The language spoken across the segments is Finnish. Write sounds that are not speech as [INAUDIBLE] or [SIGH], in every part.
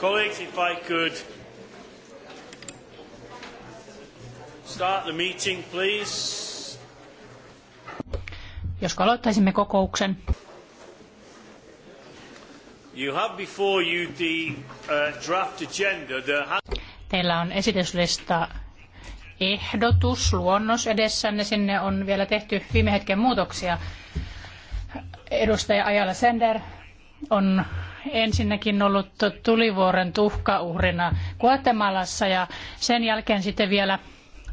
Colleagues, if I could start the meeting, please. Josko aloittaisimme kokouksen. You have before you the uh, draft agenda. The... Teillä on esityslista ehdotus, luonnos edessänne. Sinne on vielä tehty viime hetken muutoksia. Edustaja Ajala Sender on ensinnäkin ollut tulivuoren tuhkauhrina Guatemalassa ja sen jälkeen sitten vielä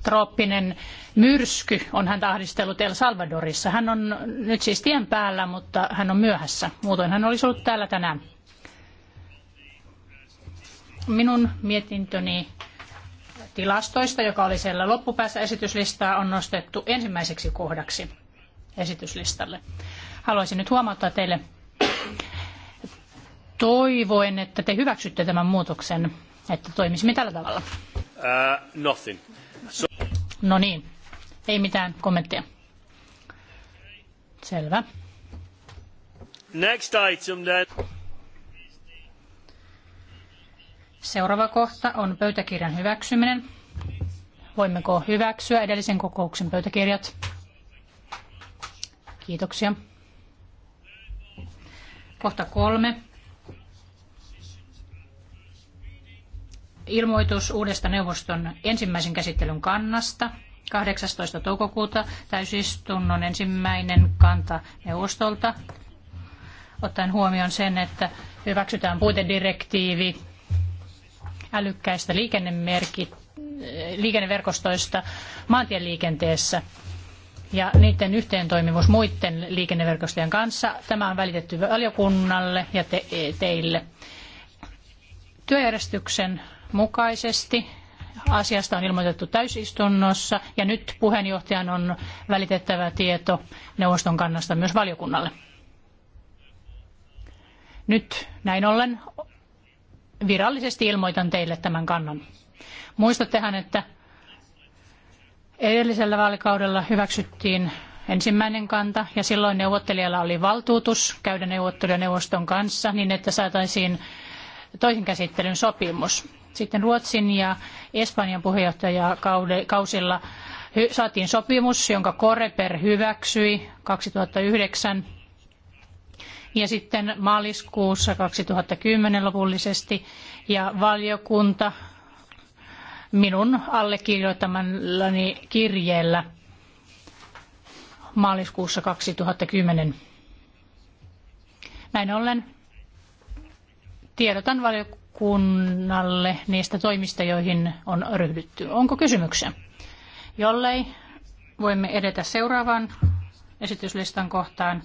trooppinen myrsky on häntä ahdistellut El Salvadorissa. Hän on nyt siis tien päällä, mutta hän on myöhässä. Muutoin hän olisi ollut täällä tänään. Minun mietintöni tilastoista, joka oli siellä loppupäässä esityslistaa, on nostettu ensimmäiseksi kohdaksi esityslistalle. Haluaisin nyt huomauttaa teille toivoen, että te hyväksytte tämän muutoksen, että toimisimme tällä tavalla. Uh, nothing. So... No niin, ei mitään kommentteja. Selvä. Next item then. Seuraava kohta on pöytäkirjan hyväksyminen. Voimmeko hyväksyä edellisen kokouksen pöytäkirjat? Kiitoksia. Kohta kolme. ilmoitus uudesta neuvoston ensimmäisen käsittelyn kannasta 18. toukokuuta täysistunnon ensimmäinen kanta neuvostolta, ottaen huomioon sen, että hyväksytään puitedirektiivi älykkäistä liikenneverkostoista maantieliikenteessä ja niiden yhteentoimivuus muiden liikenneverkostojen kanssa. Tämä on välitetty valiokunnalle ja te teille. Työjärjestyksen mukaisesti. Asiasta on ilmoitettu täysistunnossa ja nyt puheenjohtajan on välitettävä tieto neuvoston kannasta myös valiokunnalle. Nyt näin ollen virallisesti ilmoitan teille tämän kannan. Muistattehan, että edellisellä vaalikaudella hyväksyttiin ensimmäinen kanta ja silloin neuvottelijalla oli valtuutus käydä neuvotteluja neuvoston kanssa niin, että saataisiin toisen käsittelyn sopimus. Sitten Ruotsin ja Espanjan puheenjohtajakausilla saatiin sopimus, jonka Koreper hyväksyi 2009 ja sitten maaliskuussa 2010 lopullisesti ja valiokunta minun allekirjoittamallani kirjeellä maaliskuussa 2010. Näin ollen tiedotan valiokunnan Kunnalle niistä toimista, joihin on ryhdytty. Onko kysymyksiä? Jollei, voimme edetä seuraavaan esityslistan kohtaan.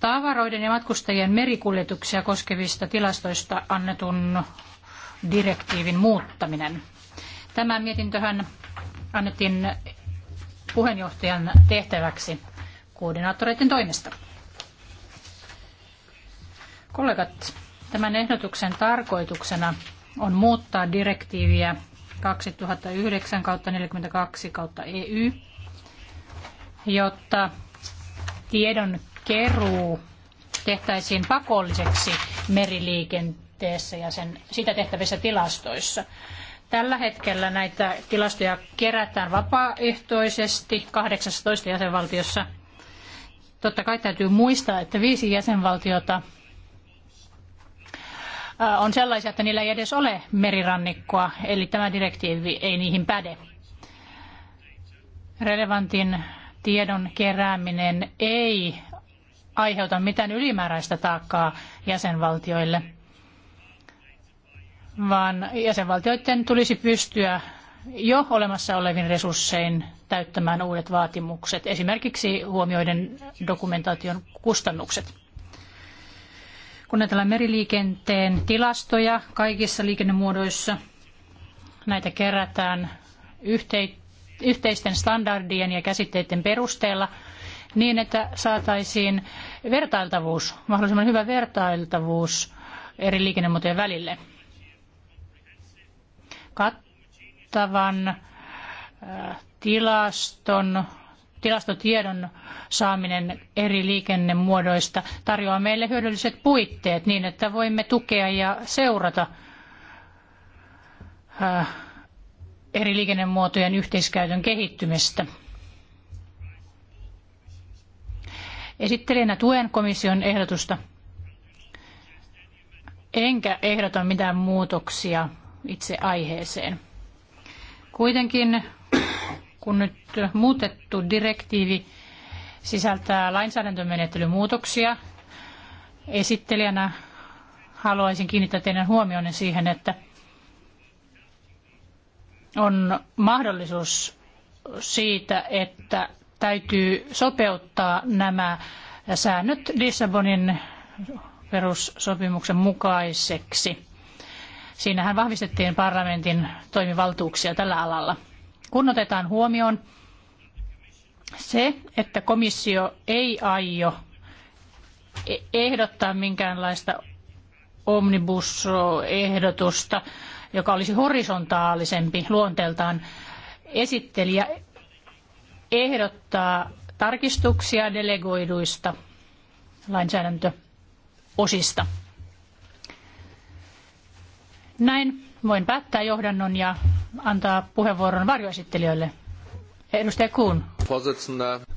Tavaroiden ja matkustajien merikuljetuksia koskevista tilastoista annetun direktiivin muuttaminen. Tämä mietintöhän annettiin puheenjohtajan tehtäväksi koordinaattoreiden toimesta. Kollegat, tämän ehdotuksen tarkoituksena on muuttaa direktiiviä 2009-42-EY, e jotta tiedon keruu tehtäisiin pakolliseksi meriliikenteessä ja sen, sitä tehtävissä tilastoissa. Tällä hetkellä näitä tilastoja kerätään vapaaehtoisesti 18 jäsenvaltiossa. Totta kai täytyy muistaa, että viisi jäsenvaltiota äh, on sellaisia, että niillä ei edes ole merirannikkoa, eli tämä direktiivi ei niihin päde. Relevantin tiedon kerääminen ei aiheuta mitään ylimääräistä taakkaa jäsenvaltioille – vaan jäsenvaltioiden tulisi pystyä jo olemassa olevin resurssein täyttämään uudet vaatimukset, esimerkiksi huomioiden dokumentaation kustannukset. Kun ajatellaan meriliikenteen tilastoja kaikissa liikennemuodoissa, näitä kerätään yhteisten standardien ja käsitteiden perusteella niin, että saataisiin vertailtavuus, mahdollisimman hyvä vertailtavuus eri liikennemuotojen välille kattavan äh, tilaston, tilastotiedon saaminen eri liikennemuodoista tarjoaa meille hyödylliset puitteet niin, että voimme tukea ja seurata äh, eri liikennemuotojen yhteiskäytön kehittymistä. Esittelijänä tuen komission ehdotusta, enkä ehdota mitään muutoksia itse aiheeseen. Kuitenkin kun nyt muutettu direktiivi sisältää lainsäädäntömenettelymuutoksia, esittelijänä haluaisin kiinnittää teidän huomionne siihen, että on mahdollisuus siitä, että täytyy sopeuttaa nämä säännöt Lissabonin perussopimuksen mukaiseksi. Siinähän vahvistettiin parlamentin toimivaltuuksia tällä alalla. Kun otetaan huomioon se, että komissio ei aio e- ehdottaa minkäänlaista omnibus-ehdotusta, joka olisi horisontaalisempi luonteeltaan, esittelijä ehdottaa tarkistuksia delegoiduista lainsäädäntöosista. Näin voin päättää johdannon ja antaa puheenvuoron varjoesittelijöille. Edustaja Kuun.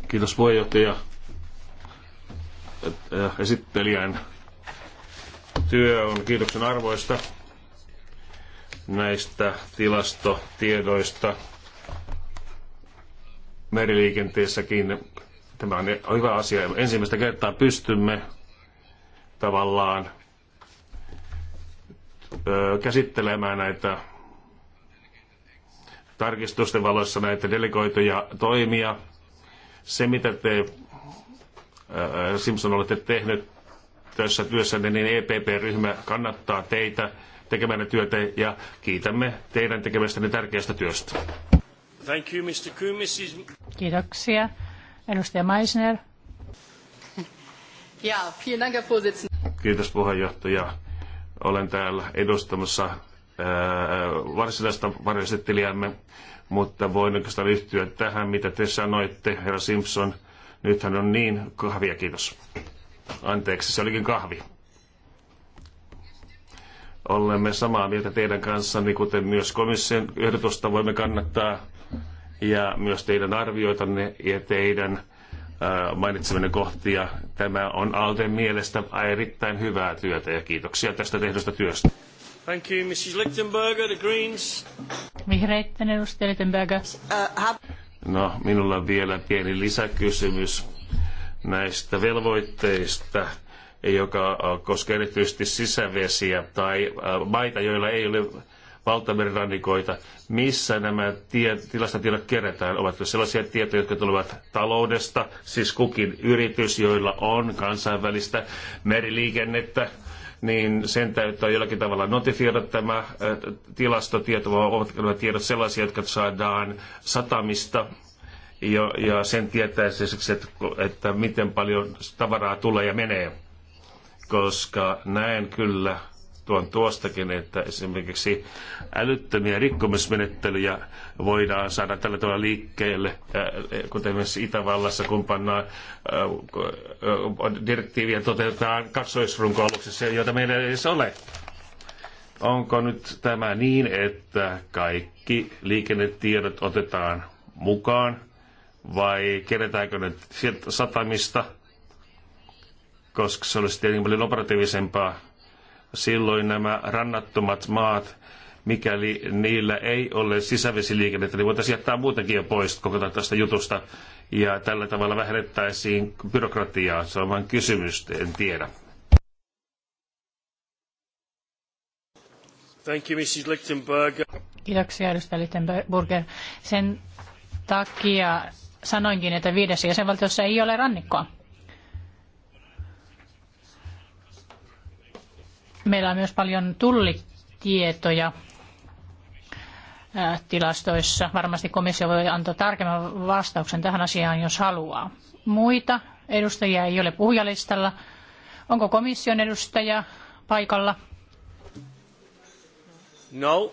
Kiitos puheenjohtaja. Äh, esittelijän työ on kiitoksen arvoista näistä tilastotiedoista meriliikenteessäkin. Tämä on hyvä asia. Ensimmäistä kertaa pystymme tavallaan käsittelemään näitä tarkistusten valossa näitä delegoituja toimia. Se, mitä te Simpson olette tehnyt tässä työssä, niin EPP-ryhmä kannattaa teitä tekemänne työtä ja kiitämme teidän tekemästäni tärkeästä työstä. Thank you, Mr. Kumis. Kiitoksia. Edustaja Meisner. Ja, vielen Dank, Kiitos puheenjohtaja olen täällä edustamassa varsinaista varjoesittelijämme, mutta voin oikeastaan yhtyä tähän, mitä te sanoitte, herra Simpson. Nythän on niin, kahvia kiitos. Anteeksi, se olikin kahvi. Olemme samaa mieltä teidän kanssanne, kuten myös komission ehdotusta voimme kannattaa ja myös teidän arvioitanne ja teidän mainitseminen kohtia. Tämä on Alden mielestä erittäin hyvää työtä ja kiitoksia tästä tehdystä työstä. Thank you, Mrs. Lichtenberger, the Greens. Vihreitten edustaja Lichtenberger. No, minulla on vielä pieni lisäkysymys näistä velvoitteista joka koskee erityisesti sisävesiä tai maita, joilla ei ole valtamerirannikoita, missä nämä tie, tilastotiedot kerätään. Ovat sellaisia tietoja, jotka tulevat taloudesta, siis kukin yritys, joilla on kansainvälistä meriliikennettä, niin sen täytyy jollakin tavalla notifioida tämä äh, tilastotieto, vai ovatko nämä tiedot sellaisia, jotka saadaan satamista, ja, ja sen tietäisi, että, että miten paljon tavaraa tulee ja menee koska näen kyllä tuon tuostakin, että esimerkiksi älyttömiä rikkomusmenettelyjä voidaan saada tällä tavalla liikkeelle, e, kuten myös Itävallassa, kun pannaan direktiiviä toteutetaan kaksoisrunkoaluksessa, joita meillä ei edes ole. Onko nyt tämä niin, että kaikki liikennetiedot otetaan mukaan vai kerätäänkö ne sieltä satamista, koska se olisi tietenkin paljon operatiivisempaa silloin nämä rannattomat maat, mikäli niillä ei ole sisävesiliikennettä, niin voitaisiin jättää muutenkin jo pois koko tästä jutusta. Ja tällä tavalla vähennettäisiin byrokratiaa. Se on vain kysymys, en tiedä. Thank you, Mrs. Lichtenberger. Kiitoksia, edustaja Lichtenberger. Sen takia sanoinkin, että viides jäsenvaltiossa ei ole rannikkoa. Meillä on myös paljon tullitietoja äh, tilastoissa. Varmasti komissio voi antaa tarkemman vastauksen tähän asiaan, jos haluaa. Muita edustajia ei ole puhujalistalla. Onko komission edustaja paikalla? No.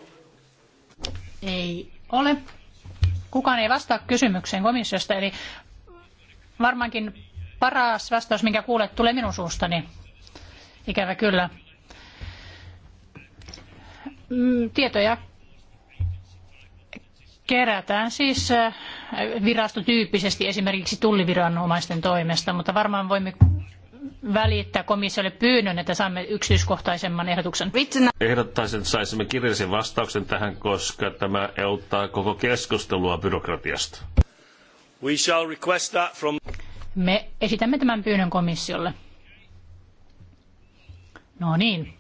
Ei ole. Kukaan ei vastaa kysymykseen komissiosta, eli varmaankin paras vastaus, minkä kuulet, tulee minun suustani. Ikävä kyllä. Mm, tietoja kerätään siis äh, virastotyyppisesti esimerkiksi tulliviranomaisten toimesta, mutta varmaan voimme välittää komissiolle pyynnön, että saamme yksityiskohtaisemman ehdotuksen. Ehdottaisin, että saisimme kirjallisen vastauksen tähän, koska tämä auttaa koko keskustelua byrokratiasta. We shall request that from... Me esitämme tämän pyynnön komissiolle. No niin.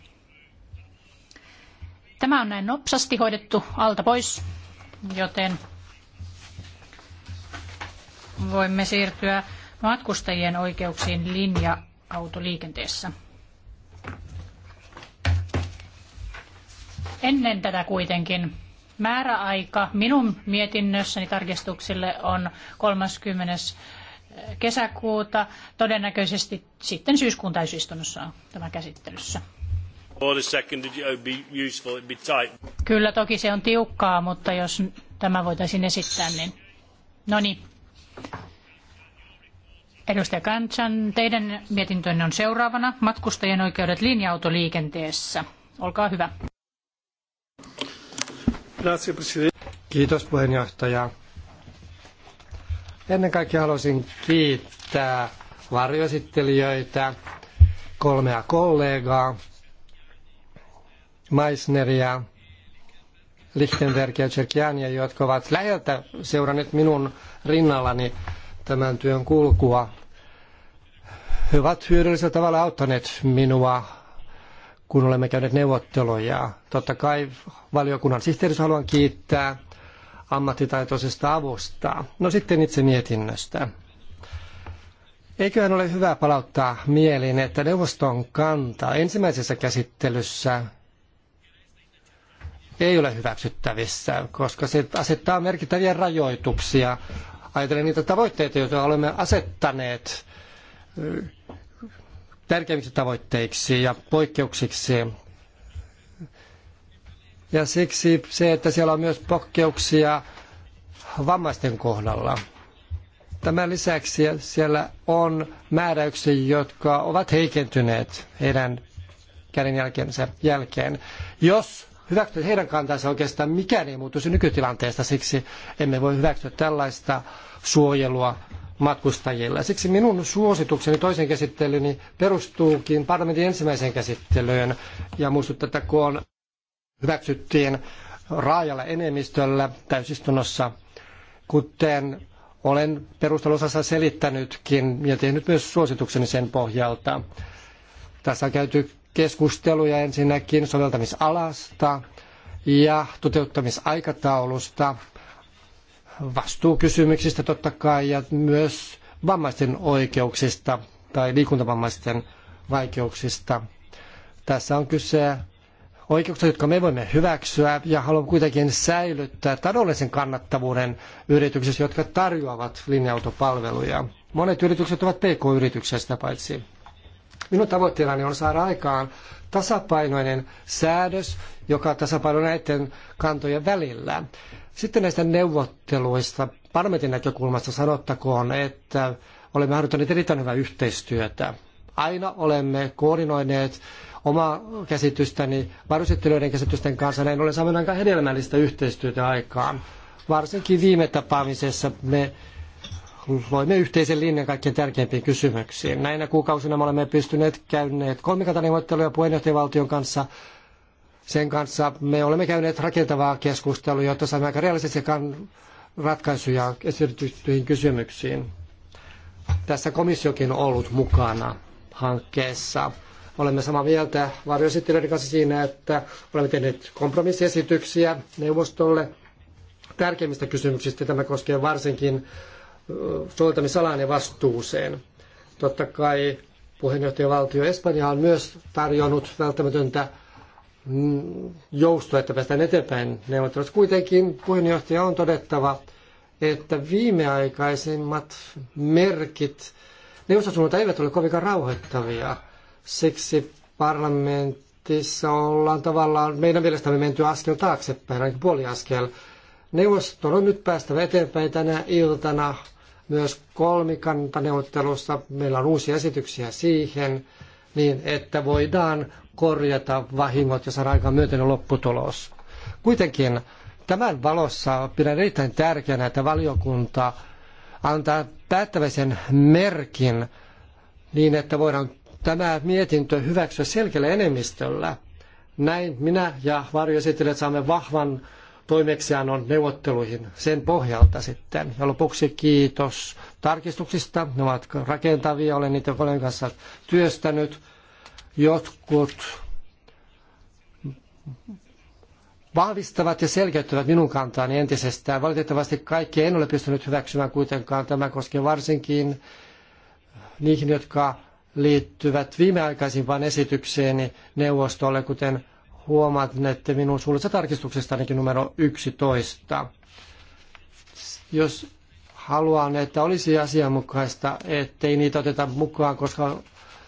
Tämä on näin nopsasti hoidettu alta pois, joten voimme siirtyä matkustajien oikeuksiin linja-autoliikenteessä. Ennen tätä kuitenkin määräaika minun mietinnössäni tarkistuksille on 30 kesäkuuta. Todennäköisesti sitten syyskuun täysistunnossa on tämä käsittelyssä. Kyllä toki se on tiukkaa, mutta jos tämä voitaisiin esittää, niin... No niin. Edustaja Kanchan, teidän mietintönne on seuraavana. Matkustajien oikeudet linja-autoliikenteessä. Olkaa hyvä. Kiitos puheenjohtaja. Ennen kaikkea haluaisin kiittää varjoesittelijöitä, kolmea kollegaa, Meissneria, Lichtenbergia ja Tserkiania, jotka ovat läheltä seuranneet minun rinnallani tämän työn kulkua. He ovat hyödyllisellä tavalla auttaneet minua, kun olemme käyneet neuvotteluja. Totta kai valiokunnan sihteerissä haluan kiittää ammattitaitoisesta avusta. No sitten itse mietinnöstä. Eiköhän ole hyvä palauttaa mieliin, että neuvoston kanta ensimmäisessä käsittelyssä ei ole hyväksyttävissä, koska se asettaa merkittäviä rajoituksia. Ajatellen niitä tavoitteita, joita olemme asettaneet tärkeimmiksi tavoitteiksi ja poikkeuksiksi. Ja siksi se, että siellä on myös poikkeuksia vammaisten kohdalla. Tämän lisäksi siellä on määräyksiä, jotka ovat heikentyneet heidän kädenjälkensä jälkeen. Jos hyväksyä heidän kantaansa oikeastaan mikään ei muutuisi nykytilanteesta, siksi emme voi hyväksyä tällaista suojelua matkustajille. Siksi minun suositukseni toisen käsittelyni perustuukin parlamentin ensimmäiseen käsittelyyn ja kun hyväksyttiin raajalla enemmistöllä täysistunnossa, kuten olen perusteluosassa selittänytkin ja tehnyt myös suositukseni sen pohjalta. Tässä on käyty keskusteluja ensinnäkin soveltamisalasta ja toteuttamisaikataulusta, vastuukysymyksistä totta kai ja myös vammaisten oikeuksista tai liikuntavammaisten vaikeuksista. Tässä on kyse oikeuksista, jotka me voimme hyväksyä ja haluan kuitenkin säilyttää taloudellisen kannattavuuden yrityksissä, jotka tarjoavat linja-autopalveluja. Monet yritykset ovat pk sitä paitsi. Minun tavoitteenani on saada aikaan tasapainoinen säädös, joka tasapaino näiden kantojen välillä. Sitten näistä neuvotteluista parlamentin näkökulmasta sanottakoon, että olemme harjoittaneet erittäin hyvää yhteistyötä. Aina olemme koordinoineet omaa käsitystäni varusettelijoiden käsitysten kanssa. Näin ollen saamme aika hedelmällistä yhteistyötä aikaan. Varsinkin viime tapaamisessa me loimme yhteisen linjan kaikkein tärkeimpiin kysymyksiin. Näinä kuukausina me olemme pystyneet käyneet kolmikantaneuvotteluja puheenjohtajavaltion kanssa. Sen kanssa me olemme käyneet rakentavaa keskustelua, jotta saimme aika realistisia ratkaisuja esitettyihin kysymyksiin. Tässä komissiokin on ollut mukana hankkeessa. Olemme samaa mieltä varjoesittelijöiden kanssa siinä, että olemme tehneet kompromissiesityksiä neuvostolle tärkeimmistä kysymyksistä. Tämä koskee varsinkin soveltamisalaan ja vastuuseen. Totta kai puheenjohtajavaltio Espanja on myös tarjonnut välttämätöntä mm, joustoa, että päästään eteenpäin neuvottelussa. Kuitenkin puheenjohtaja on todettava, että viimeaikaisimmat merkit neuvostosuunnalta eivät ole kovinkaan rauhoittavia. Siksi parlamentissa ollaan tavallaan meidän mielestämme menty askel taaksepäin, ainakin puoli askel. Neuvoston on nyt päästävä eteenpäin tänä iltana myös kolmikantaneuvottelussa. Meillä on uusia esityksiä siihen, niin että voidaan korjata vahingot ja saada aikaan myönteinen lopputulos. Kuitenkin tämän valossa pidän erittäin tärkeänä, että valiokunta antaa päättäväisen merkin niin, että voidaan tämä mietintö hyväksyä selkeällä enemmistöllä. Näin minä ja varjoesittelijät saamme vahvan toimeksiannon neuvotteluihin sen pohjalta sitten. Ja lopuksi kiitos tarkistuksista. Ne ovat rakentavia, olen niitä kollegan kanssa työstänyt. Jotkut vahvistavat ja selkeyttävät minun kantaani entisestään. Valitettavasti kaikki en ole pystynyt hyväksymään kuitenkaan. Tämä koskee varsinkin niihin, jotka liittyvät viimeaikaisimpaan esitykseeni neuvostolle, kuten että minun suullisesta ainakin numero 11. Jos haluan, että olisi asianmukaista, ettei niitä oteta mukaan, koska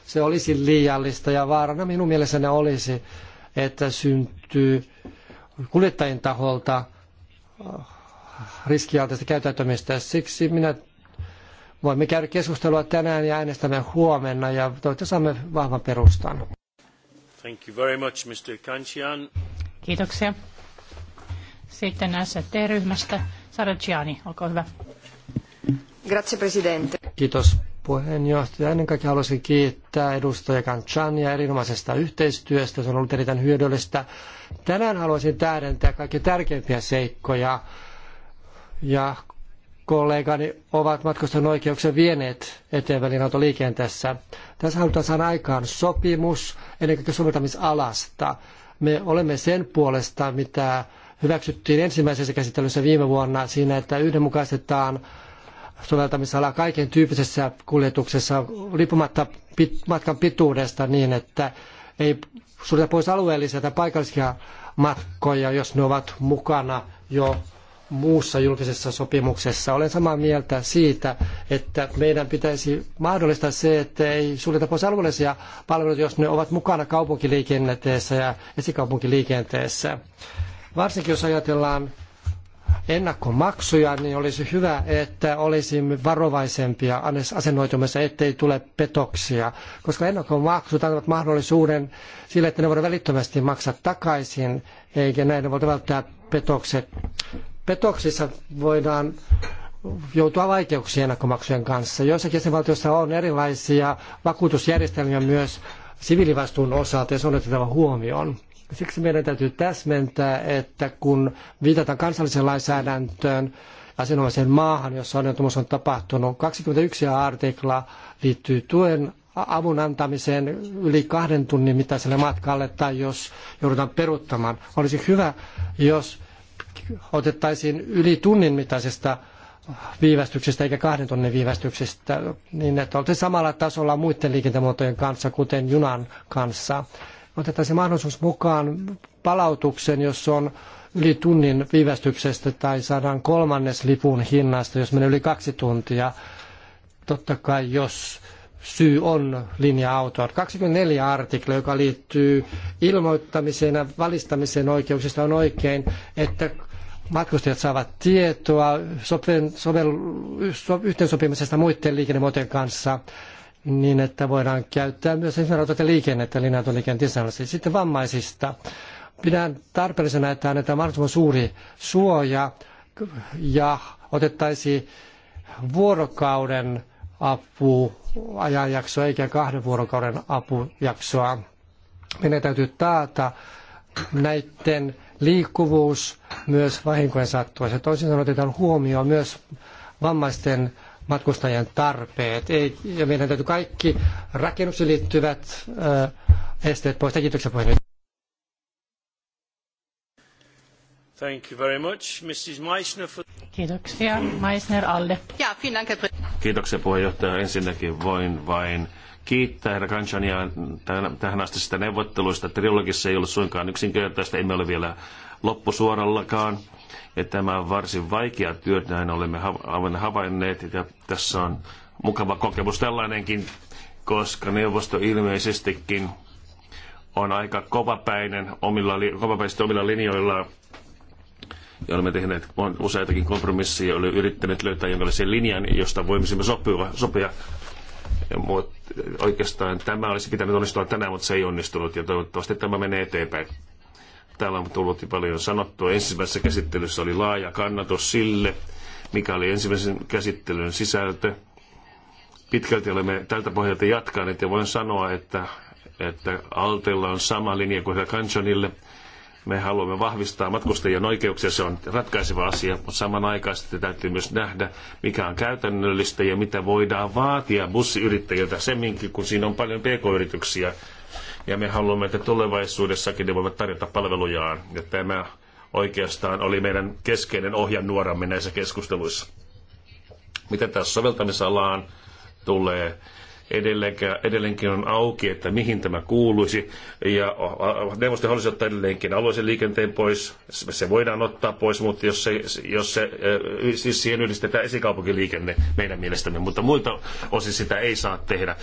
se olisi liiallista ja vaarana minun mielessäni olisi, että syntyy kuljettajien taholta äh, riskialtaista käyttäytymistä. Siksi minä voimme käydä keskustelua tänään ja äänestämme huomenna ja toivottavasti saamme vahvan perustan. Thank you very much, Mr. Kanchian. Kiitoksia. Sitten ST-ryhmästä Sarajani, olkaa hyvä. Grazie, Presidente. Kiitos puheenjohtaja. Ennen kaikkea haluaisin kiittää edustaja Kanchania erinomaisesta yhteistyöstä. Se on ollut erittäin hyödyllistä. Tänään haluaisin täydentää kaikki tärkeimpiä seikkoja. Ja kollegani ovat matkustajan oikeuksia vieneet eteenpäin liikenteessä. liikenteessä tässä halutaan saada aikaan sopimus, ennen kaikkea soveltamisalasta. Me olemme sen puolesta, mitä hyväksyttiin ensimmäisessä käsittelyssä viime vuonna siinä, että yhdenmukaistetaan soveltamisala kaiken tyyppisessä kuljetuksessa riippumatta matkan pituudesta niin, että ei suljeta pois alueellisia tai paikallisia matkoja, jos ne ovat mukana jo muussa julkisessa sopimuksessa. Olen samaa mieltä siitä, että meidän pitäisi mahdollistaa se, että ei suljeta pois alueellisia palveluita, jos ne ovat mukana kaupunkiliikenteessä ja esikaupunkiliikenteessä. Varsinkin jos ajatellaan ennakkomaksuja, niin olisi hyvä, että olisimme varovaisempia asennoitumassa, ettei tule petoksia, koska ennakkomaksut antavat mahdollisuuden sille, että ne voidaan välittömästi maksaa takaisin, eikä näin voida välttää petokset petoksissa voidaan joutua vaikeuksiin ennakkomaksujen kanssa. Joissakin jäsenvaltioissa on erilaisia vakuutusjärjestelmiä myös siviilivastuun osalta ja se on otettava huomioon. Siksi meidän täytyy täsmentää, että kun viitataan kansalliseen lainsäädäntöön asianomaiseen maahan, jossa onnettomuus on tapahtunut, 21 artikla liittyy tuen avun antamiseen yli kahden tunnin mittaiselle matkalle tai jos joudutaan peruuttamaan. Olisi hyvä, jos otettaisiin yli tunnin mittaisesta viivästyksestä eikä kahden tunnin viivästyksestä, niin että oltaisiin samalla tasolla muiden liikentämuotojen kanssa, kuten junan kanssa. Otettaisiin mahdollisuus mukaan palautuksen, jos on yli tunnin viivästyksestä tai saadaan kolmannes lipun hinnasta, jos menee yli kaksi tuntia. Totta kai, jos syy on linja auto 24 artikla, joka liittyy ilmoittamiseen ja valistamiseen oikeuksista, on oikein, että matkustajat saavat tietoa sopen, sovel, so, yhteensopimisesta muiden liikennemuotojen kanssa niin, että voidaan käyttää myös esimerkiksi liikennettä linja-autoliikenteen Sitten vammaisista. Pidän tarpeellisena, että annetaan mahdollisimman suuri suoja ja otettaisiin vuorokauden apu eikä kahden vuorokauden apujaksoa. Meidän täytyy taata näiden liikkuvuus myös vahinkojen sattuessa. Toisin sanoen otetaan huomioon myös vammaisten matkustajien tarpeet. Ei, ja meidän täytyy kaikki rakennuksiin liittyvät äh, esteet pois Kiitoksia puhemies. Thank you very much, Mrs. Meissner for... Kiitoksia, Meissner Alde. Ja, Kiitoksia puheenjohtaja. Ensinnäkin voin vain kiittää herra Kanchania tähän asti sitä neuvotteluista. Trilogissa ei ollut suinkaan yksinkertaista, emme ole vielä loppusuorallakaan. Ja tämä on varsin vaikea työ, näin olemme havainneet. Ja tässä on mukava kokemus tällainenkin, koska neuvosto ilmeisestikin on aika kovapäinen omilla, kovapäisesti omilla linjoillaan ja olemme tehneet useitakin kompromisseja ja olemme yrittäneet löytää jonkinlaisen linjan, josta voisimme sopia, sopia Mut oikeastaan tämä olisi pitänyt onnistua tänään, mutta se ei onnistunut ja toivottavasti tämä menee eteenpäin. Täällä on tullut paljon sanottua. Ensimmäisessä käsittelyssä oli laaja kannatus sille, mikä oli ensimmäisen käsittelyn sisältö. Pitkälti olemme tältä pohjalta jatkaneet ja voin sanoa, että, että Altella on sama linja kuin Kansonille. Me haluamme vahvistaa matkustajien oikeuksia, se on ratkaiseva asia, mutta samanaikaisesti täytyy myös nähdä, mikä on käytännöllistä ja mitä voidaan vaatia bussiyrittäjiltä semminkin, kun siinä on paljon pk-yrityksiä. Ja me haluamme, että tulevaisuudessakin ne voivat tarjota palvelujaan. Ja tämä oikeastaan oli meidän keskeinen ohjanuoramme näissä keskusteluissa. Mitä tässä soveltamisalaan tulee, edelleenkin on auki, että mihin tämä kuuluisi. Ja neuvosto haluaisi ottaa edelleenkin alueellisen liikenteen pois. Se voidaan ottaa pois, mutta jos se, jos se siis siihen yhdistetään esikaupunkiliikenne meidän mielestämme, mutta muilta osin sitä ei saa tehdä.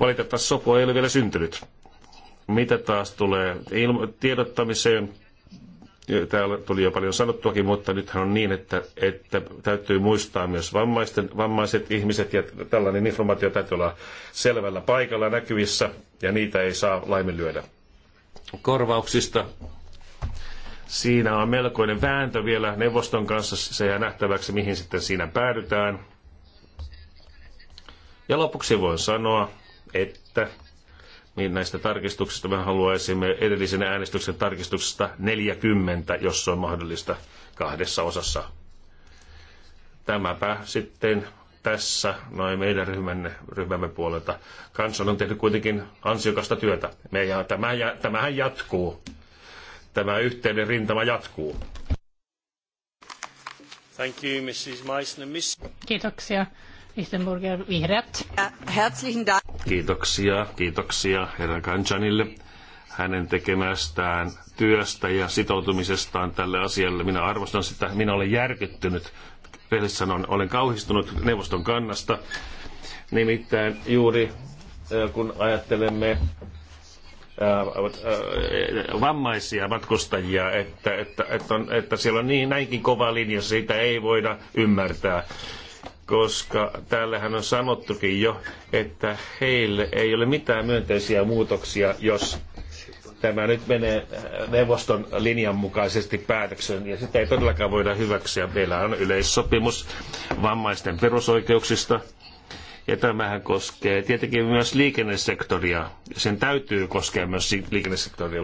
Valitettavasti sopua ei ole vielä syntynyt. Mitä taas tulee ilmo- tiedottamiseen, Täällä tuli jo paljon sanottuakin, mutta nythän on niin, että, että täytyy muistaa myös vammaisten, vammaiset ihmiset ja tällainen informaatio täytyy olla selvällä paikalla näkyvissä ja niitä ei saa laiminlyödä. Korvauksista siinä on melkoinen vääntö vielä neuvoston kanssa, se jää nähtäväksi, mihin sitten siinä päädytään. Ja lopuksi voin sanoa, että niin näistä tarkistuksista me haluaisimme edellisen äänestyksen tarkistuksesta 40, jos se on mahdollista kahdessa osassa. Tämäpä sitten tässä noin meidän ryhmänne, ryhmämme puolelta. Kansan on tehnyt kuitenkin ansiokasta työtä. Me ja, tämä, ja, tämähän jatkuu. Tämä yhteinen rintama jatkuu. Thank you, Mrs. Meissner. Miss... Kiitoksia. Lichtenburger, vihreät. Kiitoksia, kiitoksia herra Kanchanille hänen tekemästään työstä ja sitoutumisestaan tälle asialle. Minä arvostan sitä, minä olen järkyttynyt. Rehellisesti on olen kauhistunut neuvoston kannasta. Nimittäin juuri kun ajattelemme vammaisia matkustajia, että, että, että, on, että siellä on niin, näinkin kova linja, siitä ei voida ymmärtää koska täällähän on sanottukin jo, että heille ei ole mitään myönteisiä muutoksia, jos tämä nyt menee äh, neuvoston linjan mukaisesti päätöksen, ja sitä ei todellakaan voida hyväksyä. Meillä on yleissopimus vammaisten perusoikeuksista, ja tämähän koskee tietenkin myös liikennesektoria. Sen täytyy koskea myös liikennesektoria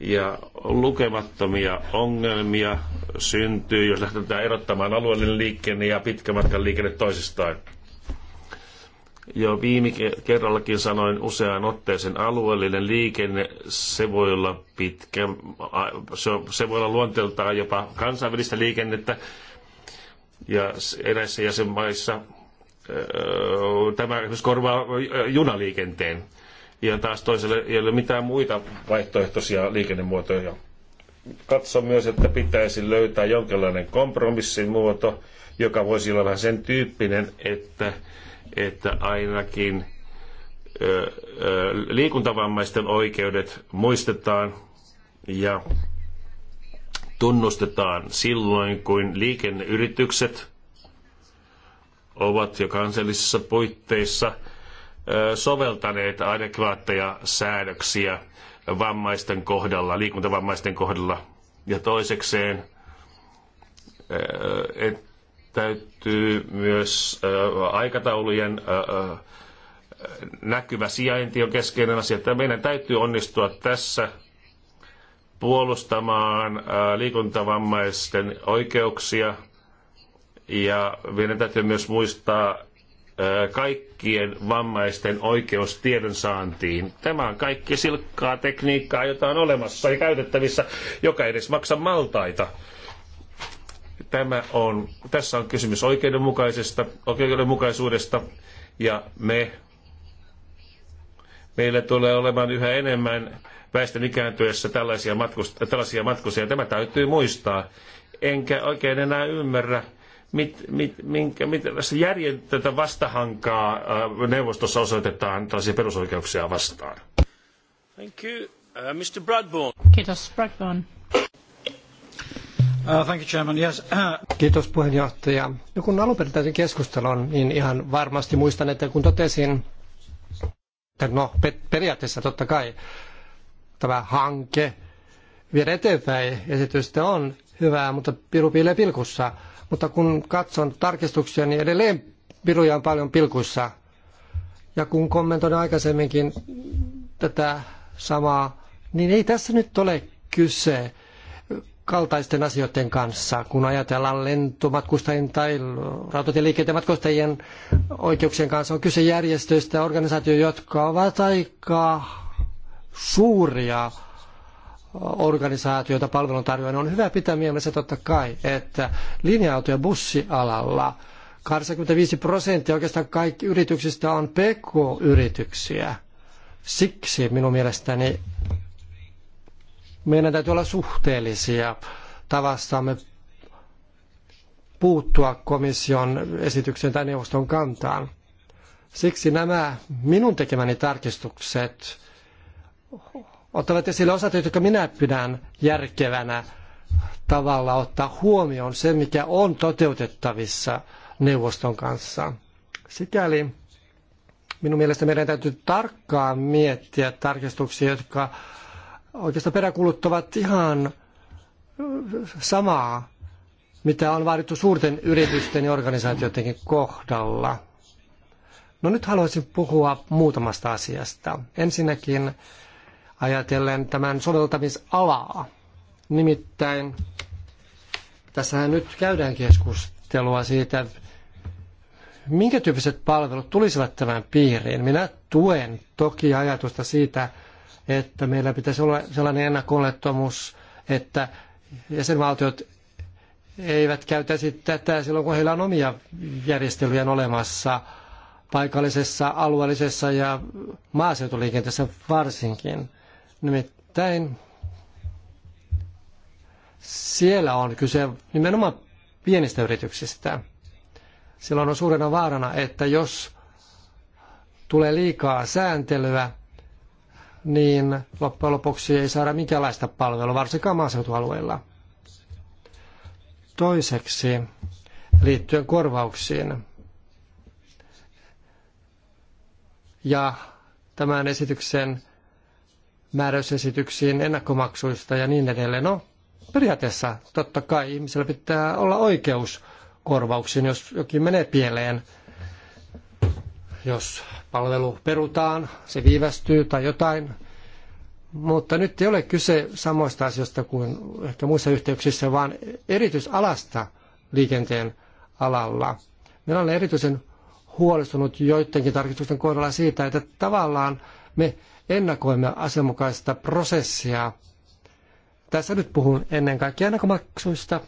ja lukemattomia ongelmia syntyy, jos lähdetään erottamaan alueellinen liikenne ja pitkän matkan liikenne toisistaan. Jo viime kerrallakin sanoin useaan otteeseen, alueellinen liikenne, se voi olla pitkä, se voi olla luonteeltaan jopa kansainvälistä liikennettä, ja eräissä jäsenmaissa tämä korvaa junaliikenteen ja taas toiselle ei ole mitään muita vaihtoehtoisia liikennemuotoja. Katso myös, että pitäisi löytää jonkinlainen kompromissin muoto, joka voisi olla vähän sen tyyppinen, että, että ainakin ö, ö, liikuntavammaisten oikeudet muistetaan ja tunnustetaan silloin, kun liikenneyritykset ovat jo kansallisissa puitteissa – soveltaneet adekvaatteja säädöksiä vammaisten kohdalla, liikuntavammaisten kohdalla. Ja toisekseen täytyy myös aikataulujen näkyvä sijainti on keskeinen asia. Että meidän täytyy onnistua tässä puolustamaan liikuntavammaisten oikeuksia ja meidän täytyy myös muistaa kaikkien vammaisten oikeus tiedonsaantiin. Tämä on kaikki silkkaa tekniikkaa, jota on olemassa ja käytettävissä, joka ei edes maksa maltaita. Tämä on, tässä on kysymys oikeudenmukaisesta, oikeudenmukaisuudesta ja me, meillä tulee olemaan yhä enemmän väestön ikääntyessä tällaisia, matkust- tällaisia matkustajia. Tämä täytyy muistaa. Enkä oikein enää ymmärrä, mit, mit, minkä, mit, tätä vastahankaa äh, neuvostossa osoitetaan tällaisia perusoikeuksia vastaan. Thank you. Uh, Mr. Bradbourne. Kiitos, Bradbourne. Uh, thank you, Chairman. Yes. Uh... Kiitos puheenjohtaja. No, kun alun perin täysin keskustelun, niin ihan varmasti muistan, että kun totesin, että no periaatteessa totta kai tämä hanke viedä eteenpäin esitystä on hyvää, mutta piru pilkussa – mutta kun katson tarkistuksia, niin edelleen piruja on paljon pilkuissa. Ja kun kommentoin aikaisemminkin tätä samaa, niin ei tässä nyt ole kyse kaltaisten asioiden kanssa, kun ajatellaan lentomatkustajien tai rautatieliikenteen matkustajien oikeuksien kanssa. On kyse järjestöistä ja organisaatioista, jotka ovat aika suuria organisaatioita, palveluntarjoajia, on hyvä pitää mielessä totta kai, että linja-auto- ja bussialalla 85 prosenttia oikeastaan kaikki yrityksistä on PK-yrityksiä. Siksi minun mielestäni meidän täytyy olla suhteellisia tavassamme puuttua komission esitykseen tai neuvoston kantaan. Siksi nämä minun tekemäni tarkistukset ottavat esille osat, jotka minä pidän järkevänä tavalla ottaa huomioon se, mikä on toteutettavissa neuvoston kanssa. Sikäli minun mielestä meidän täytyy tarkkaan miettiä tarkistuksia, jotka oikeastaan peräkuluttavat ihan samaa, mitä on vaadittu suurten yritysten ja organisaatioidenkin kohdalla. No nyt haluaisin puhua muutamasta asiasta. Ensinnäkin ajatellen tämän soveltamisalaa. Nimittäin tässähän nyt käydään keskustelua siitä, minkä tyyppiset palvelut tulisivat tämän piiriin. Minä tuen toki ajatusta siitä, että meillä pitäisi olla sellainen ennakkolettomuus, että jäsenvaltiot eivät käytäisi tätä silloin, kun heillä on omia järjestelyjä olemassa paikallisessa, alueellisessa ja maaseutuliikenteessä varsinkin. Nimittäin siellä on kyse nimenomaan pienistä yrityksistä. Silloin on suurena vaarana, että jos tulee liikaa sääntelyä, niin loppujen lopuksi ei saada minkäänlaista palvelua, varsinkaan maaseutualueilla. Toiseksi liittyen korvauksiin ja tämän esityksen määräysesityksiin ennakkomaksuista ja niin edelleen. No, periaatteessa totta kai ihmisellä pitää olla oikeus korvauksiin, jos jokin menee pieleen. Jos palvelu perutaan, se viivästyy tai jotain. Mutta nyt ei ole kyse samoista asioista kuin ehkä muissa yhteyksissä, vaan erityisalasta liikenteen alalla. Minä olen erityisen huolestunut joidenkin tarkistusten kohdalla siitä, että tavallaan me ennakoimme asianmukaista prosessia. Tässä nyt puhun ennen kaikkea ennakkomaksuista,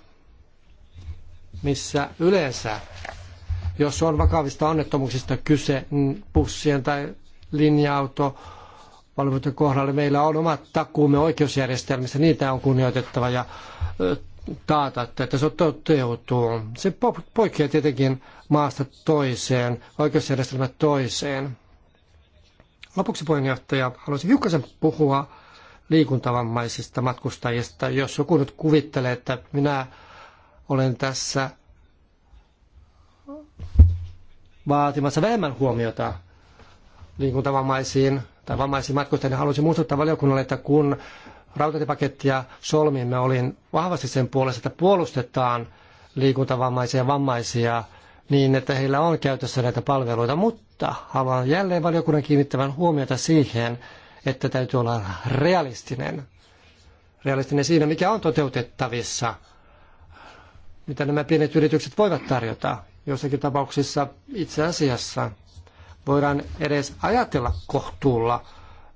missä yleensä, jos on vakavista onnettomuuksista kyse, niin bussien tai linja-auto palveluiden kohdalla meillä on omat takuumme oikeusjärjestelmissä, niitä on kunnioitettava ja taata, että se toteutuu. Se poikkeaa tietenkin maasta toiseen, oikeusjärjestelmä toiseen. Lopuksi puheenjohtaja, haluaisin hiukkasen puhua liikuntavammaisista matkustajista. Jos joku nyt kuvittelee, että minä olen tässä vaatimassa vähemmän huomiota liikuntavammaisiin tai vammaisiin niin Haluaisin muistuttaa valiokunnalle, että kun rautatiepakettia solmimme, olin vahvasti sen puolesta, että puolustetaan liikuntavammaisia ja vammaisia niin, että heillä on käytössä näitä palveluita, mutta haluan jälleen valiokunnan kiinnittävän huomiota siihen, että täytyy olla realistinen. Realistinen siinä, mikä on toteutettavissa, mitä nämä pienet yritykset voivat tarjota. Joissakin tapauksissa itse asiassa voidaan edes ajatella kohtuulla,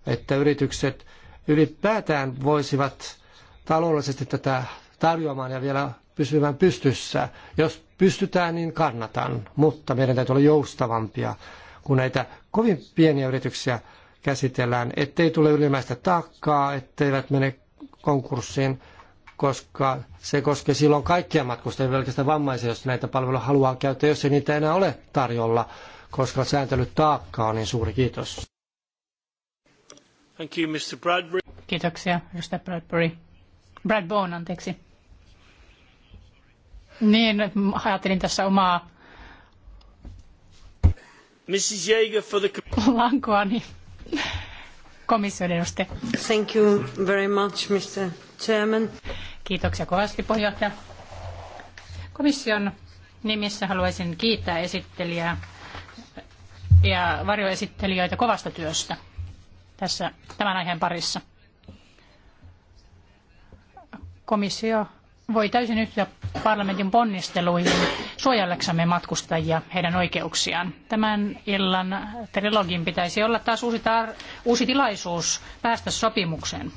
että yritykset ylipäätään voisivat taloudellisesti tätä tarjoamaan ja vielä pysymään pystyssä, jos pystytään, niin kannatan. Mutta meidän täytyy olla joustavampia, kun näitä kovin pieniä yrityksiä käsitellään, ettei tule ylimääräistä taakkaa, etteivät mene konkurssiin, koska se koskee silloin kaikkia matkustajia, pelkästään vammaisia, jos näitä palveluja haluaa käyttää, jos ei niitä enää ole tarjolla, koska sääntelytaakka on niin suuri. Kiitos. Thank you, Mr. Bradbury. Kiitoksia, Mr. Bradbury. Brad anteeksi. Niin, ajattelin tässä omaa Mrs. Jaeger for the... Lankoani. Komission edustaja. Thank you very much, Mr. Chairman. Kiitoksia kovasti, puheenjohtaja. Komission nimissä haluaisin kiittää esittelijää ja varjoesittelijöitä kovasta työstä tässä tämän aiheen parissa. Komissio voi täysin yhtyä parlamentin ponnisteluihin suojellaksemme matkustajia heidän oikeuksiaan. Tämän illan trilogin pitäisi olla taas uusi, uusi tilaisuus päästä sopimukseen.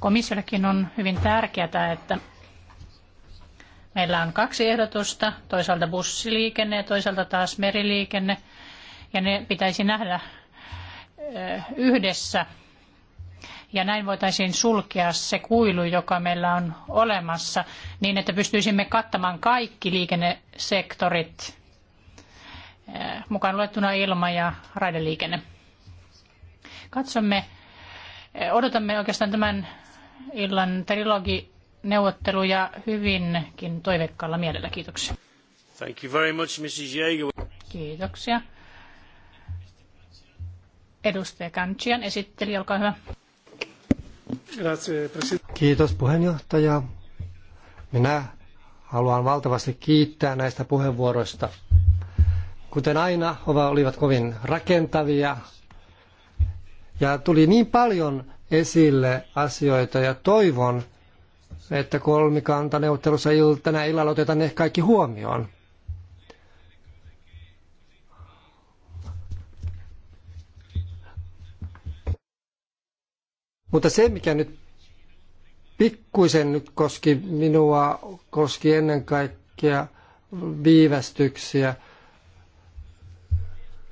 Komissiollekin on hyvin tärkeää, että meillä on kaksi ehdotusta, toisaalta bussiliikenne ja toisaalta taas meriliikenne, ja ne pitäisi nähdä yhdessä ja näin voitaisiin sulkea se kuilu, joka meillä on olemassa, niin että pystyisimme kattamaan kaikki liikennesektorit, eh, mukaan luettuna ilma- ja raideliikenne. Katsomme, eh, odotamme oikeastaan tämän illan trilogineuvotteluja hyvinkin toiveikkaalla mielellä. Kiitoksia. Thank you very much, Mrs. Kiitoksia. Edustaja Kanchian esitteli, olkaa hyvä. Kiitos puheenjohtaja. Minä haluan valtavasti kiittää näistä puheenvuoroista. Kuten aina, olivat kovin rakentavia ja tuli niin paljon esille asioita ja toivon, että kolmikantaneuvottelussa tänä illalla otetaan ne kaikki huomioon. Mutta se, mikä nyt pikkuisen nyt koski minua, koski ennen kaikkea viivästyksiä.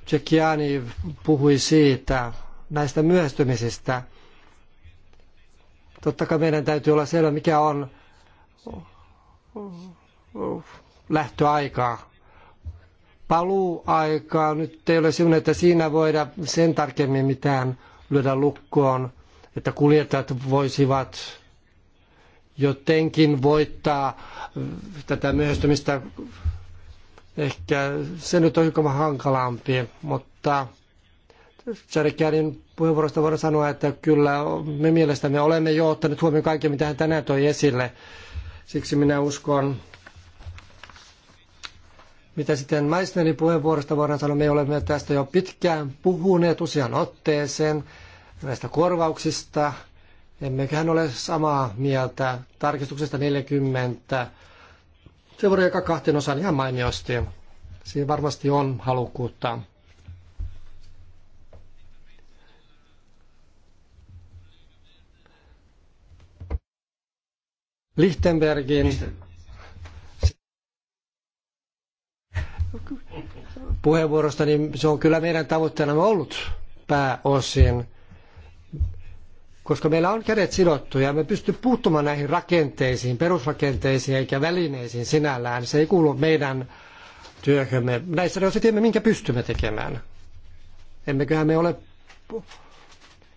Tsekiani puhui siitä, näistä myöhästymisistä. Totta kai meidän täytyy olla selvä, mikä on lähtöaikaa. Paluaikaa nyt ei ole sellainen, että siinä voidaan sen tarkemmin mitään lyödä lukkoon että kuljettajat voisivat jotenkin voittaa tätä myöhästymistä. Ehkä se nyt on hiukan hankalampi, mutta Tsarekärin puheenvuorosta voidaan sanoa, että kyllä me mielestämme olemme jo ottaneet huomioon kaiken, mitä hän tänään toi esille. Siksi minä uskon, mitä sitten Meissnerin puheenvuorosta voidaan sanoa, me olemme tästä jo pitkään puhuneet usean otteeseen näistä korvauksista. Emmeköhän ole samaa mieltä tarkistuksesta 40. Se voi jakaa kahteen osaan ihan mainiosti. Siinä varmasti on halukkuutta. Lichtenbergin puheenvuorosta, niin se on kyllä meidän tavoitteenamme ollut pääosin koska meillä on kädet sidottuja, ja me pysty puuttumaan näihin rakenteisiin, perusrakenteisiin eikä välineisiin sinällään. Se ei kuulu meidän työhömme. Näissä asioissa teemme, minkä pystymme tekemään. Emmeköhän me ole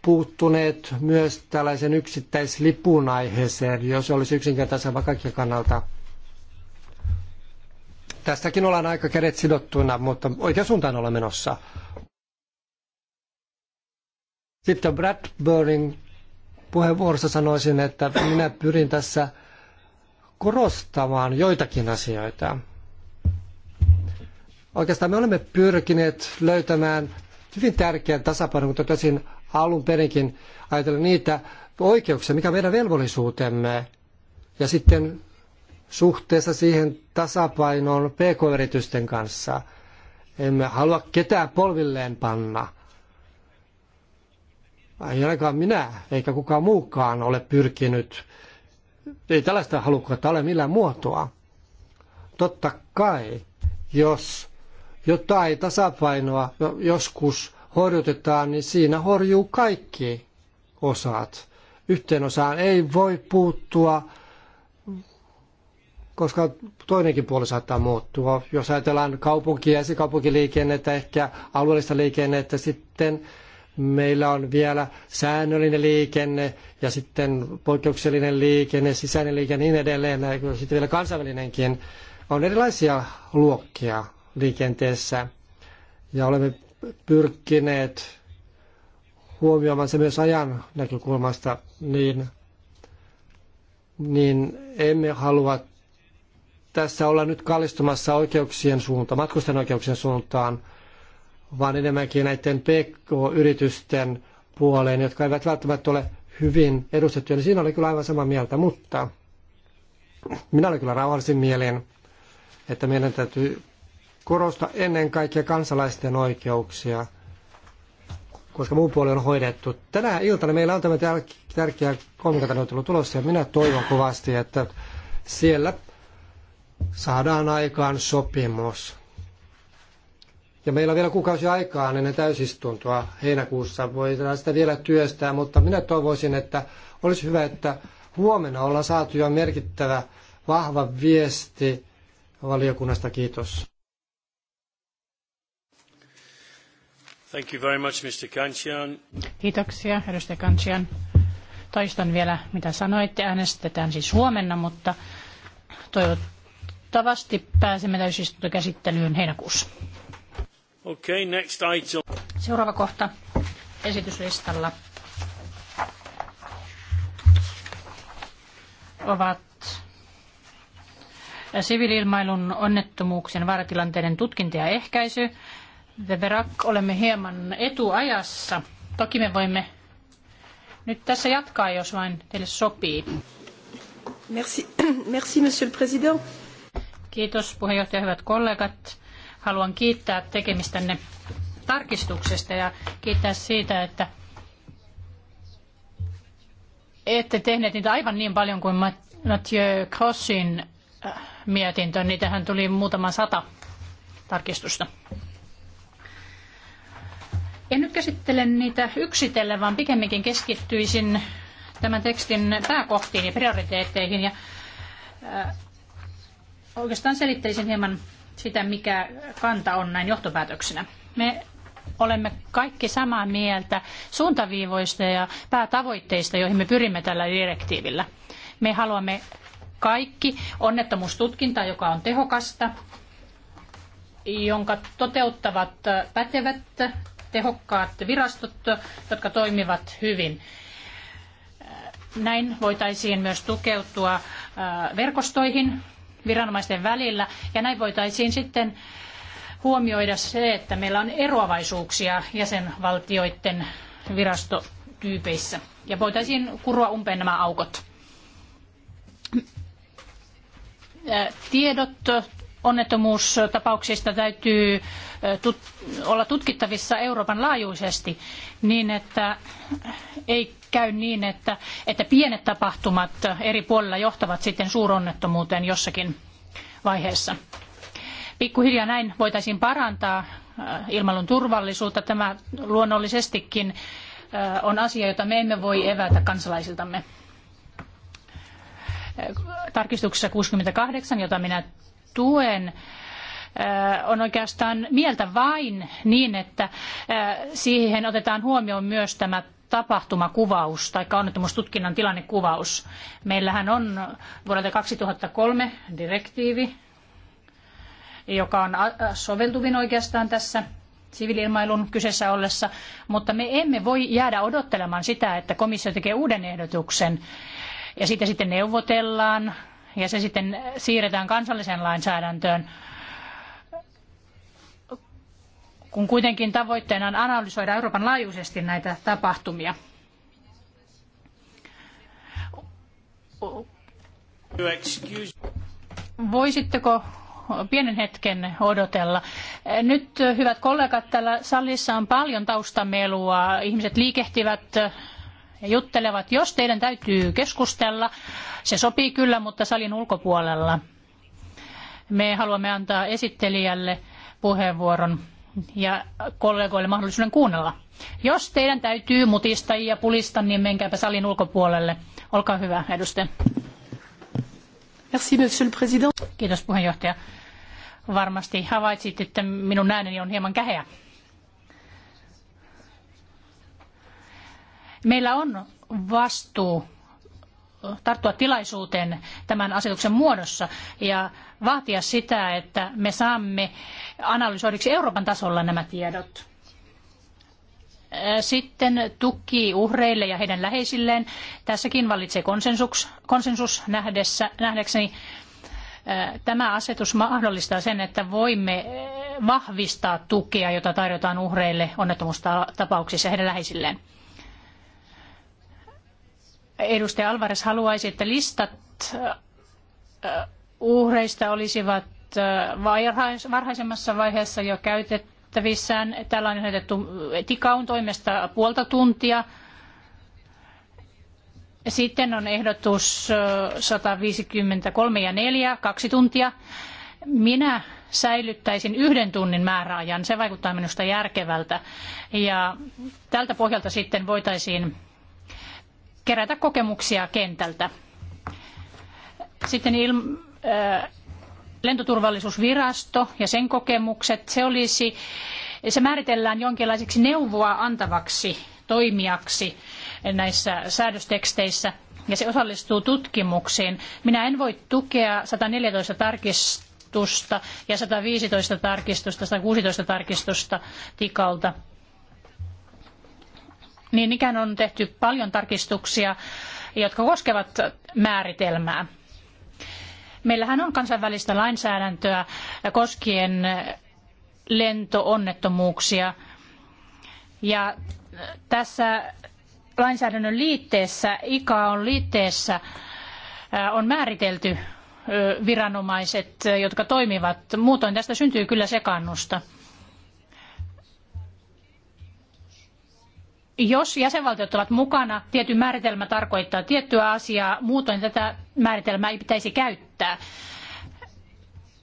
puuttuneet myös tällaisen yksittäislipun aiheeseen, jos se olisi yksinkertaisempaa kaikkien kannalta. Tästäkin ollaan aika kädet sidottuina, mutta oikean suuntaan ollaan menossa. Sitten Bradburnin puheenvuorossa sanoisin, että minä pyrin tässä korostamaan joitakin asioita. Oikeastaan me olemme pyrkineet löytämään hyvin tärkeän tasapainon, kun totesin alun perinkin ajatella niitä oikeuksia, mikä on meidän velvollisuutemme, ja sitten suhteessa siihen tasapainoon pk-yritysten kanssa. Emme halua ketään polvilleen panna. Ei ainakaan minä, eikä kukaan muukaan ole pyrkinyt. Ei tällaista halukkaita ole millään muotoa. Totta kai, jos jotain tasapainoa joskus horjutetaan, niin siinä horjuu kaikki osat. Yhteen osaan ei voi puuttua, koska toinenkin puoli saattaa muuttua. Jos ajatellaan kaupunkia ja kaupunkiliikennettä, ehkä alueellista liikennettä, sitten meillä on vielä säännöllinen liikenne ja sitten poikkeuksellinen liikenne, sisäinen liikenne ja niin edelleen, ja sitten vielä kansainvälinenkin. On erilaisia luokkia liikenteessä ja olemme pyrkineet huomioimaan se myös ajan näkökulmasta, niin, niin emme halua tässä olla nyt kallistumassa oikeuksien suuntaan, matkustajan oikeuksien suuntaan – vaan enemmänkin näiden PK-yritysten puoleen, jotka eivät välttämättä ole hyvin edustettuja, niin siinä oli kyllä aivan samaa mieltä, mutta minä olen kyllä rauhallisin mielin, että meidän täytyy korostaa ennen kaikkea kansalaisten oikeuksia, koska muu puoli on hoidettu. Tänä iltana meillä on tämä tärkeä kolmikantaneuvottelu tulossa ja minä toivon kovasti, että siellä saadaan aikaan sopimus. Ja meillä on vielä kuukausi aikaa ennen täysistuntoa heinäkuussa. Voidaan sitä vielä työstää, mutta minä toivoisin, että olisi hyvä, että huomenna ollaan saatu jo merkittävä vahva viesti valiokunnasta. Kiitos. Thank you very much, Mr. Kanchian. Kiitoksia, edustaja Kanchian. Toistan vielä, mitä sanoitte. Äänestetään siis huomenna, mutta toivottavasti pääsemme täysistuntokäsittelyyn heinäkuussa. Okay, next item. Seuraava kohta esityslistalla ovat siviililmailun onnettomuuksien vaaratilanteiden tutkinta ja ehkäisy. olemme hieman etuajassa. Toki me voimme nyt tässä jatkaa, jos vain teille sopii. Merci, [CLEARS THROAT] Merci monsieur le président. Kiitos puheenjohtaja, hyvät kollegat. Haluan kiittää tekemistänne tarkistuksesta ja kiittää siitä, että ette tehneet niitä aivan niin paljon kuin Mathieu Crossin äh, mietintö. Niitähän tuli muutama sata tarkistusta. En nyt käsittele niitä yksitellen, vaan pikemminkin keskittyisin tämän tekstin pääkohtiin ja prioriteetteihin. Ja, äh, oikeastaan selittelisin hieman sitä, mikä kanta on näin johtopäätöksenä. Me olemme kaikki samaa mieltä suuntaviivoista ja päätavoitteista, joihin me pyrimme tällä direktiivillä. Me haluamme kaikki onnettomuustutkintaa, joka on tehokasta, jonka toteuttavat pätevät, tehokkaat virastot, jotka toimivat hyvin. Näin voitaisiin myös tukeutua verkostoihin, viranomaisten välillä. Ja näin voitaisiin sitten huomioida se, että meillä on eroavaisuuksia jäsenvaltioiden virastotyypeissä. Ja voitaisiin kuroa umpeen nämä aukot. Tiedot onnettomuustapauksista täytyy tut olla tutkittavissa Euroopan laajuisesti niin, että ei käy niin, että, että pienet tapahtumat eri puolilla johtavat sitten suuronnettomuuteen jossakin vaiheessa. Pikkuhiljaa näin voitaisiin parantaa äh, ilmailun turvallisuutta. Tämä luonnollisestikin äh, on asia, jota me emme voi evätä kansalaisiltamme. Äh, tarkistuksessa 68, jota minä tuen, on oikeastaan mieltä vain niin, että siihen otetaan huomioon myös tämä tapahtumakuvaus tai onnettomuustutkinnan tilannekuvaus. Meillähän on vuodelta 2003 direktiivi, joka on soveltuvin oikeastaan tässä siviiliilmailun kyseessä ollessa, mutta me emme voi jäädä odottelemaan sitä, että komissio tekee uuden ehdotuksen ja siitä sitten neuvotellaan ja se sitten siirretään kansalliseen lainsäädäntöön kun kuitenkin tavoitteena on analysoida Euroopan laajuisesti näitä tapahtumia. Voisitteko pienen hetken odotella. Nyt, hyvät kollegat, täällä salissa on paljon taustamelua. Ihmiset liikehtivät ja juttelevat. Jos teidän täytyy keskustella, se sopii kyllä, mutta salin ulkopuolella. Me haluamme antaa esittelijälle puheenvuoron ja kollegoille mahdollisuuden kuunnella. Jos teidän täytyy mutista ja pulista, niin menkääpä salin ulkopuolelle. Olkaa hyvä, edustaja. Merci, monsieur le président. Kiitos puheenjohtaja. Varmasti havaitsit, että minun ääneni on hieman käheä. Meillä on vastuu tarttua tilaisuuteen tämän asetuksen muodossa ja vaatia sitä, että me saamme analysoiduksi Euroopan tasolla nämä tiedot. Sitten tuki uhreille ja heidän läheisilleen. Tässäkin vallitsee konsensus, konsensus nähdessä, nähdäkseni. Tämä asetus mahdollistaa sen, että voimme vahvistaa tukea, jota tarjotaan uhreille onnettomuustapauksissa ja heidän läheisilleen edustaja Alvarez haluaisi, että listat äh, uhreista olisivat äh, varhaisemmassa vaiheessa jo käytettävissään. Täällä on ehdotettu Tikaun toimesta puolta tuntia. Sitten on ehdotus 153 äh, ja 4, kaksi tuntia. Minä säilyttäisin yhden tunnin määräajan. Se vaikuttaa minusta järkevältä. Ja tältä pohjalta sitten voitaisiin kerätä kokemuksia kentältä. Sitten il, äh, lentoturvallisuusvirasto ja sen kokemukset, se, olisi, se määritellään jonkinlaiseksi neuvoa antavaksi toimijaksi näissä säädösteksteissä ja se osallistuu tutkimuksiin. Minä en voi tukea 114 tarkistusta ja 115 tarkistusta, 116 tarkistusta tikalta. Niin ikään on tehty paljon tarkistuksia, jotka koskevat määritelmää. Meillähän on kansainvälistä lainsäädäntöä koskien lentoonnettomuuksia. Ja tässä lainsäädännön liitteessä, ICA on liitteessä, äh, on määritelty viranomaiset, jotka toimivat. Muutoin tästä syntyy kyllä sekannusta. jos jäsenvaltiot ovat mukana, tietty määritelmä tarkoittaa tiettyä asiaa, muutoin tätä määritelmää ei pitäisi käyttää.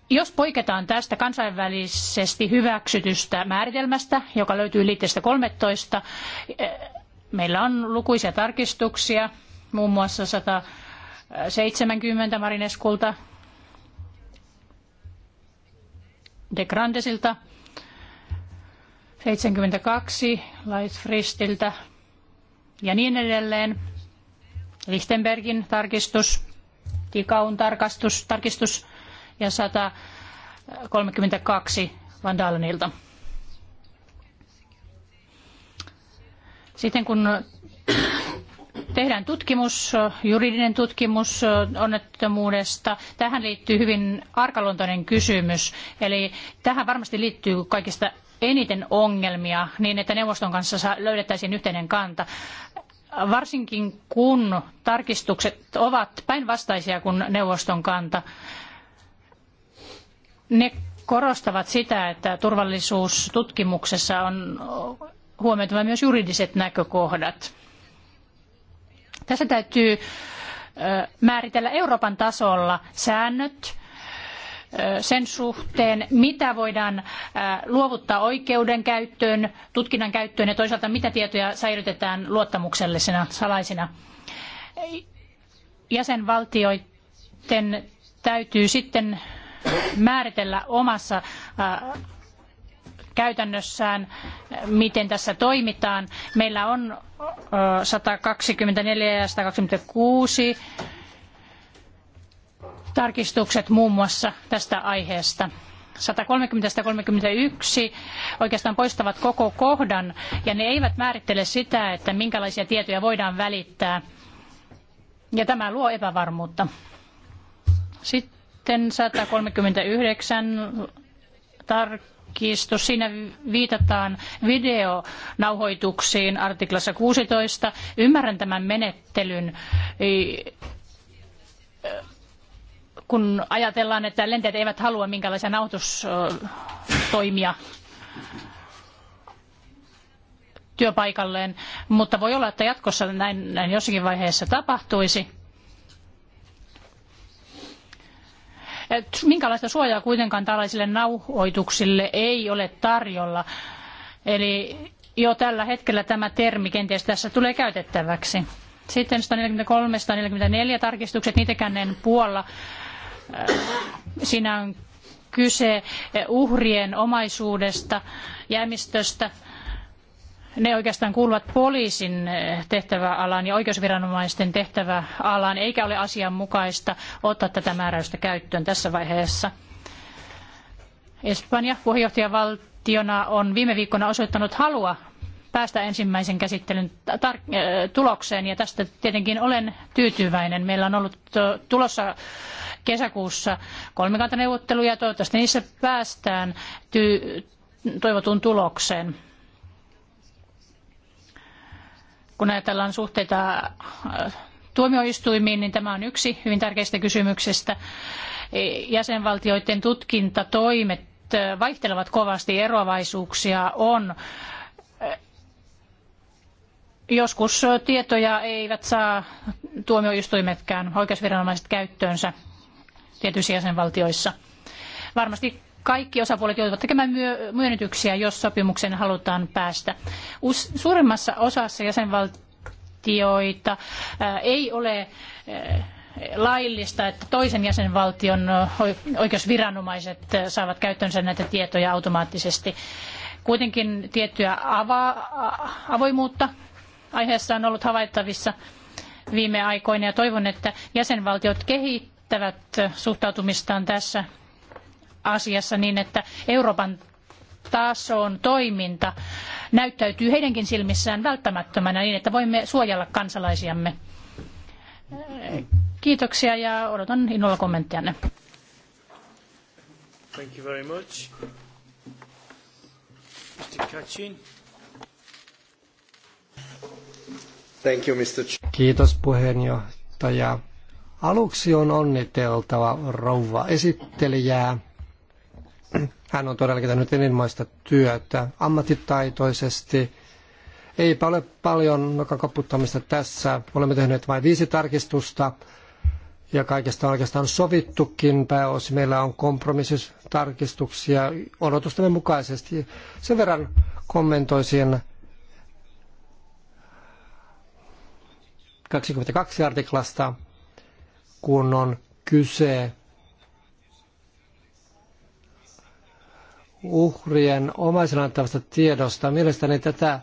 Jos poiketaan tästä kansainvälisesti hyväksytystä määritelmästä, joka löytyy liitteestä 13, eh, meillä on lukuisia tarkistuksia, muun muassa 170 Marineskulta, De Grandesilta, 72 Lightfristiltä ja niin edelleen. Lichtenbergin tarkistus, Tikaun tarkastus, tarkistus ja 132 Van Dalenilta. Sitten kun tehdään tutkimus, juridinen tutkimus onnettomuudesta. Tähän liittyy hyvin arkaluontoinen kysymys. Eli tähän varmasti liittyy kaikista eniten ongelmia niin, että neuvoston kanssa löydettäisiin yhteinen kanta. Varsinkin kun tarkistukset ovat päinvastaisia kuin neuvoston kanta. Ne korostavat sitä, että turvallisuustutkimuksessa on huomioitava myös juridiset näkökohdat. Tässä täytyy määritellä Euroopan tasolla säännöt, sen suhteen, mitä voidaan luovuttaa oikeuden käyttöön, tutkinnan käyttöön ja toisaalta mitä tietoja säilytetään luottamuksellisena salaisina. Jäsenvaltioiden täytyy sitten määritellä omassa käytännössään, miten tässä toimitaan. Meillä on 124 ja 126 tarkistukset muun muassa tästä aiheesta. 130-131 oikeastaan poistavat koko kohdan ja ne eivät määrittele sitä, että minkälaisia tietoja voidaan välittää. Ja tämä luo epävarmuutta. Sitten 139 tarkistus. Siinä viitataan videonauhoituksiin artiklassa 16. Ymmärrän tämän menettelyn kun ajatellaan, että lentäjät eivät halua minkälaisia nautustoimia työpaikalleen, mutta voi olla, että jatkossa näin, näin jossakin vaiheessa tapahtuisi. Et minkälaista suojaa kuitenkaan tällaisille nauhoituksille ei ole tarjolla. Eli jo tällä hetkellä tämä termi kenties tässä tulee käytettäväksi. Sitten 143-144 tarkistukset, niitäkään en puolla. Äh, siinä on kyse uhrien omaisuudesta, jäämistöstä. Ne oikeastaan kuuluvat poliisin äh, tehtäväalaan ja oikeusviranomaisten tehtäväalaan, eikä ole asianmukaista ottaa tätä määräystä käyttöön tässä vaiheessa. Espanja puheenjohtajavaltiona on viime viikkona osoittanut halua päästä ensimmäisen käsittelyn äh, tulokseen ja tästä tietenkin olen tyytyväinen. Meillä on ollut tulossa kesäkuussa kolmikantaneuvotteluja. Toivottavasti niissä päästään ty- toivotun tulokseen. Kun ajatellaan suhteita äh, tuomioistuimiin, niin tämä on yksi hyvin tärkeistä kysymyksistä. Jäsenvaltioiden tutkintatoimet äh, vaihtelevat kovasti, eroavaisuuksia on. Äh, joskus tietoja eivät saa tuomioistuimetkään, oikeusviranomaiset käyttöönsä tietyissä jäsenvaltioissa. Varmasti kaikki osapuolet joutuvat tekemään myönnytyksiä, jos sopimukseen halutaan päästä. Suurimmassa osassa jäsenvaltioita äh, ei ole äh, laillista, että toisen jäsenvaltion äh, oikeusviranomaiset saavat käyttöönsä näitä tietoja automaattisesti. Kuitenkin tiettyä avoimuutta aiheessa on ollut havaittavissa viime aikoina ja toivon, että jäsenvaltiot kehittävät kehittävät suhtautumistaan tässä asiassa niin, että Euroopan tason toiminta näyttäytyy heidänkin silmissään välttämättömänä niin, että voimme suojella kansalaisiamme. Kiitoksia ja odotan innolla kommenttianne. Thank you very much. Mr. Thank you, Mr. Kiitos puheenjohtaja. Aluksi on onniteltava rouva esittelijää. Hän on todellakin tehnyt enimmäistä työtä ammattitaitoisesti. Ei ole paljon nokan koputtamista tässä. Olemme tehneet vain viisi tarkistusta ja kaikesta on oikeastaan sovittukin pääosin. Meillä on kompromissitarkistuksia odotustamme mukaisesti. Sen verran kommentoisin 22 artiklasta kun on kyse uhrien omaisen antavasta tiedosta. Mielestäni tätä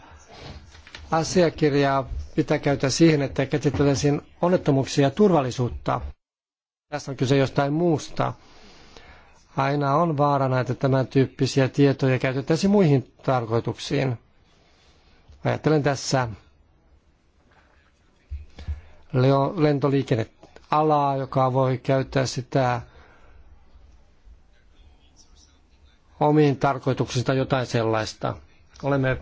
asiakirjaa pitää käyttää siihen, että käsiteltäisiin onnettomuuksia ja turvallisuutta. Tässä on kyse jostain muusta. Aina on vaarana, että tämän tyyppisiä tietoja käytettäisiin muihin tarkoituksiin. Ajattelen tässä lentoliikennettä alaa, joka voi käyttää sitä omiin tarkoituksista jotain sellaista. Olemme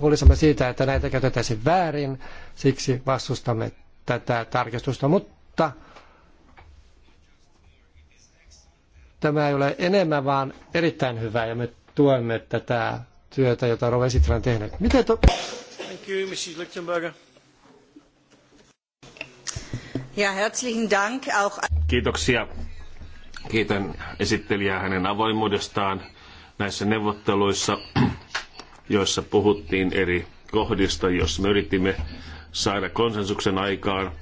huolissamme siitä, että näitä käytettäisiin väärin, siksi vastustamme tätä tarkistusta, mutta tämä ei ole enemmän, vaan erittäin hyvä ja me tuemme tätä työtä, jota Rove Sitran on tehnyt. Miten to... Thank you, Mrs. Lichtenberger. Ja herzlichen Dank auch... Kiitoksia. Kiitän esittelijää hänen avoimuudestaan näissä neuvotteluissa, joissa puhuttiin eri kohdista, jos me yritimme saada konsensuksen aikaan.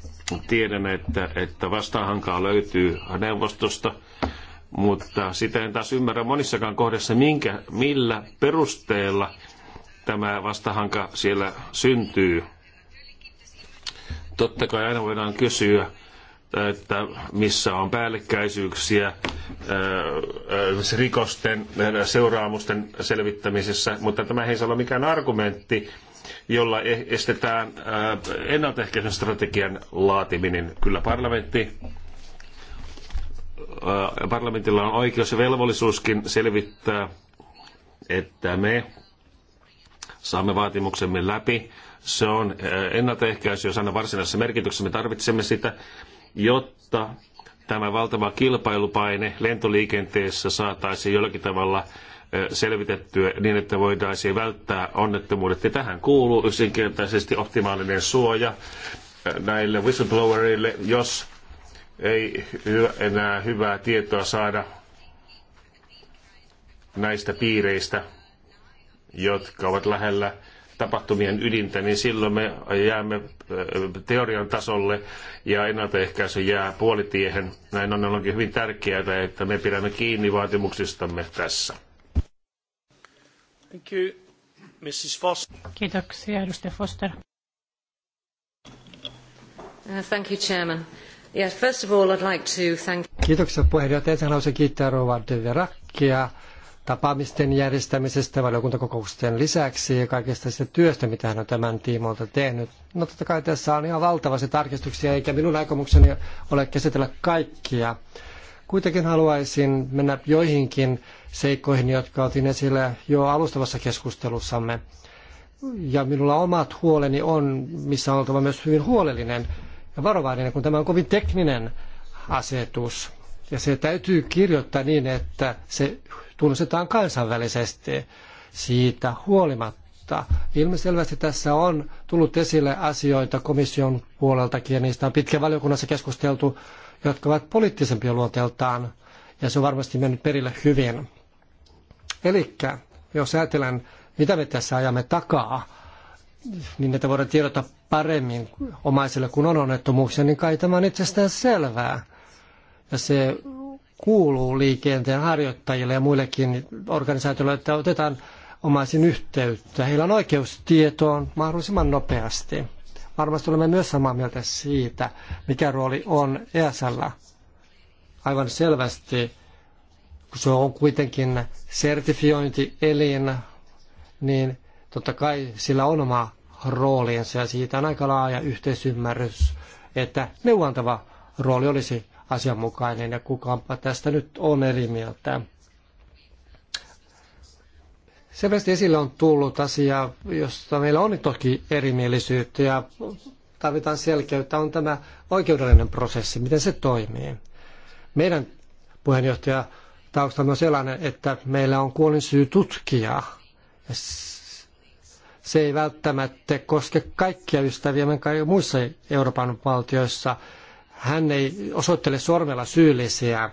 Tiedän, että, että vastahankaa löytyy neuvostosta, mutta sitä en taas ymmärrä monissakaan kohdissa, minkä, millä perusteella tämä vastahanka siellä syntyy. Totta kai aina voidaan kysyä, että missä on päällekkäisyyksiä rikosten seuraamusten selvittämisessä, mutta tämä ei saa olla mikään argumentti, jolla e- estetään ennaltaehkäisen strategian laatiminen. Kyllä parlamentti, parlamentilla on oikeus ja velvollisuuskin selvittää, että me saamme vaatimuksemme läpi se on ennaltaehkäisy, jos aina varsinaisessa merkityksessä me tarvitsemme sitä, jotta tämä valtava kilpailupaine lentoliikenteessä saataisiin jollakin tavalla selvitettyä niin, että voitaisiin välttää onnettomuudet. Ja tähän kuuluu yksinkertaisesti optimaalinen suoja näille whistleblowerille, jos ei enää hyvää tietoa saada näistä piireistä, jotka ovat lähellä tapahtumien ydintä, niin silloin me jäämme äh, teorian tasolle ja ennaltaehkäisy jää puolitiehen. Näin on ollenkin hyvin tärkeää, että me pidämme kiinni vaatimuksistamme tässä. Thank you, Mrs. Foster. Kiitoksia, edustaja Foster. Uh, thank you, Chairman. Yes, first of all, I'd like to thank... Kiitoksia puheenjohtaja. Ensin haluaisin kiittää Rova de Verakkia tapaamisten järjestämisestä valiokuntakokousten lisäksi ja kaikesta siitä työstä, mitä hän on tämän tiimoilta tehnyt. No totta kai tässä on ihan valtavasti tarkistuksia, eikä minun aikomukseni ole käsitellä kaikkia. Kuitenkin haluaisin mennä joihinkin seikkoihin, jotka otin esille jo alustavassa keskustelussamme. Ja minulla omat huoleni on, missä on oltava myös hyvin huolellinen ja varovainen, kun tämä on kovin tekninen asetus ja se täytyy kirjoittaa niin, että se tunnustetaan kansainvälisesti siitä huolimatta. Ilmiselvästi tässä on tullut esille asioita komission puoleltakin, ja niistä on pitkä valiokunnassa keskusteltu, jotka ovat poliittisempia luonteeltaan, ja se on varmasti mennyt perille hyvin. Eli jos ajatellaan, mitä me tässä ajamme takaa, niin että voidaan tiedota paremmin omaisille, kun on onnettomuuksia, niin kai tämä on itsestään selvää ja se kuuluu liikenteen harjoittajille ja muillekin organisaatioille, että otetaan omaisin yhteyttä. Heillä on oikeus tietoon mahdollisimman nopeasti. Varmasti olemme myös samaa mieltä siitä, mikä rooli on ESL. Aivan selvästi, kun se on kuitenkin sertifiointielin, niin totta kai sillä on oma roolinsa ja siitä on aika laaja yhteisymmärrys, että neuvontava rooli olisi asianmukainen ja kukaanpa tästä nyt on eri mieltä. Selvästi esille on tullut asia, josta meillä on toki erimielisyyttä ja tarvitaan selkeyttä, on tämä oikeudellinen prosessi, miten se toimii. Meidän puheenjohtaja tausta on sellainen, että meillä on kuolin syy tutkia. Se ei välttämättä koske kaikkia ystäviä muissa Euroopan valtioissa – hän ei osoittele sormella syyllisiä.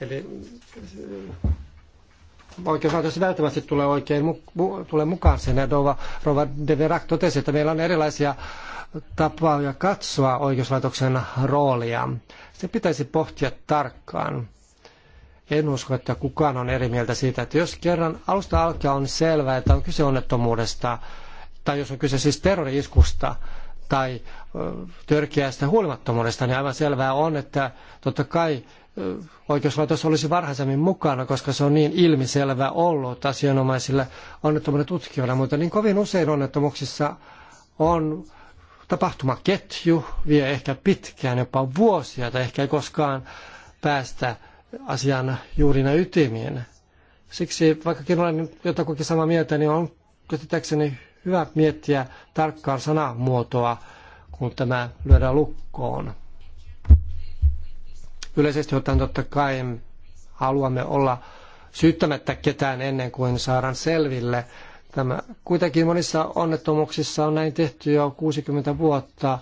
Eli eh, oikeuslaitos välttämättä tulee oikein tulee mukaan sen. että Rova, de Verac totesi, että meillä on erilaisia tapoja katsoa oikeuslaitoksen roolia. Se pitäisi pohtia tarkkaan. En usko, että kukaan on eri mieltä siitä, että jos kerran alusta alkaen on selvää, että on kyse onnettomuudesta, tai jos on kyse siis terrori-iskusta tai törkeästä huolimattomuudesta, niin aivan selvää on, että totta kai oikeuslaitos olisi varhaisemmin mukana, koska se on niin ilmiselvä ollut asianomaisille onnettomuuden tutkijoille, mutta niin kovin usein onnettomuuksissa on tapahtumaketju, vie ehkä pitkään, jopa vuosia, tai ehkä ei koskaan päästä asian juurina ytimiin. Siksi, vaikkakin olen jotakuinkin samaa mieltä, niin on käsittääkseni hyvä miettiä tarkkaan sanamuotoa, kun tämä lyödään lukkoon. Yleisesti ottaen totta kai haluamme olla syyttämättä ketään ennen kuin saadaan selville. Tämä, kuitenkin monissa onnettomuuksissa on näin tehty jo 60 vuotta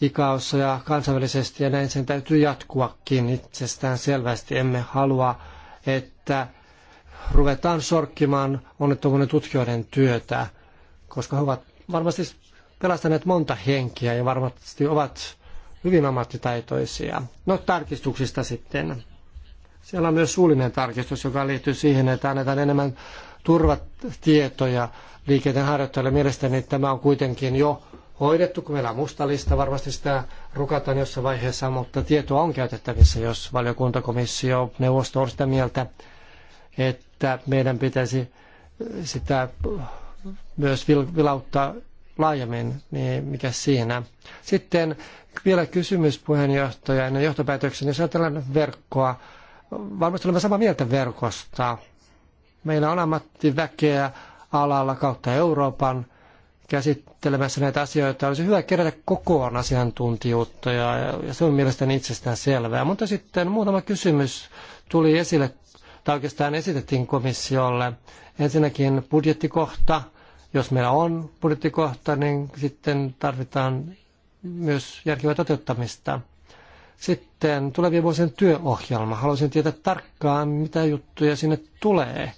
ikaossa ja kansainvälisesti, ja näin sen täytyy jatkuakin itsestään selvästi. Emme halua, että ruvetaan sorkkimaan onnettomuuden tutkijoiden työtä, koska he ovat varmasti pelastaneet monta henkiä ja varmasti ovat hyvin ammattitaitoisia. No tarkistuksista sitten. Siellä on myös suullinen tarkistus, joka liittyy siihen, että annetaan enemmän turvatietoja liikenteen harjoittajille. Mielestäni tämä on kuitenkin jo hoidettu, kun meillä on musta lista. Varmasti sitä rukataan jossain vaiheessa, mutta tietoa on käytettävissä, jos valiokuntakomissio, neuvosto on sitä mieltä, että meidän pitäisi sitä myös vilauttaa laajemmin, niin mikä siinä. Sitten vielä kysymys puheenjohtaja ennen johtopäätöksen. Jos ajatellaan verkkoa, varmasti olemme samaa mieltä verkosta. Meillä on ammattiväkeä alalla kautta Euroopan käsittelemässä näitä asioita. Olisi hyvä kerätä kokoon asiantuntijuutta ja, ja se on mielestäni itsestään selvää. Mutta sitten muutama kysymys tuli esille, tai oikeastaan esitettiin komissiolle. Ensinnäkin budjettikohta – jos meillä on budjettikohta, niin sitten tarvitaan myös järkevää toteuttamista. Sitten tulevien vuosien työohjelma. Haluaisin tietää tarkkaan, mitä juttuja sinne tulee.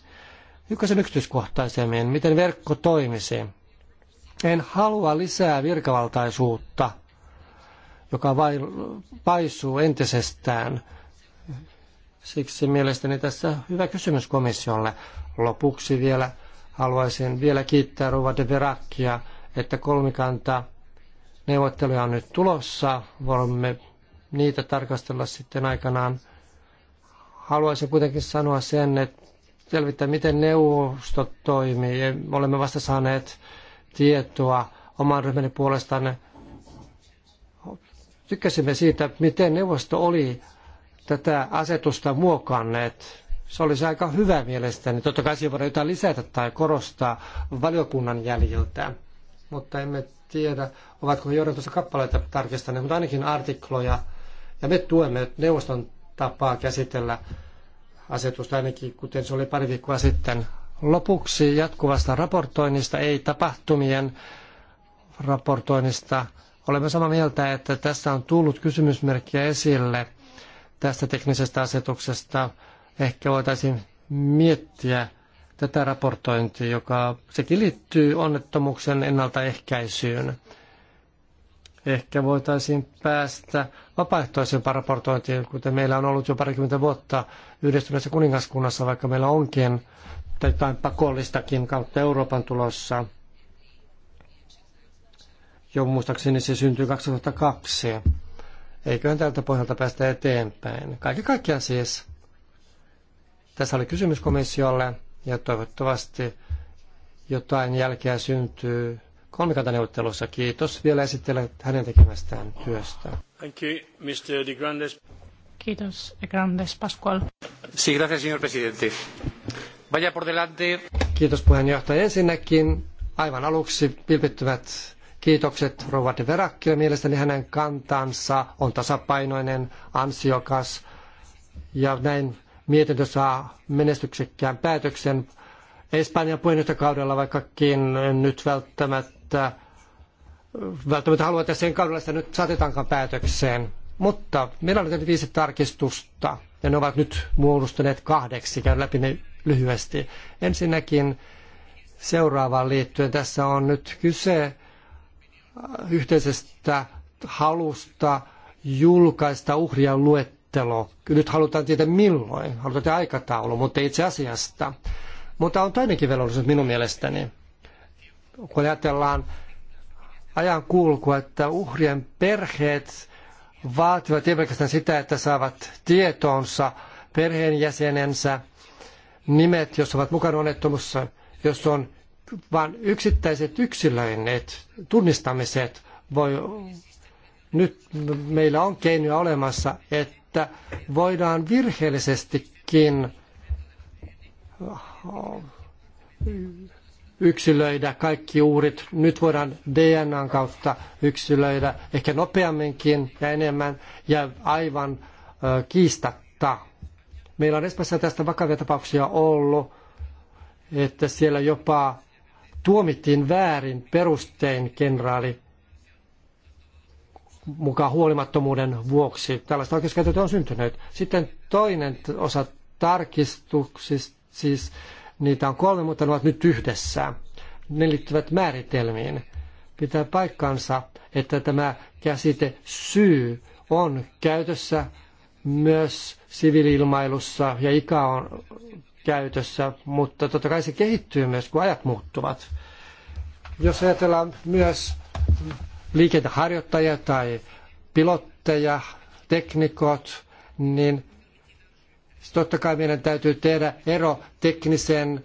Ykkösen yksityiskohtaisemmin, miten verkko toimisi. En halua lisää virkavaltaisuutta, joka vai, paisuu entisestään. Siksi mielestäni tässä hyvä kysymys komissiolle. Lopuksi vielä Haluaisin vielä kiittää Ruva de Verakia, että kolmikanta neuvotteluja on nyt tulossa. Voimme niitä tarkastella sitten aikanaan. Haluaisin kuitenkin sanoa sen, että selvittää, miten neuvosto toimii. Olemme vasta saaneet tietoa oman ryhmäni puolestaan. Tykkäsimme siitä, miten neuvosto oli tätä asetusta muokanneet. Se olisi aika hyvä mielestäni. Totta kai siihen voidaan jotain lisätä tai korostaa valiokunnan jäljiltä, mutta emme tiedä, ovatko he tuossa kappaleita tarkistaneet, mutta ainakin artikloja. Ja me tuemme neuvoston tapaa käsitellä asetusta ainakin, kuten se oli pari viikkoa sitten. Lopuksi jatkuvasta raportoinnista, ei tapahtumien raportoinnista. Olemme samaa mieltä, että tässä on tullut kysymysmerkkiä esille tästä teknisestä asetuksesta. Ehkä voitaisiin miettiä tätä raportointia, joka sekin liittyy onnettomuuksien ennaltaehkäisyyn. Ehkä voitaisiin päästä vapaaehtoisempaan raportointiin, kuten meillä on ollut jo parikymmentä vuotta yhdistyneessä kuningaskunnassa, vaikka meillä onkin jotain pakollistakin kautta Euroopan tulossa. Jo muistaakseni se syntyi 2002. Eiköhän tältä pohjalta päästä eteenpäin. Kaikki kaikkiaan siis tässä oli kysymys komissiolle ja toivottavasti jotain jälkeä syntyy kolmikantaneuvottelussa. Kiitos vielä esittele hänen tekemästään työstä. Thank you, Mr. De Grandes. Kiitos, De Grandes Pascual. Sí, gracias, señor presidente. Vaya por delante. Kiitos puheenjohtaja. Ensinnäkin aivan aluksi pilpittyvät kiitokset Rouva de Verakkille. Mielestäni hänen kantansa on tasapainoinen, ansiokas ja näin mietintö saa menestyksekkään päätöksen Espanjan puheenjohtajakaudella, vaikkakin en nyt välttämättä, välttämättä halua, että sen kaudella sitä nyt saatetaankaan päätökseen. Mutta meillä on tehty viisi tarkistusta, ja ne ovat nyt muodostuneet kahdeksi. Käyn läpi ne lyhyesti. Ensinnäkin seuraavaan liittyen tässä on nyt kyse yhteisestä halusta julkaista uhrien luettelua luettelo. Nyt halutaan tietää milloin, halutaan aikataulu, mutta itse asiasta. Mutta on toinenkin velvollisuus minun mielestäni. Kun ajatellaan ajan kulkua, että uhrien perheet vaativat ei pelkästään sitä, että saavat tietoonsa perheenjäsenensä nimet, jos ovat mukana onnettomuussa, jos on vain yksittäiset yksilöinnit, tunnistamiset voi nyt meillä on keinoja olemassa, että että voidaan virheellisestikin äh, yksilöidä kaikki uurit. Nyt voidaan DNAn kautta yksilöidä ehkä nopeamminkin ja enemmän ja aivan äh, kiistatta. Meillä on Espanjassa tästä vakavia tapauksia ollut, että siellä jopa tuomittiin väärin perustein kenraali mukaan huolimattomuuden vuoksi. Tällaista oikeuskäytäntöä on syntynyt. Sitten toinen osa tarkistuksista, siis niitä on kolme, mutta ne ovat nyt yhdessä. Ne liittyvät määritelmiin. Pitää paikkansa, että tämä käsite syy on käytössä myös siviiliilmailussa ja ikä on käytössä, mutta totta kai se kehittyy myös, kun ajat muuttuvat. Jos ajatellaan myös liikenteenharjoittajia tai pilotteja, teknikot, niin totta kai meidän täytyy tehdä ero teknisen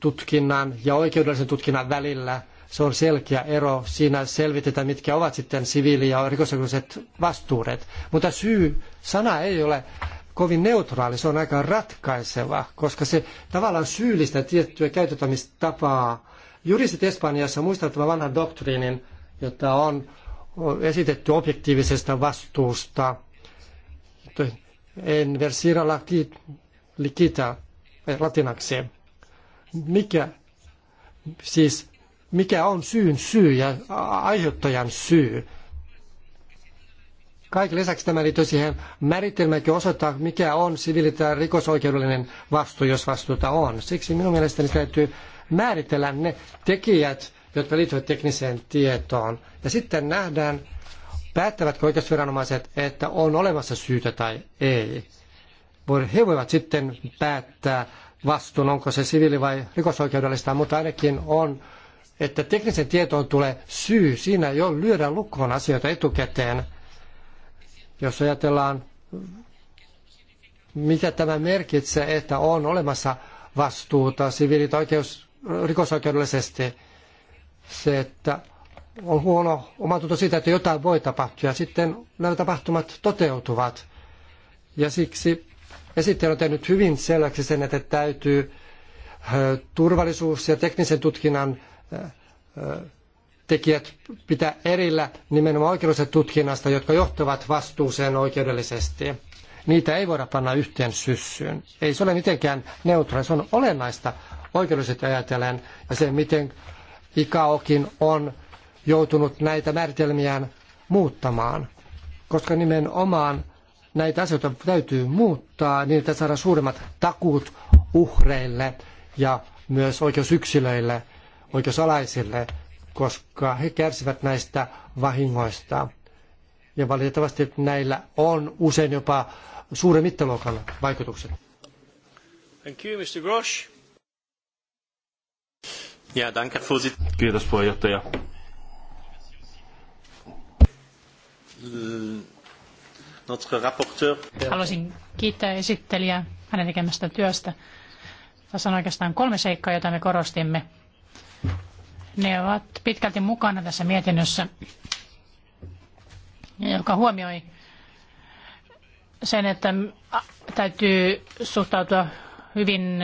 tutkinnan ja oikeudellisen tutkinnan välillä. Se on selkeä ero. Siinä selvitetään, mitkä ovat sitten siviili- ja rikosoikeudelliset vastuudet. Mutta syy, sana ei ole kovin neutraali, se on aika ratkaiseva, koska se tavallaan syyllistää tiettyä käytetämistapaa. Juristit Espanjassa muistavat tämän vanhan doktriinin, jota on esitetty objektiivisesta vastuusta. En versira likita latinaksi. Mikä, siis mikä on syyn syy ja aiheuttajan syy? Kaiken lisäksi tämä liittyy siihen määritelmäänkin osoittaa, mikä on siviili- tai rikosoikeudellinen vastuu, jos vastuuta on. Siksi minun mielestäni täytyy määritellä ne tekijät, jotka liittyvät tekniseen tietoon. Ja sitten nähdään, päättävätkö oikeusviranomaiset, että on olemassa syytä tai ei. He voivat sitten päättää vastuun, onko se siviili- vai rikosoikeudellista, mutta ainakin on, että teknisen tietoon tulee syy. Siinä jo lyödään lukkoon asioita etukäteen. Jos ajatellaan, mitä tämä merkitsee, että on olemassa vastuuta siviilit oikeus, rikosoikeudellisesti, se, että on huono omatunto siitä, että jotain voi tapahtua, ja sitten nämä tapahtumat toteutuvat. Ja siksi esittely on tehnyt hyvin selväksi sen, että täytyy turvallisuus- ja teknisen tutkinnan tekijät pitää erillä nimenomaan oikeudellisesta tutkinnasta, jotka johtavat vastuuseen oikeudellisesti. Niitä ei voida panna yhteen syssyyn. Ei se ole mitenkään neutraali, se on olennaista oikeudellisesti ajatellen ja se, miten ICAOkin on joutunut näitä määritelmiään muuttamaan, koska nimenomaan näitä asioita täytyy muuttaa niin, että saadaan suuremmat takuut uhreille ja myös oikeusyksilöille, oikeusalaisille, koska he kärsivät näistä vahingoista. Ja valitettavasti näillä on usein jopa suuren mittaluokan vaikutukset. Thank you, Mr. Ja, danke, Kiitos puheenjohtaja. Notre rapporteur. Haluaisin kiittää esittelijää hänen tekemästä työstä. Tässä on oikeastaan kolme seikkaa, joita me korostimme. Ne ovat pitkälti mukana tässä mietinnössä, joka huomioi sen, että täytyy suhtautua hyvin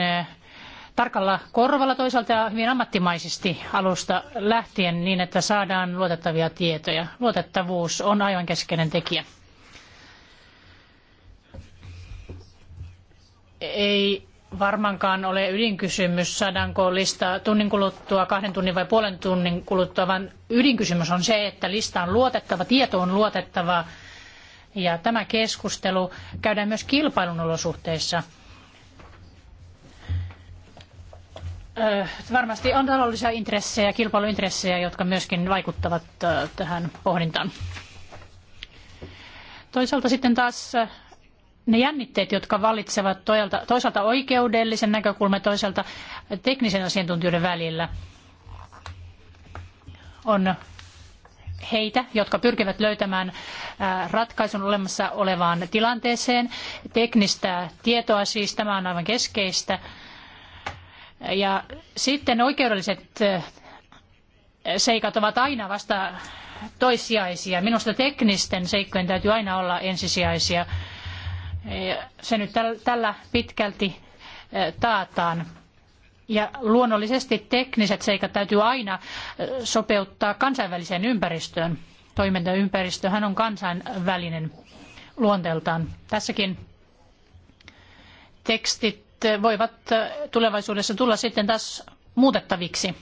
tarkalla korvalla toisaalta ja hyvin ammattimaisesti alusta lähtien niin, että saadaan luotettavia tietoja. Luotettavuus on aivan keskeinen tekijä. Ei varmaankaan ole ydinkysymys, saadaanko lista tunnin kuluttua, kahden tunnin vai puolen tunnin kuluttua, vaan ydinkysymys on se, että lista on luotettava, tieto on luotettava ja tämä keskustelu käydään myös kilpailun olosuhteissa – varmasti on taloudellisia intressejä ja kilpailuintressejä, jotka myöskin vaikuttavat tähän pohdintaan. Toisaalta sitten taas ne jännitteet, jotka vallitsevat toisaalta oikeudellisen näkökulman ja toisaalta teknisen asiantuntijoiden välillä, on heitä, jotka pyrkivät löytämään ratkaisun olemassa olevaan tilanteeseen. Teknistä tietoa siis, tämä on aivan keskeistä ja sitten oikeudelliset eh, seikat ovat aina vasta toissijaisia. Minusta teknisten seikkojen täytyy aina olla ensisijaisia. Se nyt tällä pitkälti eh, taataan. Ja luonnollisesti tekniset seikat täytyy aina eh, sopeuttaa kansainväliseen ympäristöön. Toimintaympäristöhän on kansainvälinen luonteeltaan. Tässäkin tekstit voivat tulevaisuudessa tulla sitten taas muutettaviksi.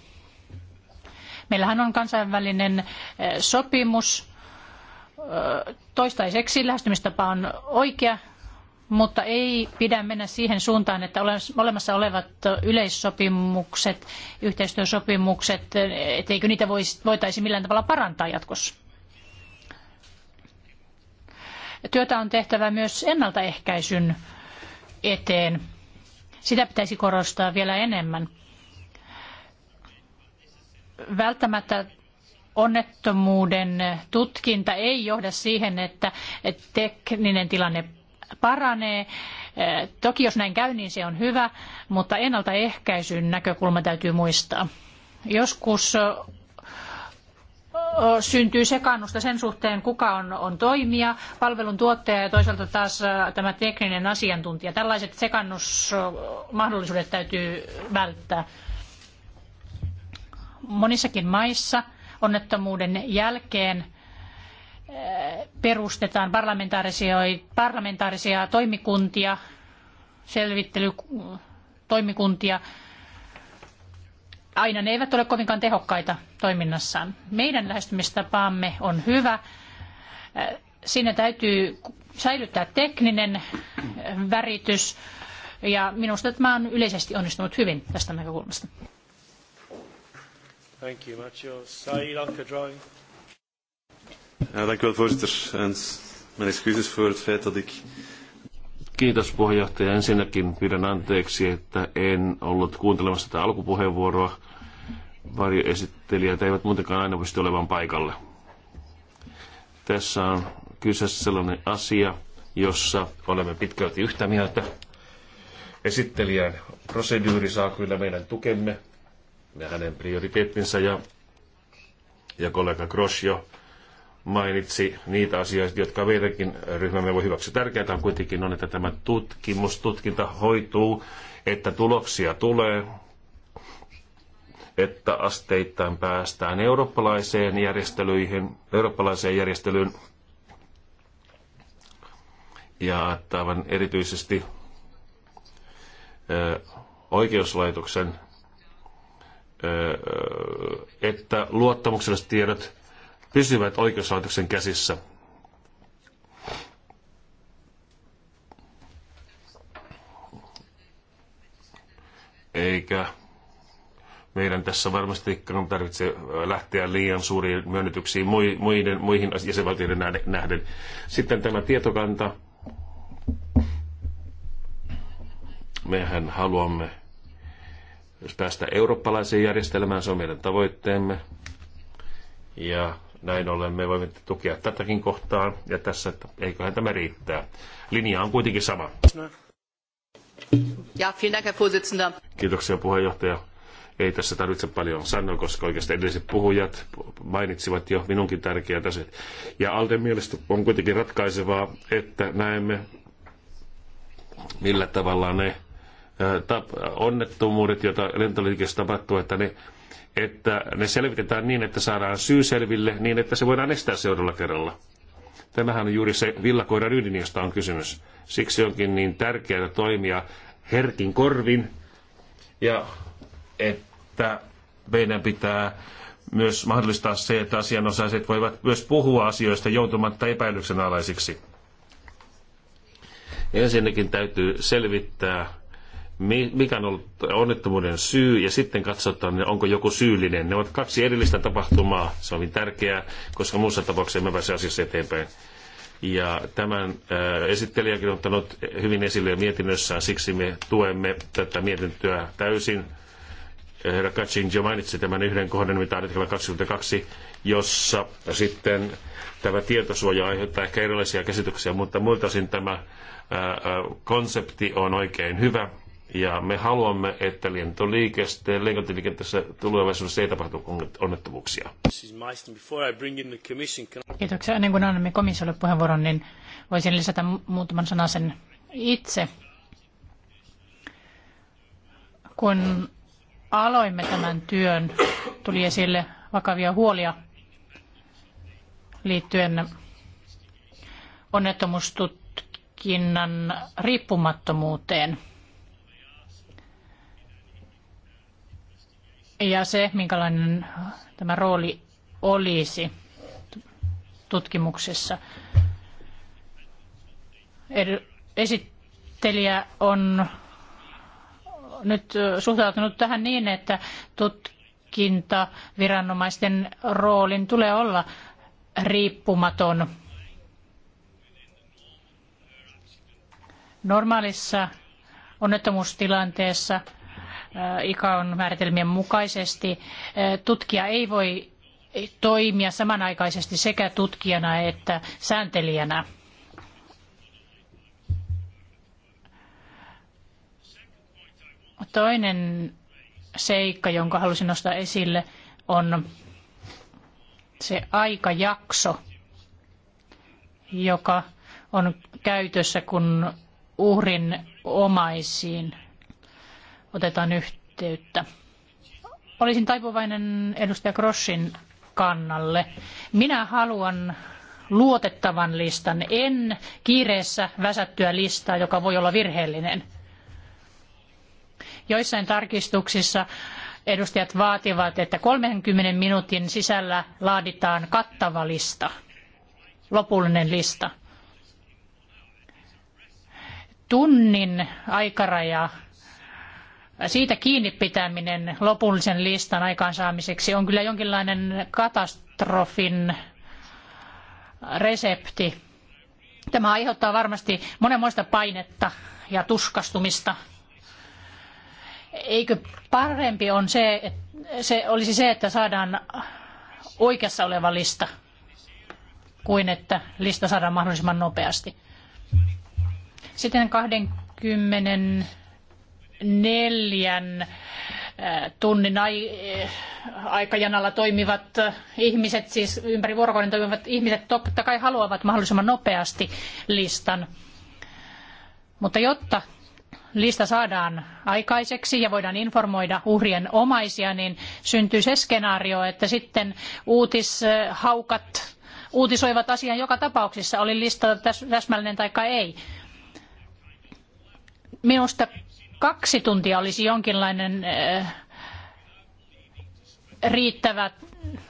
Meillähän on kansainvälinen eh, sopimus. Eh, toistaiseksi lähestymistapa on oikea, mutta ei pidä mennä siihen suuntaan, että olemassa olevat yleissopimukset, yhteistyösopimukset, eh, etteikö niitä voitaisi millään tavalla parantaa jatkossa. Työtä on tehtävä myös ennaltaehkäisyn eteen. Sitä pitäisi korostaa vielä enemmän. Välttämättä onnettomuuden tutkinta ei johda siihen, että tekninen tilanne paranee. Eh, toki jos näin käy, niin se on hyvä, mutta ennaltaehkäisyn näkökulma täytyy muistaa. Joskus syntyy sekannusta sen suhteen, kuka on, on toimija, palvelun tuottaja ja toisaalta taas tämä tekninen asiantuntija. Tällaiset sekannusmahdollisuudet täytyy välttää. Monissakin maissa onnettomuuden jälkeen perustetaan parlamentaarisia, parlamentaarisia toimikuntia, selvittelytoimikuntia, toimikuntia aina ne eivät ole kovinkaan tehokkaita toiminnassaan. Meidän lähestymistapaamme on hyvä. Siinä täytyy säilyttää tekninen väritys ja minusta tämä on yleisesti onnistunut hyvin tästä näkökulmasta. Thank you much. Sri Lanka drawing. Ja, dank u wel, voorzitter. En mijn excuses voor het feit dat ik Kiitos puheenjohtaja. Ensinnäkin pyydän anteeksi, että en ollut kuuntelemassa tätä alkupuheenvuoroa. Varjoesittelijät eivät muutenkaan aina pysty olevan paikalle. Tässä on kyseessä sellainen asia, jossa olemme pitkälti yhtä mieltä. Esittelijän proseduuri saa kyllä meidän tukemme ja hänen prioriteettinsa ja, ja kollega Grosjo mainitsi niitä asioita, jotka meidänkin ryhmämme voi hyväksyä. Tärkeää on kuitenkin on, että tämä tutkimus, tutkinta hoituu, että tuloksia tulee, että asteittain päästään eurooppalaiseen järjestelyihin, eurooppalaiseen järjestelyyn ja että aivan erityisesti oikeuslaitoksen, että luottamukselliset tiedot pysyvät oikeuslaitoksen käsissä. Eikä meidän tässä varmasti tarvitse lähteä liian suuriin myönnytyksiin muiden, muihin jäsenvaltioiden nähden. Sitten tämä tietokanta. Mehän haluamme päästä eurooppalaiseen järjestelmään, se on meidän tavoitteemme. Ja näin ollen me voimme tukea tätäkin kohtaa ja tässä, että eiköhän tämä riittää. Linja on kuitenkin sama. Ja, vielen Dank, Herr Kiitoksia puheenjohtaja. Ei tässä tarvitse paljon sanoa, koska oikeastaan edelliset puhujat mainitsivat jo minunkin tärkeät asiat. Ja Alten mielestä on kuitenkin ratkaisevaa, että näemme, millä tavalla ne onnettomuudet, joita lentoliikkeessä tapahtuu, että ne että ne selvitetään niin, että saadaan syy selville, niin että se voidaan estää seuraavalla kerralla. Tämähän on juuri se villakoiran ydin, josta on kysymys. Siksi onkin niin tärkeää toimia herkin korvin ja että meidän pitää myös mahdollistaa se, että asianosaiset voivat myös puhua asioista joutumatta alaisiksi. Ensinnäkin täytyy selvittää mikä on ollut onnettomuuden syy, ja sitten katsotaan, niin onko joku syyllinen. Ne ovat kaksi erillistä tapahtumaa. Se on hyvin tärkeää, koska muussa tapauksessa emme pääse asiassa eteenpäin. Ja tämän äh, esittelijäkin on ottanut hyvin esille mietinnössään, siksi me tuemme tätä mietintöä täysin. Äh, herra Kacin jo mainitsi tämän yhden kohdan, mitä on 22, jossa sitten tämä tietosuoja aiheuttaa ehkä erilaisia käsityksiä, mutta muilta osin tämä äh, konsepti on oikein hyvä ja me haluamme, että lentoliikenteessä, lentoliikenteessä tulevaisuudessa ei tapahdu onnettomuuksia. Kiitoksia. Ennen kuin annamme komissiolle puheenvuoron, niin voisin lisätä muutaman sanan sen itse. Kun aloimme tämän työn, tuli esille vakavia huolia liittyen onnettomuustutkinnan riippumattomuuteen – ja se, minkälainen tämä rooli olisi tutkimuksessa. Esittelijä on nyt suhtautunut tähän niin, että tutkinta viranomaisten roolin tulee olla riippumaton. Normaalissa onnettomuustilanteessa – Äh, ICAON määritelmien mukaisesti. Äh, tutkija ei voi toimia samanaikaisesti sekä tutkijana että sääntelijänä. Toinen seikka, jonka halusin nostaa esille, on se aikajakso, joka on käytössä, kun uhrin omaisiin otetaan yhteyttä. Olisin taipuvainen edustaja Grossin kannalle. Minä haluan luotettavan listan, en kiireessä väsättyä listaa, joka voi olla virheellinen. Joissain tarkistuksissa edustajat vaativat, että 30 minuutin sisällä laaditaan kattava lista, lopullinen lista. Tunnin aikaraja siitä kiinni pitäminen lopullisen listan aikaansaamiseksi on kyllä jonkinlainen katastrofin resepti. Tämä aiheuttaa varmasti monenmoista painetta ja tuskastumista. Eikö parempi on se, että se olisi se, että saadaan oikeassa oleva lista, kuin että lista saadaan mahdollisimman nopeasti. Sitten 20 neljän äh, tunnin äh, aikajanalla toimivat äh, ihmiset, siis ympäri vuorokauden toimivat ihmiset totta kai haluavat mahdollisimman nopeasti listan. Mutta jotta lista saadaan aikaiseksi ja voidaan informoida uhrien omaisia, niin syntyy se skenaario, että sitten uutishaukat uutisoivat asian joka tapauksessa, oli lista täsmällinen tai ei. Minusta kaksi tuntia olisi jonkinlainen eh, riittävä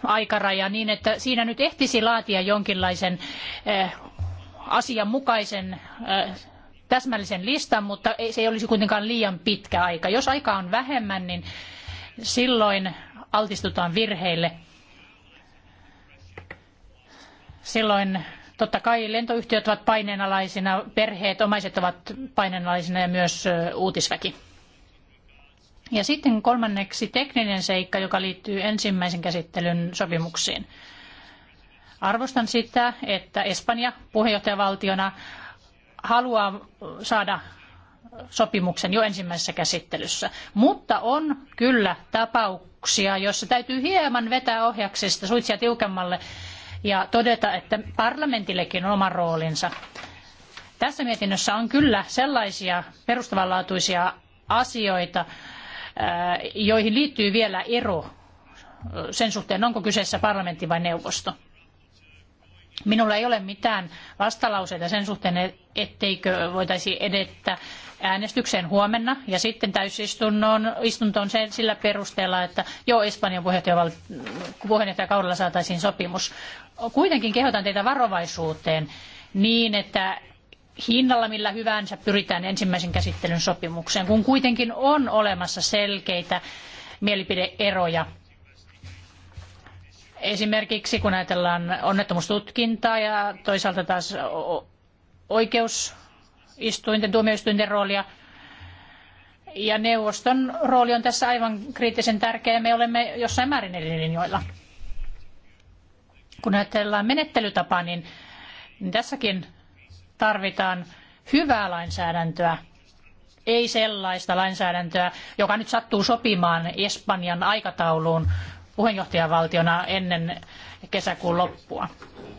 aikaraja niin, että siinä nyt ehtisi laatia jonkinlaisen eh, asianmukaisen eh, täsmällisen listan, mutta se ei olisi kuitenkaan liian pitkä aika. Jos aikaa on vähemmän, niin silloin altistutaan virheille. Silloin Totta kai lentoyhtiöt ovat paineenalaisina, perheet, omaiset ovat paineenalaisina ja myös uutisväki. Ja sitten kolmanneksi tekninen seikka, joka liittyy ensimmäisen käsittelyn sopimuksiin. Arvostan sitä, että Espanja puheenjohtajavaltiona haluaa saada sopimuksen jo ensimmäisessä käsittelyssä. Mutta on kyllä tapauksia, joissa täytyy hieman vetää ohjaksista suitsia tiukemmalle ja todeta, että parlamentillekin on oma roolinsa. Tässä mietinnössä on kyllä sellaisia perustavanlaatuisia asioita, äh, joihin liittyy vielä ero sen suhteen, onko kyseessä parlamentti vai neuvosto. Minulla ei ole mitään vastalauseita sen suhteen, etteikö voitaisi edetä äänestykseen huomenna ja sitten täysistunnon istuntoon sen, sillä perusteella, että jo Espanjan puheenjohtajakaudella saataisiin sopimus kuitenkin kehotan teitä varovaisuuteen niin, että hinnalla millä hyvänsä pyritään ensimmäisen käsittelyn sopimukseen, kun kuitenkin on olemassa selkeitä mielipideeroja. Esimerkiksi kun ajatellaan onnettomuustutkintaa ja toisaalta taas oikeusistuinten, tuomioistuinten roolia, ja neuvoston rooli on tässä aivan kriittisen tärkeä. Me olemme jossain määrin eri linjoilla. Kun ajatellaan menettelytapaa, niin tässäkin tarvitaan hyvää lainsäädäntöä, ei sellaista lainsäädäntöä, joka nyt sattuu sopimaan Espanjan aikatauluun puheenjohtajavaltiona ennen kesäkuun loppua.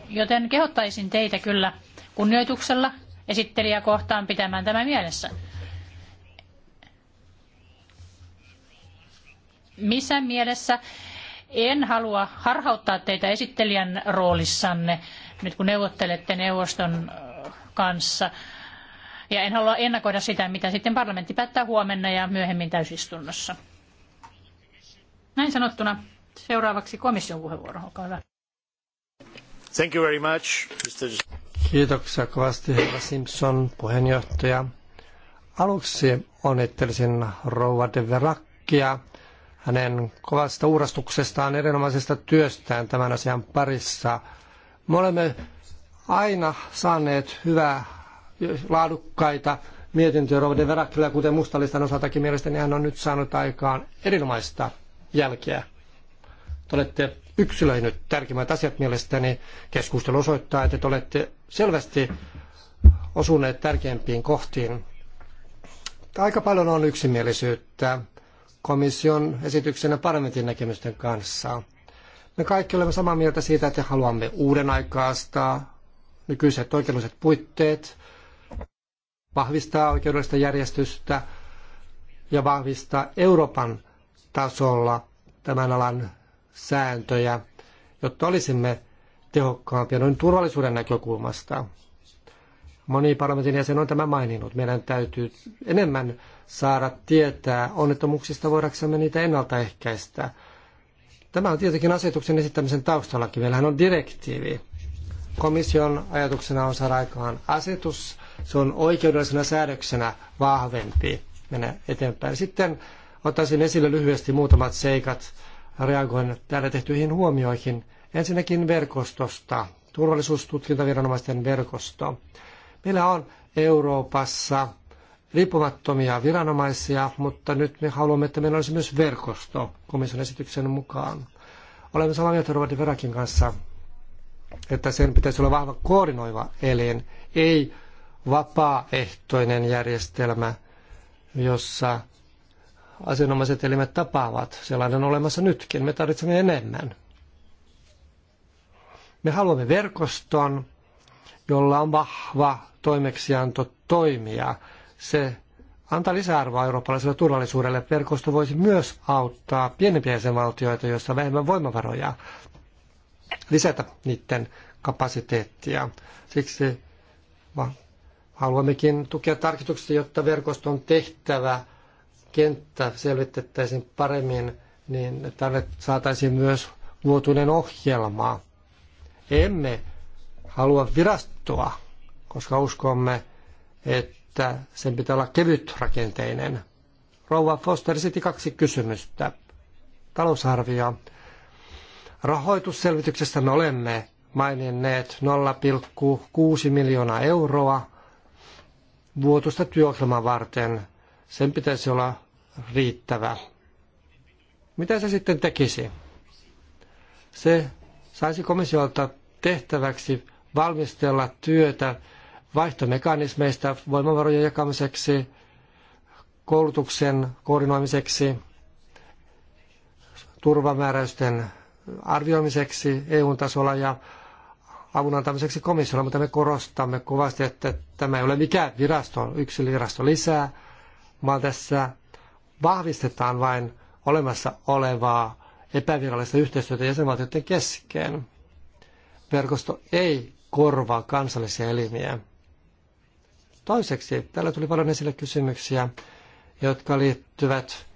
Joten kehottaisin teitä kyllä kunnioituksella esittelijä kohtaan pitämään tämä mielessä. Missä mielessä en halua harhauttaa teitä esittelijän roolissanne, nyt kun neuvottelette neuvoston kanssa. Ja en halua ennakoida sitä, mitä sitten parlamentti päättää huomenna ja myöhemmin täysistunnossa. Näin sanottuna seuraavaksi komission puheenvuoro. Olkaa hyvä. Thank you very much, Mr. Kiitoksia kovasti, herra Simpson, puheenjohtaja. Aluksi onnittelisin rouva de Verakkia hänen kovasta uurastuksestaan, erinomaisesta työstään tämän asian parissa. Me olemme aina saaneet hyvää, laadukkaita mietintöjä Roveden Verakkilä, kuten Mustalistan osaltakin mielestäni hän on nyt saanut aikaan erinomaista jälkeä. Te olette yksilöinyt tärkeimmät asiat mielestäni. Keskustelu osoittaa, että te olette selvästi osuneet tärkeimpiin kohtiin. Aika paljon on yksimielisyyttä komission esityksen ja parlamentin näkemysten kanssa. Me kaikki olemme samaa mieltä siitä, että haluamme uuden aikaistaa nykyiset oikeudelliset puitteet, vahvistaa oikeudellista järjestystä ja vahvistaa Euroopan tasolla tämän alan sääntöjä, jotta olisimme tehokkaampia noin turvallisuuden näkökulmasta. Moni parlamentin jäsen on tämä maininnut. Meidän täytyy enemmän saada tietää onnettomuuksista, me niitä ennaltaehkäistä. Tämä on tietenkin asetuksen esittämisen taustallakin. Meillähän on direktiivi. Komission ajatuksena on saada aikaan asetus. Se on oikeudellisena säädöksenä vahvempi mennä eteenpäin. Sitten ottaisin esille lyhyesti muutamat seikat reagoin täällä tehtyihin huomioihin. Ensinnäkin verkostosta, turvallisuustutkintaviranomaisten verkosto. Meillä on Euroopassa riippumattomia viranomaisia, mutta nyt me haluamme, että meillä olisi myös verkosto komission esityksen mukaan. Olemme samaa mieltä Robert Verakin kanssa, että sen pitäisi olla vahva koordinoiva elin, ei vapaaehtoinen järjestelmä, jossa asianomaiset elimet tapaavat. Sellainen on olemassa nytkin. Me tarvitsemme enemmän. Me haluamme verkoston, jolla on vahva toimeksianto toimia se antaa lisäarvoa eurooppalaiselle turvallisuudelle. Verkosto voisi myös auttaa pienempiä jäsenvaltioita, joissa on vähemmän voimavaroja, lisätä niiden kapasiteettia. Siksi haluammekin tukea tarkoituksesta, jotta verkoston tehtävä kenttä selvitettäisiin paremmin, niin tälle saataisiin myös vuotuinen ohjelma. Emme halua virastoa, koska uskomme, että että sen pitää olla kevyt rakenteinen. Rouva Foster esitti kaksi kysymystä. Talousarvio. Rahoitusselvityksestä me olemme maininneet 0,6 miljoonaa euroa vuotusta työohjelman varten. Sen pitäisi olla riittävä. Mitä se sitten tekisi? Se saisi komissiolta tehtäväksi valmistella työtä vaihtomekanismeista voimavarojen jakamiseksi, koulutuksen koordinoimiseksi, turvamääräysten arvioimiseksi EU-tasolla ja avun antamiseksi komissiolle, mutta me korostamme kovasti, että tämä ei ole mikään virasto, yksi virasto lisää, vaan tässä vahvistetaan vain olemassa olevaa epävirallista yhteistyötä jäsenvaltioiden kesken. Verkosto ei korvaa kansallisia elimiä. Toiseksi, täällä tuli paljon esille kysymyksiä, jotka liittyvät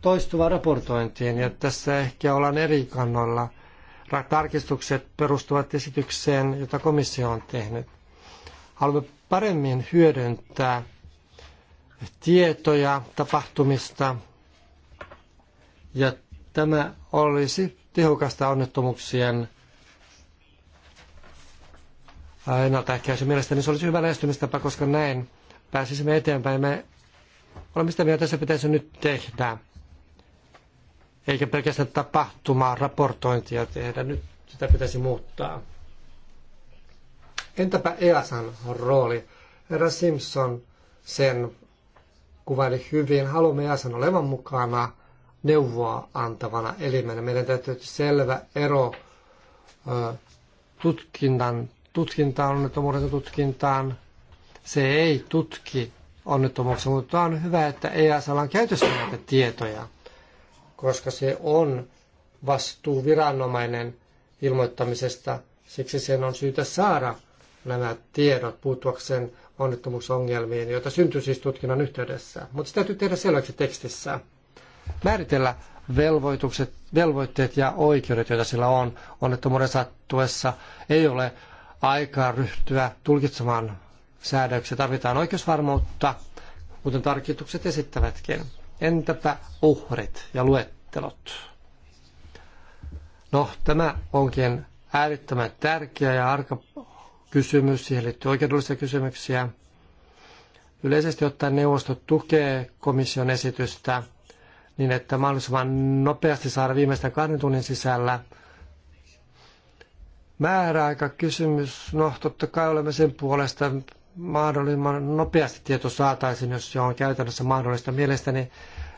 toistuvaan raportointiin, ja tässä ehkä ollaan eri kannoilla. Tarkistukset perustuvat esitykseen, jota komissio on tehnyt. Haluamme paremmin hyödyntää tietoja tapahtumista, ja tämä olisi tehokasta onnettomuuksien ennaltaehkäisy. Mielestäni se olisi hyvä lähestymistapa, koska näin pääsisimme eteenpäin. Me olemme sitä mieltä, tässä pitäisi nyt tehdä. Eikä pelkästään tapahtumaa, raportointia tehdä. Nyt sitä pitäisi muuttaa. Entäpä EASan rooli? Herra Simpson sen kuvaili hyvin. Haluamme EASan olevan mukana neuvoa antavana elimenä. Meidän täytyy selvä ero tutkinnan tutkintaan, onnettomuuden tutkintaan. Se ei tutki onnettomuuksia, mutta on hyvä, että EASL on käytössä näitä tietoja, koska se on vastuuviranomainen ilmoittamisesta. Siksi sen on syytä saada nämä tiedot puuttuakseen onnettomuusongelmiin, joita syntyy siis tutkinnan yhteydessä. Mutta se täytyy tehdä selväksi tekstissä. Määritellä velvoitukset, velvoitteet ja oikeudet, joita sillä on onnettomuuden sattuessa. Ei ole aikaa ryhtyä tulkitsemaan säädöksiä. Tarvitaan oikeusvarmuutta, kuten tarkistukset esittävätkin. Entäpä uhrit ja luettelot? No, tämä onkin äärettömän tärkeä ja arka kysymys. Siihen liittyy oikeudellisia kysymyksiä. Yleisesti ottaen neuvosto tukee komission esitystä niin, että mahdollisimman nopeasti saada viimeistään kahden tunnin sisällä – määräaika kysymys, no totta kai olemme sen puolesta mahdollisimman nopeasti tieto saataisiin, jos se on käytännössä mahdollista. Mielestäni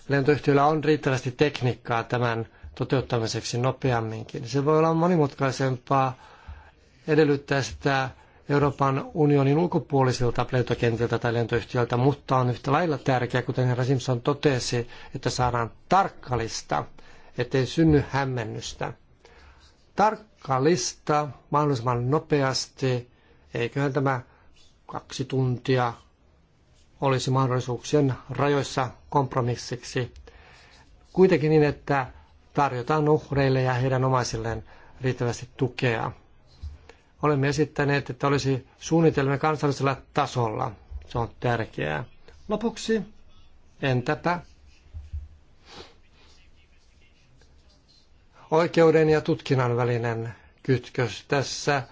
lentoyhtiöllä on riittävästi tekniikkaa tämän toteuttamiseksi nopeamminkin. Se voi olla monimutkaisempaa edellyttää sitä Euroopan unionin ulkopuolisilta lentokentiltä tai lentoyhtiöltä, mutta on yhtä lailla tärkeää, kuten herra Simpson totesi, että saadaan tarkkalista, ettei synny hämmennystä. Tark kalista mahdollisimman nopeasti. Eiköhän tämä kaksi tuntia olisi mahdollisuuksien rajoissa kompromissiksi. Kuitenkin niin, että tarjotaan uhreille ja heidän omaisilleen riittävästi tukea. Olemme esittäneet, että olisi suunnitelma kansallisella tasolla. Se on tärkeää. Lopuksi, entäpä oikeuden ja tutkinnan välinen kytkös. Tässä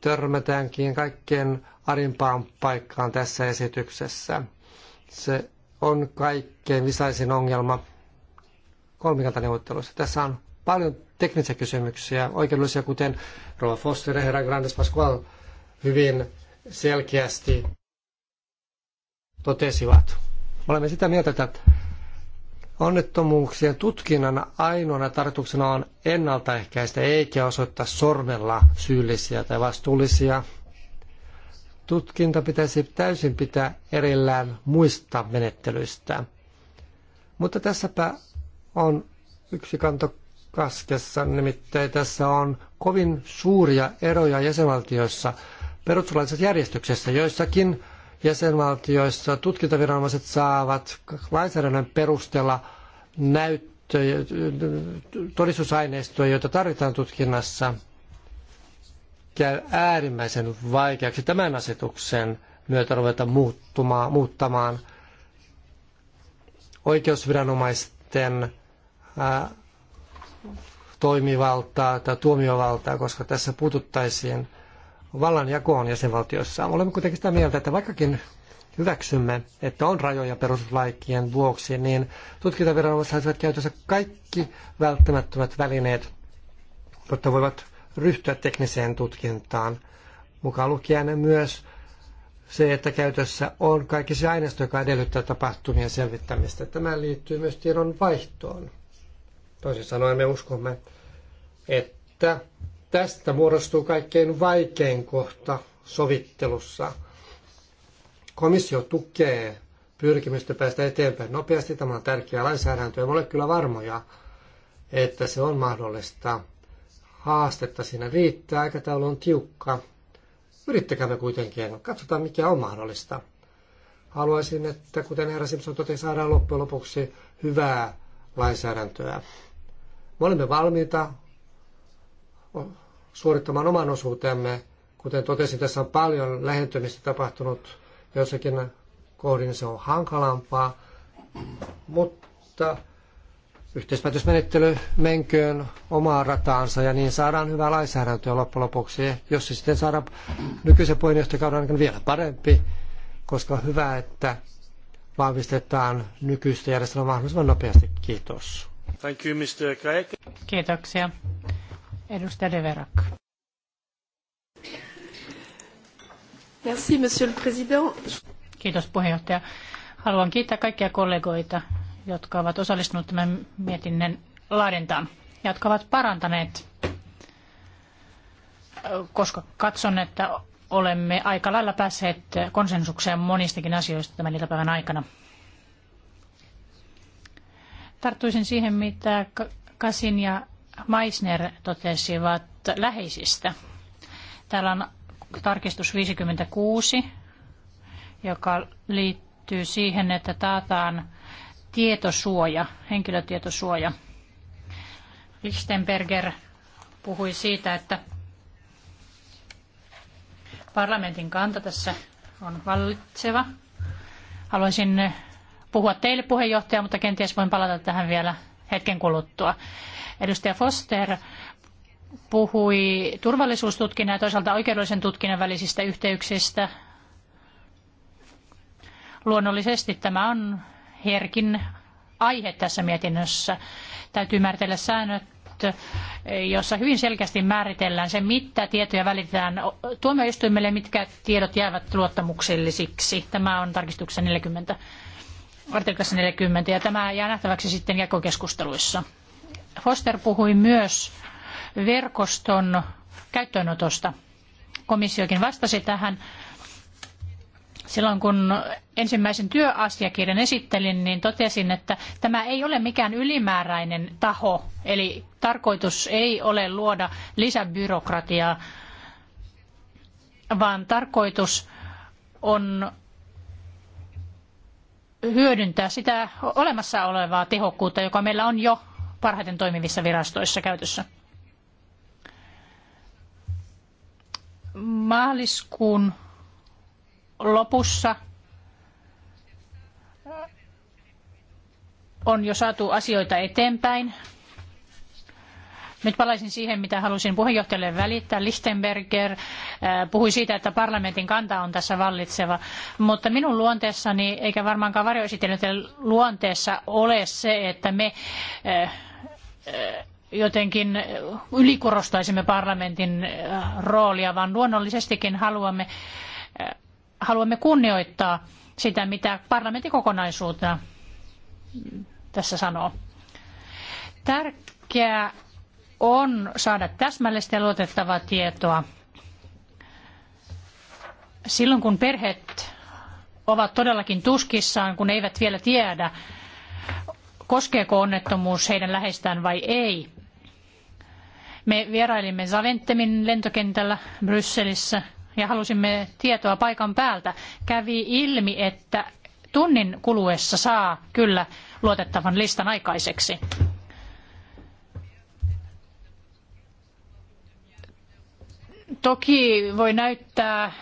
törmätäänkin kaikkein arimpaan paikkaan tässä esityksessä. Se on kaikkein visaisin ongelma kolmikantaneuvotteluissa. Tässä on paljon teknisiä kysymyksiä, oikeudellisia, kuten Rova Foster ja herra Grandes Pascual hyvin selkeästi totesivat. Olemme sitä mieltä, että Onnettomuuksien tutkinnan ainoana tarkoituksena on ennaltaehkäistä eikä osoittaa sormella syyllisiä tai vastuullisia. Tutkinta pitäisi täysin pitää erillään muista menettelyistä. Mutta tässäpä on yksi kanto kaskessa, nimittäin tässä on kovin suuria eroja jäsenvaltioissa perustuslaillisessa järjestyksessä. Joissakin jäsenvaltioissa tutkintaviranomaiset saavat lainsäädännön perusteella näyttöjä, todistusaineistoja, joita tarvitaan tutkinnassa, käy äärimmäisen vaikeaksi tämän asetuksen myötä ruveta muuttumaan, muuttamaan oikeusviranomaisten ää, toimivaltaa tai tuomiovaltaa, koska tässä puututtaisiin vallanjakoon jäsenvaltioissa. Olemme kuitenkin sitä mieltä, että vaikkakin hyväksymme, että on rajoja perustuslaikien vuoksi, niin tutkintaviranomaiset saisivat käytössä kaikki välttämättömät välineet, jotta voivat ryhtyä tekniseen tutkintaan. Mukaan lukien myös se, että käytössä on kaikki se aineisto, joka edellyttää tapahtumien selvittämistä. Tämä liittyy myös tiedon vaihtoon. Toisin sanoen me uskomme, että Tästä muodostuu kaikkein vaikein kohta sovittelussa. Komissio tukee pyrkimystä päästä eteenpäin nopeasti. Tämä on tärkeä lainsäädäntö. Emme ole kyllä varmoja, että se on mahdollista. Haastetta siinä riittää, aikataulu on tiukka. me kuitenkin, katsotaan mikä on mahdollista. Haluaisin, että kuten herra Simpson totesi, saadaan loppujen lopuksi hyvää lainsäädäntöä. Me olemme valmiita suorittamaan oman osuutemme. Kuten totesin, tässä on paljon lähentymistä tapahtunut. Jossakin kohdin se on hankalampaa, mutta yhteispäätösmenettely menköön omaa rataansa ja niin saadaan hyvää lainsäädäntöä loppujen lopuksi. Jos se sitten saadaan nykyisen puheenjohtajakauden aikana vielä parempi, koska on hyvä, että vahvistetaan nykyistä järjestelmää mahdollisimman nopeasti. Kiitos. Thank you, Mr. Kiitoksia. Edustaja Deverak. Merci, monsieur le président. Kiitos puheenjohtaja. Haluan kiittää kaikkia kollegoita, jotka ovat osallistuneet tämän mietinnön laadintaan ja jotka ovat parantaneet, koska katson, että olemme aika lailla päässeet konsensukseen monistakin asioista tämän iltapäivän aikana. Tarttuisin siihen, mitä Kasin ja Meissner totesivat läheisistä. Täällä on tarkistus 56, joka liittyy siihen, että taataan tietosuoja, henkilötietosuoja. Lichtenberger puhui siitä, että parlamentin kanta tässä on vallitseva. Haluaisin puhua teille puheenjohtaja, mutta kenties voin palata tähän vielä hetken kuluttua. Edustaja Foster puhui turvallisuustutkinnan ja toisaalta oikeudellisen tutkinnan välisistä yhteyksistä. Luonnollisesti tämä on herkin aihe tässä mietinnössä. Täytyy määritellä säännöt, jossa hyvin selkeästi määritellään se, mitä tietoja välitetään tuomioistuimelle, mitkä tiedot jäävät luottamuksellisiksi. Tämä on tarkistuksessa 40, artiklassa 40, ja tämä jää nähtäväksi sitten jakokeskusteluissa. Foster puhui myös verkoston käyttöönotosta. Komissiokin vastasi tähän. Silloin kun ensimmäisen työasiakirjan esittelin, niin totesin, että tämä ei ole mikään ylimääräinen taho, eli tarkoitus ei ole luoda lisäbyrokratiaa, vaan tarkoitus on hyödyntää sitä olemassa olevaa tehokkuutta, joka meillä on jo parhaiten toimivissa virastoissa käytössä. Maaliskuun lopussa on jo saatu asioita eteenpäin. Nyt palaisin siihen, mitä halusin puheenjohtajalle välittää. Lichtenberger äh, puhui siitä, että parlamentin kanta on tässä vallitseva. Mutta minun luonteessani, eikä varmaankaan varjoesitellyt luonteessa ole se, että me äh, jotenkin ylikorostaisimme parlamentin äh, roolia, vaan luonnollisestikin haluamme, äh, haluamme kunnioittaa sitä, mitä parlamentti kokonaisuutena tässä sanoo. Tärkeää on saada täsmällistä ja luotettavaa tietoa. Silloin kun perheet ovat todellakin tuskissaan, kun eivät vielä tiedä, koskeeko onnettomuus heidän läheistään vai ei. Me vierailimme Zaventemin lentokentällä Brysselissä ja halusimme tietoa paikan päältä. Kävi ilmi, että tunnin kuluessa saa kyllä luotettavan listan aikaiseksi. Toki voi näyttää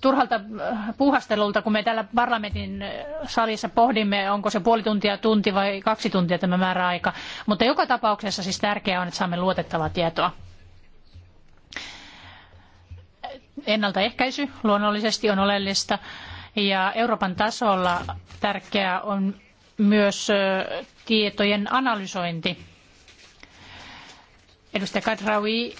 turhalta äh, puuhastelulta, kun me täällä parlamentin äh, salissa pohdimme, onko se puoli tuntia, tunti vai kaksi tuntia tämä määräaika. Mutta joka tapauksessa siis tärkeää on, että saamme luotettavaa tietoa. Ennaltaehkäisy luonnollisesti on oleellista ja Euroopan tasolla tärkeää on myös äh, tietojen analysointi. Edustaja Kadraui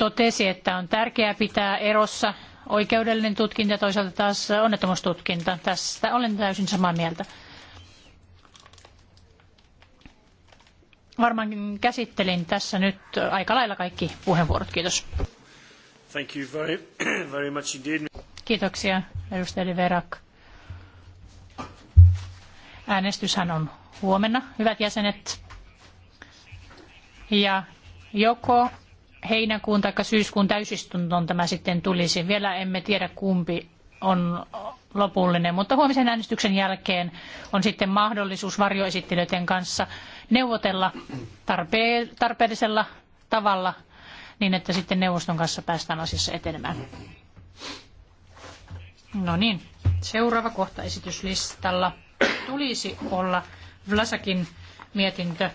totesi, että on tärkeää pitää erossa oikeudellinen tutkinta ja toisaalta taas onnettomuustutkinta. Tästä olen täysin samaa mieltä. Varmaan käsittelin tässä nyt aika lailla kaikki puheenvuorot. Kiitos. Thank you very, [CLEARS THROAT] very much indeed. Kiitoksia, edustaja De Verak. Äänestyshän on huomenna, hyvät jäsenet. Ja joko heinäkuun tai syyskuun täysistuntoon tämä sitten tulisi. Vielä emme tiedä kumpi on lopullinen, mutta huomisen äänestyksen jälkeen on sitten mahdollisuus varjoesittelijöiden kanssa neuvotella tarpeellisella tavalla niin, että sitten neuvoston kanssa päästään asiassa etenemään. No niin, seuraava kohta esityslistalla tulisi olla Vlasakin mietintö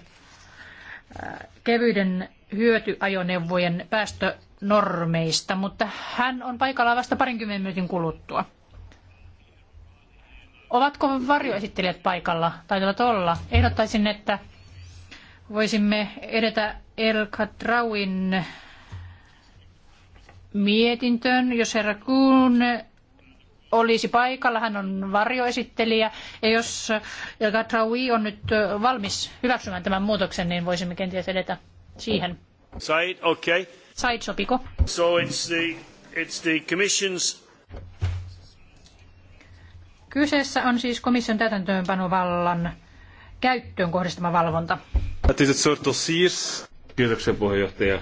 kevyiden hyötyajoneuvojen päästönormeista, mutta hän on paikalla vasta parinkymmenen minuutin kuluttua. Ovatko varjoesittelijät paikalla? Taitavat olla. Ehdottaisin, että voisimme edetä El Katrauin mietintöön, jos herra Kuhn olisi paikalla, hän on varjoesittelijä, ja jos Gatraoui on nyt valmis hyväksymään tämän muutoksen, niin voisimme kenties edetä siihen. Said, okay. Said, sopiko? So it's the, it's the commission's... Kyseessä on siis komission täytäntöönpanovallan käyttöön kohdistama valvonta. Kiitoksia puheenjohtaja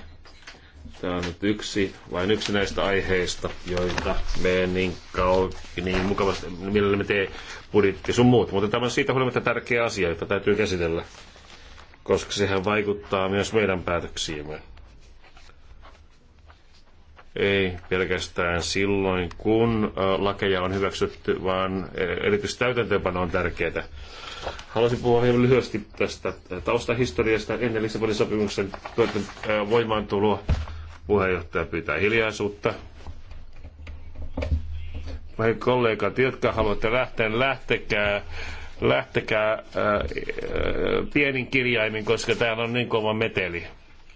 Tämä on nyt yksi, vain yksi näistä aiheista, joita me niin, kauan, niin mukavasti, millä me tee budjetti sun muut. Mutta tämä on siitä huolimatta tärkeä asia, jota täytyy käsitellä, koska sehän vaikuttaa myös meidän päätöksiimme. Ei pelkästään silloin, kun lakeja on hyväksytty, vaan e, erityisesti täytäntöönpano on tärkeää. Haluaisin puhua hieman lyhyesti tästä taustahistoriasta ennen Lissabonin sopimuksen tuota, voimaantuloa. Puheenjohtaja pyytää hiljaisuutta. Vai kollegat, jotka haluatte lähteä, lähtekää lähtekää ää, äh, ää, äh, pienin kirjaimin, koska täällä on niin kova meteli.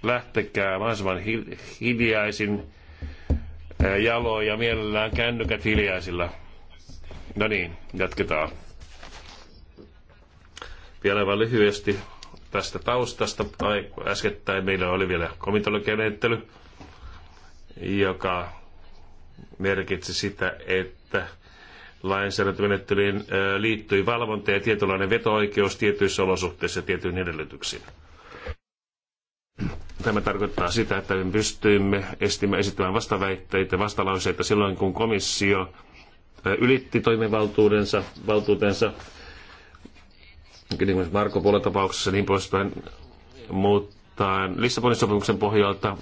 Lähtekää mahdollisimman hiljaisin ää, äh, jaloin ja mielellään kännykät hiljaisilla. No niin, jatketaan. Vielä vain lyhyesti tästä taustasta. äskettäin meillä oli vielä komitologian joka merkitsi sitä, että lainsäädäntömenettelyyn liittyi valvonta ja tietynlainen veto-oikeus tietyissä olosuhteissa ja tietyin edellytyksiin. Tämä tarkoittaa sitä, että me pystyimme esittämään vastaväitteitä, vastalauseita silloin, kun komissio ylitti toimivaltuutensa, valtuutensa, niin kuin Marko Polo tapauksessa niin poispäin, mutta Lissabonin sopimuksen pohjalta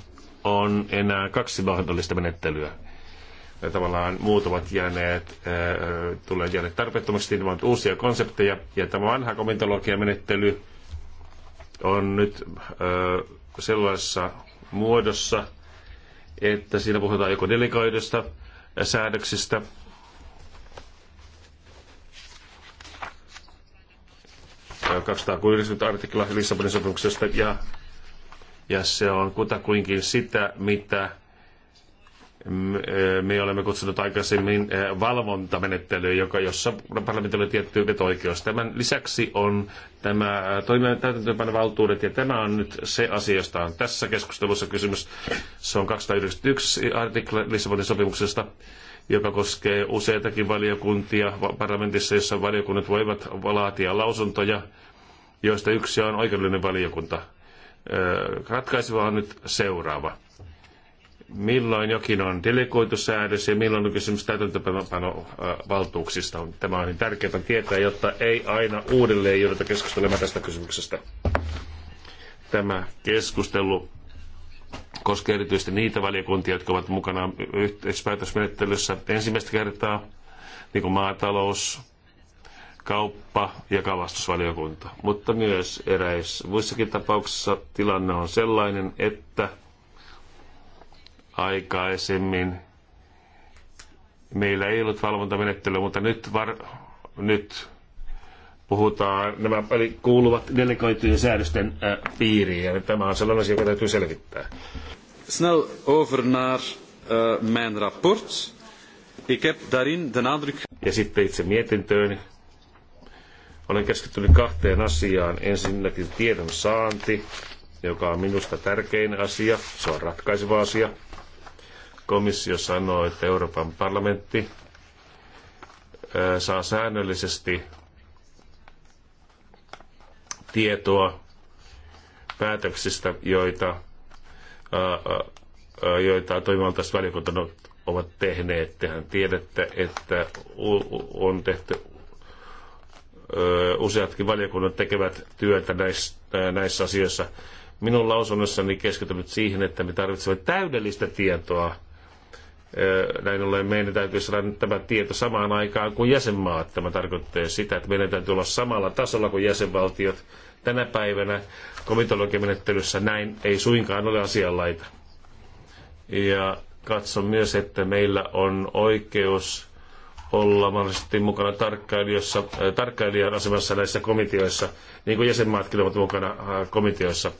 on enää kaksi mahdollista menettelyä. Ja tavallaan muut ovat jääneet, tulee jääneet tarpeettomaksi, niin ovat uusia konsepteja. Ja tämä vanha menettely on nyt sellaisessa muodossa, että siinä puhutaan joko delegoidusta säädöksistä, ja 290 artikla Lissabonin sopimuksesta ja ja se on kutakuinkin sitä, mitä me eh, olemme kutsuneet aikaisemmin eh, valvontamenettelyä, joka, jossa parlamentilla on tietty veto Tämän lisäksi on tämä eh, valtuudet ja tämä on nyt se asia, josta on tässä keskustelussa kysymys. Se on 291 artikla Lissabonin sopimuksesta, joka koskee useitakin valiokuntia parlamentissa, jossa valiokunnat voivat laatia lausuntoja, joista yksi on oikeudellinen valiokunta Ratkaisu on nyt seuraava. Milloin jokin on delegoitu säädös ja milloin on kysymys täytäntöpanovaltuuksista. Tämä on niin tärkeää tietää, jotta ei aina uudelleen jouduta keskustelemaan tästä kysymyksestä. Tämä keskustelu koskee erityisesti niitä valiokuntia, jotka ovat mukana yhteispäätösmenettelyssä ensimmäistä kertaa, niin kuin maatalous, kauppa- ja kalastusvaliokunta. Mutta myös eräissä muissakin tapauksissa tilanne on sellainen, että aikaisemmin meillä ei ollut valvontamenettelyä, mutta nyt, var, nyt puhutaan, nämä kuuluvat delegoitujen säädösten äh, piiriin, ja tämä on sellainen asia, joka täytyy selvittää. Snel over naar uh, mijn rapport. Ik heb daarin de nadruk... Ja sitten itse mietintöön. Olen keskittynyt kahteen asiaan. Ensinnäkin tiedon saanti, joka on minusta tärkein asia. Se on ratkaiseva asia. Komissio sanoo, että Euroopan parlamentti saa säännöllisesti tietoa päätöksistä, joita, joita toimivaltaiset valiokunnat ovat tehneet. Tehän tiedätte, että on tehty useatkin valiokunnat tekevät työtä näissä, näissä asioissa. Minun lausunnossani keskitynyt siihen, että me tarvitsemme täydellistä tietoa. Näin ollen meidän täytyy saada tämä tieto samaan aikaan kuin jäsenmaat. Tämä tarkoittaa sitä, että meidän täytyy olla samalla tasolla kuin jäsenvaltiot. Tänä päivänä komitologiamenettelyssä näin ei suinkaan ole asianlaita. Ja katson myös, että meillä on oikeus olla mahdollisesti mukana tarkkailijassa, äh, tarkkailijan asemassa näissä komiteoissa, niin kuin jäsenmaatkin ovat mukana äh, komiteoissa.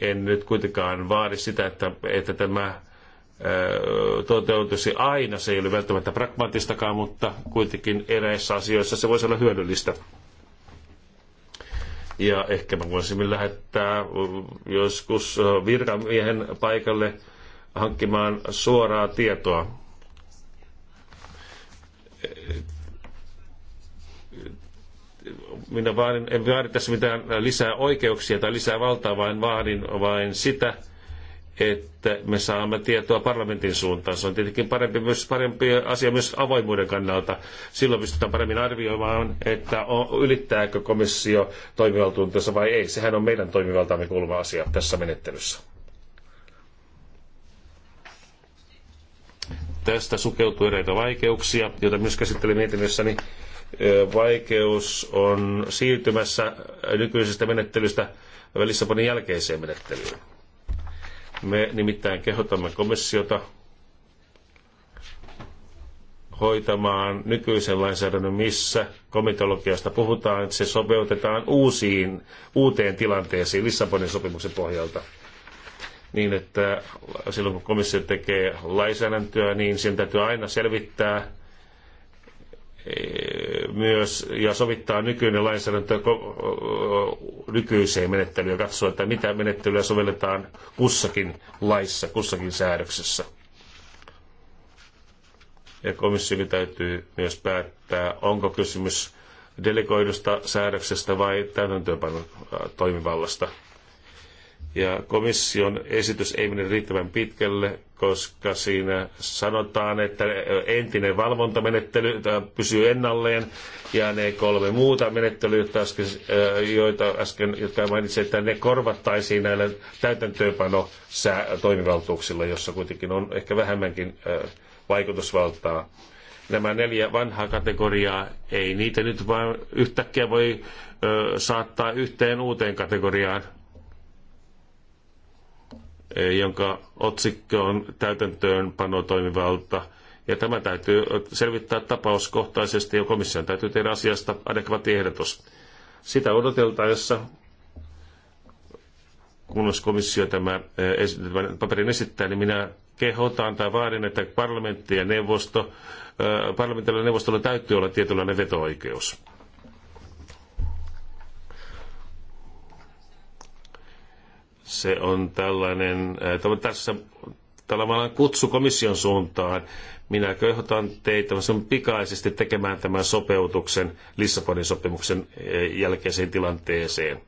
En nyt kuitenkaan vaadi sitä, että, että tämä äh, toteutuisi aina. Se ei ole välttämättä pragmaattistakaan, mutta kuitenkin eräissä asioissa se voisi olla hyödyllistä. Ja ehkä mä voisin lähettää joskus virkamiehen paikalle hankkimaan suoraa tietoa minä vaadin, en vaadi tässä mitään lisää oikeuksia tai lisää valtaa, vaan vaadin vain sitä, että me saamme tietoa parlamentin suuntaan. Se on tietenkin parempi, myös, parempi asia myös avoimuuden kannalta. Silloin pystytään paremmin arvioimaan, että on, ylittääkö komissio toimivaltuutensa vai ei. Sehän on meidän toimivaltaamme kuuluva asia tässä menettelyssä. Tästä sukeutuu eräitä vaikeuksia, joita myös käsittelin mietinnössäni. Vaikeus on siirtymässä nykyisestä menettelystä Lissabonin jälkeiseen menettelyyn. Me nimittäin kehotamme komissiota hoitamaan nykyisen lainsäädännön, missä komitologiasta puhutaan, että se sopeutetaan uusiin, uuteen tilanteeseen Lissabonin sopimuksen pohjalta niin, että silloin kun komissio tekee lainsäädäntöä, niin sen täytyy aina selvittää e, myös ja sovittaa nykyinen lainsäädäntö nykyiseen menettelyyn ja katsoa, että mitä menettelyä sovelletaan kussakin laissa, kussakin säädöksessä. Ja komissio täytyy myös päättää, onko kysymys delegoidusta säädöksestä vai täytäntöönpanon toimivallasta ja komission esitys ei mene riittävän pitkälle, koska siinä sanotaan, että entinen valvontamenettely pysyy ennalleen ja ne kolme muuta menettelyä, äsken, joita äsken jotka mainitsin, että ne korvattaisiin näillä täytäntöönpano toimivaltuuksilla, jossa kuitenkin on ehkä vähemmänkin vaikutusvaltaa. Nämä neljä vanhaa kategoriaa, ei niitä nyt vaan yhtäkkiä voi saattaa yhteen uuteen kategoriaan Eh, jonka otsikko on täytäntöönpano toimivalta. Ja tämä täytyy selvittää tapauskohtaisesti ja komission täytyy tehdä asiasta adekvaatti ehdotus. Sitä odoteltaessa, kunnes komissio tämä eh, paperin esittää, niin minä kehotan tai vaadin, että parlamentti ja neuvosto, eh, parlamentilla ja neuvostolla täytyy olla tietynlainen veto-oikeus. Se on tällainen, äh, tässä tavallaan kutsu komission suuntaan. Minä kehotan teitä on pikaisesti tekemään tämän sopeutuksen Lissabonin sopimuksen äh, jälkeiseen tilanteeseen.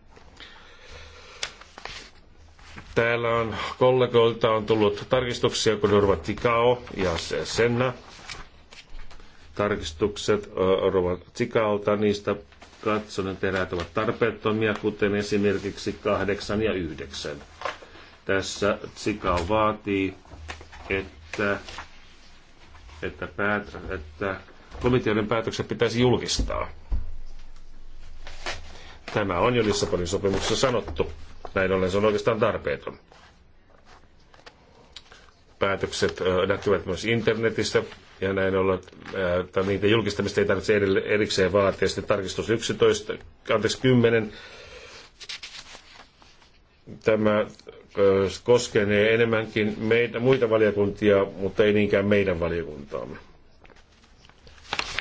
Täällä on kollegoilta on tullut tarkistuksia, kun Norvat Tikao ja Senna. Tarkistukset äh, Rova Tikaolta, niistä katson, että eräät ovat tarpeettomia, kuten esimerkiksi 8 ja 9. Tässä Tsikau vaatii, että, että, päät, että komiteoiden päätökset pitäisi julkistaa. Tämä on jo Lissabonin sopimuksessa sanottu. Näin ollen se on oikeastaan tarpeeton. Päätökset näkyvät myös internetissä ja näin ollen äh, että julkistamista ei tarvitse erikseen vaatia. Sitten tarkistus 11, anteeksi 10. Tämä äh, koskenee enemmänkin meitä, muita valiokuntia, mutta ei niinkään meidän valiokuntaamme.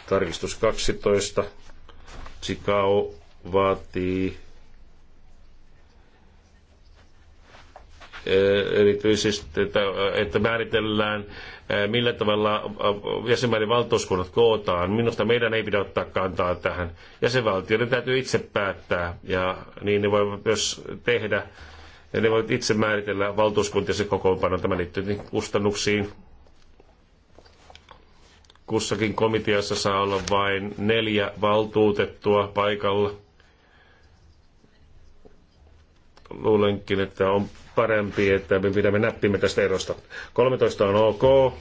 Tarkistus 12. Chicago vaatii äh, erityisesti, että, että määritellään millä tavalla jäsenmaiden valtuuskunnat kootaan. Minusta meidän ei pidä ottaa kantaa tähän. Jäsenvaltioiden täytyy itse päättää ja niin ne voivat myös tehdä. Ja ne voivat itse määritellä valtuuskuntiensa kokoonpano. Tämä liittyy niihin kustannuksiin. Kussakin komiteassa saa olla vain neljä valtuutettua paikalla. Luulenkin, että on parempi, että me pidämme näppimme tästä erosta. 13 on ok,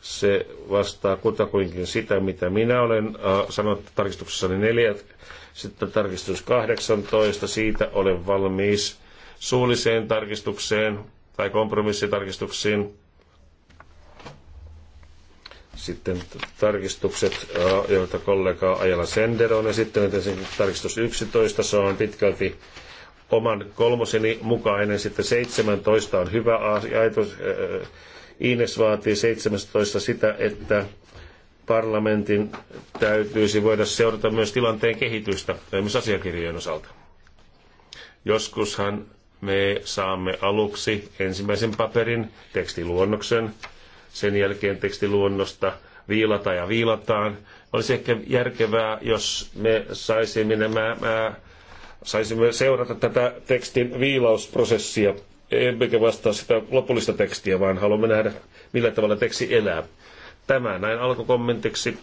se vastaa kutakuinkin sitä, mitä minä olen äh, sanonut tarkistuksessani neljä. Sitten tarkistus 18, siitä olen valmis suulliseen tarkistukseen tai kompromissitarkistuksiin. Sitten tarkistukset, äh, joita kollega Ajala Sender on esittänyt, ensinnäkin tarkistus 11, se on pitkälti oman kolmoseni mukainen. Sitten 17 on hyvä ajatus. Äh, Ines vaatii 17 sitä, että parlamentin täytyisi voida seurata myös tilanteen kehitystä, myös asiakirjojen osalta. Joskushan me saamme aluksi ensimmäisen paperin, tekstiluonnoksen, sen jälkeen tekstiluonnosta viilata ja viilataan. Olisi ehkä järkevää, jos me saisimme nämä, nämä äh, saisimme seurata tätä tekstin viilausprosessia, emmekä vastaa sitä lopullista tekstiä, vaan haluamme nähdä, millä tavalla teksti elää. Tämä näin alkukommentiksi.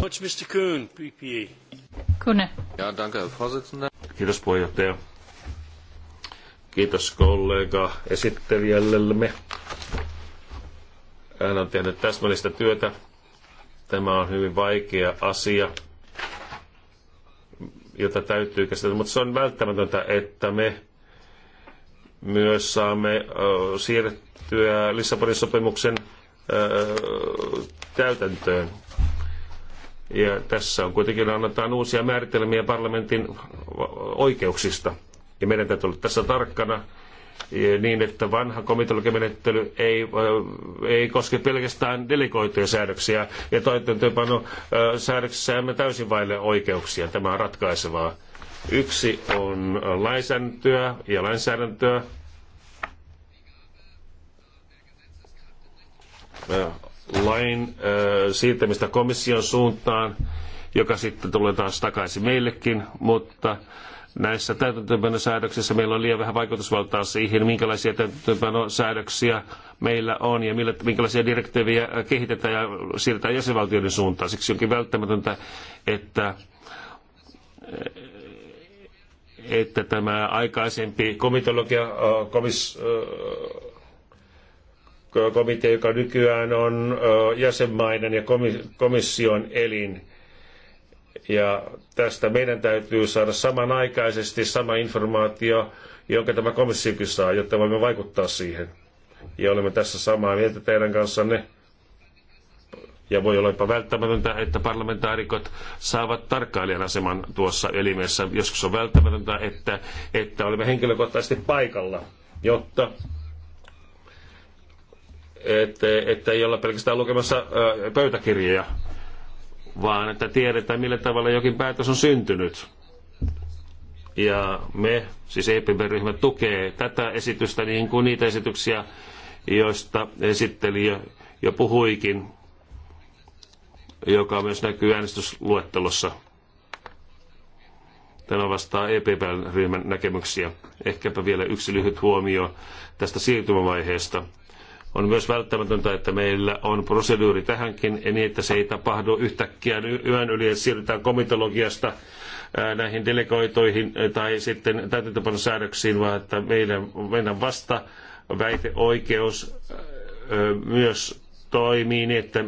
Much Mr. Kuhn, PPE. Kuhne. Ja, danke, Kiitos puheenjohtaja. Kiitos kollega esittelijällemme. Hän on tehnyt täsmällistä työtä. Tämä on hyvin vaikea asia jota täytyy käsitellä, mutta se on välttämätöntä, että me myös saamme siirrettyä Lissabonin sopimuksen täytäntöön. Ja tässä on kuitenkin annetaan uusia määritelmiä parlamentin oikeuksista. Ja meidän täytyy olla tässä tarkkana, niin, että vanha komitologimenettely ei, äh, ei koske pelkästään delikoituja säädöksiä ja toivottavasti äh, säädöksissä emme täysin vaille oikeuksia. Tämä on ratkaisevaa. Yksi on lainsäädäntöä ja lainsäädäntöä. Äh, lain siirtämistä komission suuntaan, joka sitten tulee taas takaisin meillekin, mutta näissä täytäntöönpanosäädöksissä meillä on liian vähän vaikutusvaltaa siihen, minkälaisia täytäntöönpanosäädöksiä meillä on ja millä, minkälaisia direktiivejä kehitetään ja siirretään jäsenvaltioiden suuntaan. Siksi onkin välttämätöntä, että että tämä aikaisempi komitologia komis, komitea, joka nykyään on jäsenmaiden ja komission elin, ja tästä meidän täytyy saada samanaikaisesti sama informaatio, jonka tämä komissiokin saa, jotta voimme vaikuttaa siihen. Ja olemme tässä samaa mieltä teidän kanssanne. Ja voi olla jopa välttämätöntä, että parlamentaarikot saavat tarkkailijan aseman tuossa elimessä. Joskus on välttämätöntä, että, että olemme henkilökohtaisesti paikalla, jotta että, että ei olla pelkästään lukemassa pöytäkirjoja, vaan että tiedetään, millä tavalla jokin päätös on syntynyt. Ja me, siis EPB-ryhmä, tukee tätä esitystä niin kuin niitä esityksiä, joista esitteli jo, jo puhuikin, joka myös näkyy äänestysluettelossa. Tämä vastaa EPP-ryhmän näkemyksiä. Ehkäpä vielä yksi lyhyt huomio tästä siirtymävaiheesta. On myös välttämätöntä, että meillä on proseduuri tähänkin, niin että se ei tapahdu yhtäkkiä yön yli, että siirrytään komitologiasta näihin delegoitoihin tai sitten täytäntöpanosäädöksiin, vaan että meidän, meidän vasta väiteoikeus myös toimii niin, että,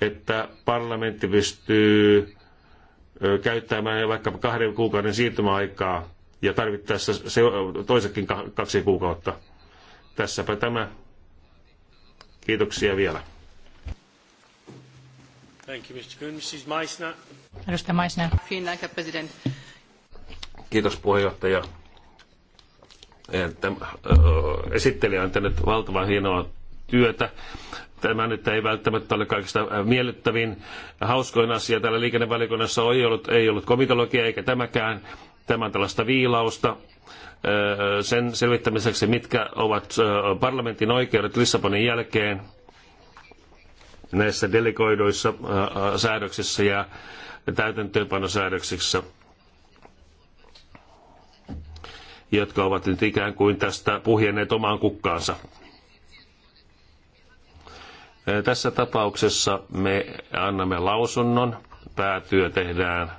että parlamentti pystyy käyttämään vaikka kahden kuukauden siirtymäaikaa ja tarvittaessa se, toisekin kaksi kuukautta. Tässäpä tämä Kiitoksia vielä. Thank you, Mr. Kuhn. Mrs. Meissner. Edustaja Meissner. Vielen Kiitos puheenjohtaja. Että, esittelijä on tehnyt valtavan hienoa työtä. Tämä nyt ei välttämättä ole kaikista miellyttävin, hauskoin asia täällä liikennevaliokunnassa ei ollut, ei ollut komitologia eikä tämäkään, tämän tällaista viilausta sen selvittämiseksi, mitkä ovat parlamentin oikeudet Lissabonin jälkeen näissä delegoiduissa säädöksissä ja täytäntöönpanosäädöksissä, jotka ovat nyt ikään kuin tästä puhjenneet omaan kukkaansa. Tässä tapauksessa me annamme lausunnon, päätyö tehdään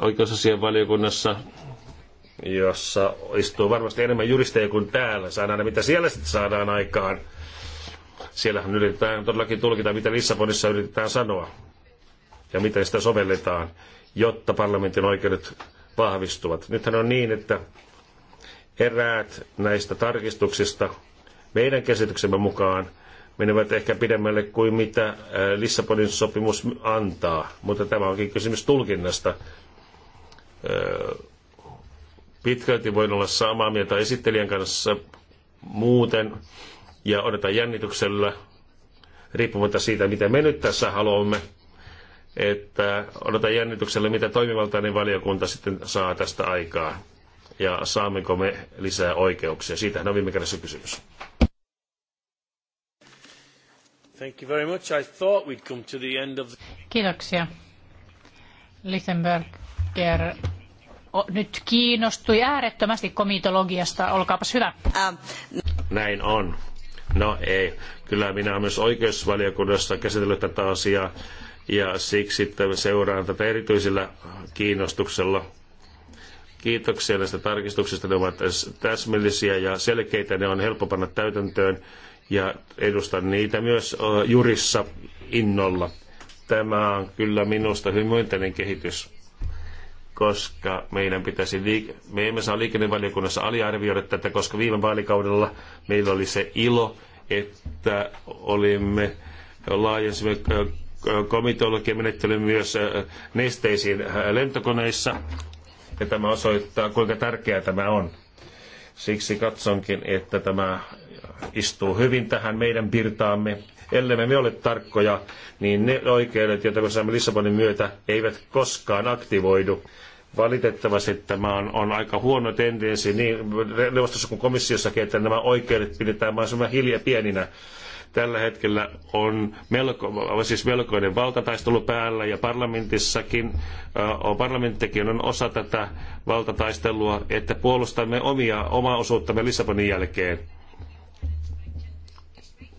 oikeusasian valiokunnassa, jossa istuu varmasti enemmän juristeja kuin täällä. Saadaan mitä siellä sitten saadaan aikaan. Siellähän yritetään todellakin tulkita, mitä Lissabonissa yritetään sanoa ja miten sitä sovelletaan, jotta parlamentin oikeudet vahvistuvat. Nythän on niin, että eräät näistä tarkistuksista meidän käsityksemme mukaan menevät ehkä pidemmälle kuin mitä äh, Lissabonin sopimus antaa, mutta tämä onkin kysymys tulkinnasta. Pitkälti voin olla samaa mieltä esittelijän kanssa muuten ja odotan jännityksellä, riippumatta siitä, mitä me nyt tässä haluamme, että odotan jännityksellä, mitä toimivaltainen valiokunta sitten saa tästä aikaa ja saammeko me lisää oikeuksia. Siitähän on viime kädessä kysymys. Thank you very much. I thought we'd come to the end of the... Kiitoksia. Lichtenberg Becker nyt kiinnostui äärettömästi komitologiasta. Olkaapas hyvä. Ähm, Näin on. No ei. Kyllä minä olen myös oikeusvaliokunnassa käsitellyt tätä asiaa ja siksi että seuraan tätä erityisellä kiinnostuksella. Kiitoksia näistä tarkistuksista. Ne ovat täsmällisiä ja selkeitä. Ne on helppo panna täytäntöön ja edustan niitä myös jurissa innolla. Tämä on kyllä minusta hyvin myönteinen kehitys koska meidän pitäisi, liik, me emme saa liikennevaliokunnassa aliarvioida tätä, koska viime vaalikaudella meillä oli se ilo, että olimme, laajensimme menettely myös nesteisiin lentokoneissa, ja tämä osoittaa, kuinka tärkeää tämä on. Siksi katsonkin, että tämä istuu hyvin tähän meidän pirtaamme. Ellei me ole tarkkoja, niin ne oikeudet, joita me saamme Lissabonin myötä, eivät koskaan aktivoidu. Valitettavasti tämä on, on aika huono tendenssi niin neuvostossa kuin komissiossakin, että nämä oikeudet pidetään mahdollisimman hiljaa pieninä tällä hetkellä on melko, siis melkoinen valtataistelu päällä ja parlamentissakin, parlamenttikin on osa tätä valtataistelua, että puolustamme omia, omaa osuuttamme Lissabonin jälkeen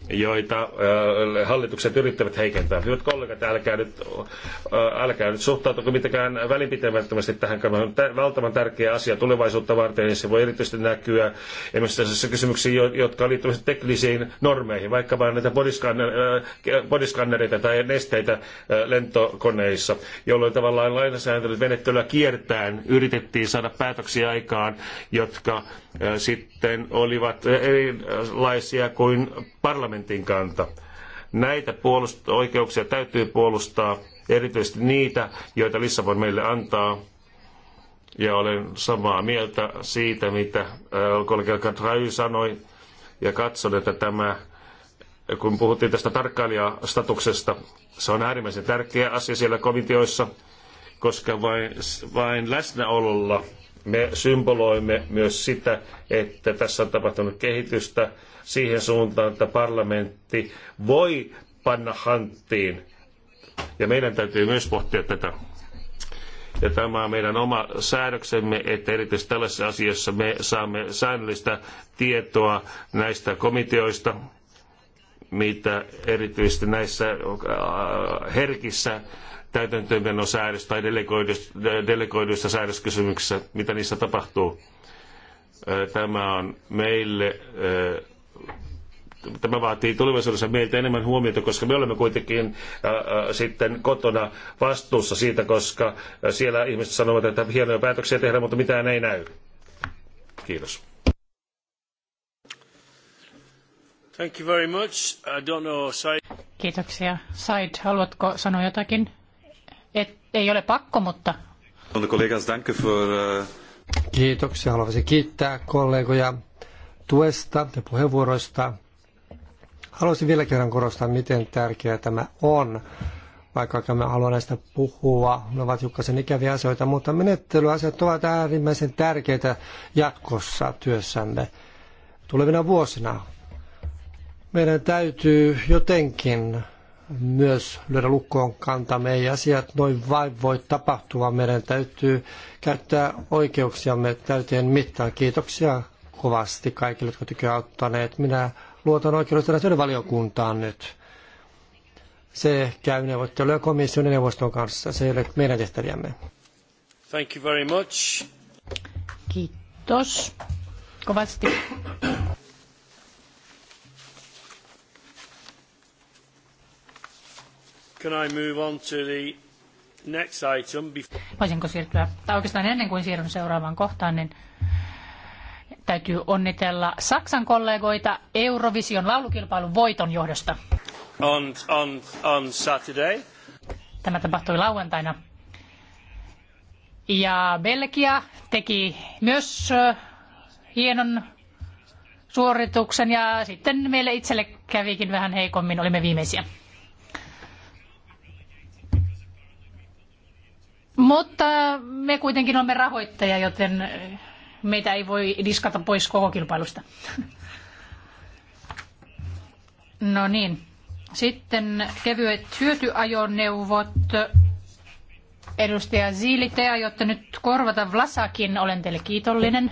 joita äh, hallitukset yrittävät heikentää. Hyvät kollegat, älkää nyt, äh, älkää nyt suhtautuko mitenkään välinpitämättömästi tähän, koska on valtavan tärkeä asia tulevaisuutta varten, ja se voi erityisesti näkyä esimerkiksi sellaisissa kysymyksissä, jotka liittyvät teknisiin normeihin, vaikkapa näitä bodiskannereita äh, tai nesteitä lentokoneissa, jolloin tavallaan lainasääntelyt menettelyä kiertäen yritettiin saada päätöksiä aikaan, jotka sitten olivat erilaisia kuin parlamentti parlamentin kanta. Näitä puolust- oikeuksia täytyy puolustaa, erityisesti niitä, joita Lissabon meille antaa. Ja olen samaa mieltä siitä, mitä äh, kollega Katrai sanoi, ja katson, että tämä kun puhuttiin tästä tarkkailijastatuksesta, se on äärimmäisen tärkeä asia siellä komiteoissa, koska vain, vain läsnäololla me symboloimme myös sitä, että tässä on tapahtunut kehitystä siihen suuntaan, että parlamentti voi panna hanttiin. Ja meidän täytyy myös pohtia tätä. Ja tämä on meidän oma säädöksemme, että erityisesti tällaisessa asiassa me saamme säännöllistä tietoa näistä komiteoista, mitä erityisesti näissä äh, herkissä täytäntöönpanosäädös tai delegoiduissa säädöskysymyksissä, mitä niissä tapahtuu. Äh, tämä on meille äh, tämä vaatii tulevaisuudessa meiltä enemmän huomiota, koska me olemme kuitenkin ää, äh, äh, sitten kotona vastuussa siitä, koska äh, siellä ihmiset sanovat, että hienoja päätöksiä tehdään, mutta mitään ei näy. Kiitos. Thank you very much. I don't know, Said. Kiitoksia. Said, haluatko sanoa jotakin? Et, ei ole pakko, mutta... Kollegas, danke für... Kiitoksia. Haluaisin kiittää kollegoja tuesta ja puheenvuoroista. Haluaisin vielä kerran korostaa, miten tärkeää tämä on, vaikka me haluan näistä puhua. Ne ovat hiukkasen ikäviä asioita, mutta menettelyasiat ovat äärimmäisen tärkeitä jatkossa työssämme tulevina vuosina. Meidän täytyy jotenkin myös lyödä lukkoon kantamme. Ei asiat noin vain voi tapahtua. Meidän täytyy käyttää oikeuksiamme täyteen mittaan. Kiitoksia kovasti kaikille, jotka tykkää auttaneet. Minä luotan oikeudellisten valiokuntaan nyt. Se käy neuvotteluja komission ja neuvoston kanssa. Se ei ole meidän tehtäviämme. Thank you very much. Kiitos kovasti. Can I move on to the next item? Voisinko siirtyä, tai oikeastaan ennen kuin siirryn seuraavaan kohtaan, niin Täytyy onnitella Saksan kollegoita Eurovision laulukilpailun voiton johdosta. On, on, on Saturday. Tämä tapahtui lauantaina. Ja Belgia teki myös hienon suorituksen ja sitten meille itselle kävikin vähän heikommin, olimme viimeisiä. Mutta me kuitenkin olemme rahoittajia, joten meitä ei voi diskata pois koko kilpailusta. No niin. Sitten kevyet hyötyajoneuvot. Edustaja Ziili, te aiotte nyt korvata Vlasakin. Olen teille kiitollinen.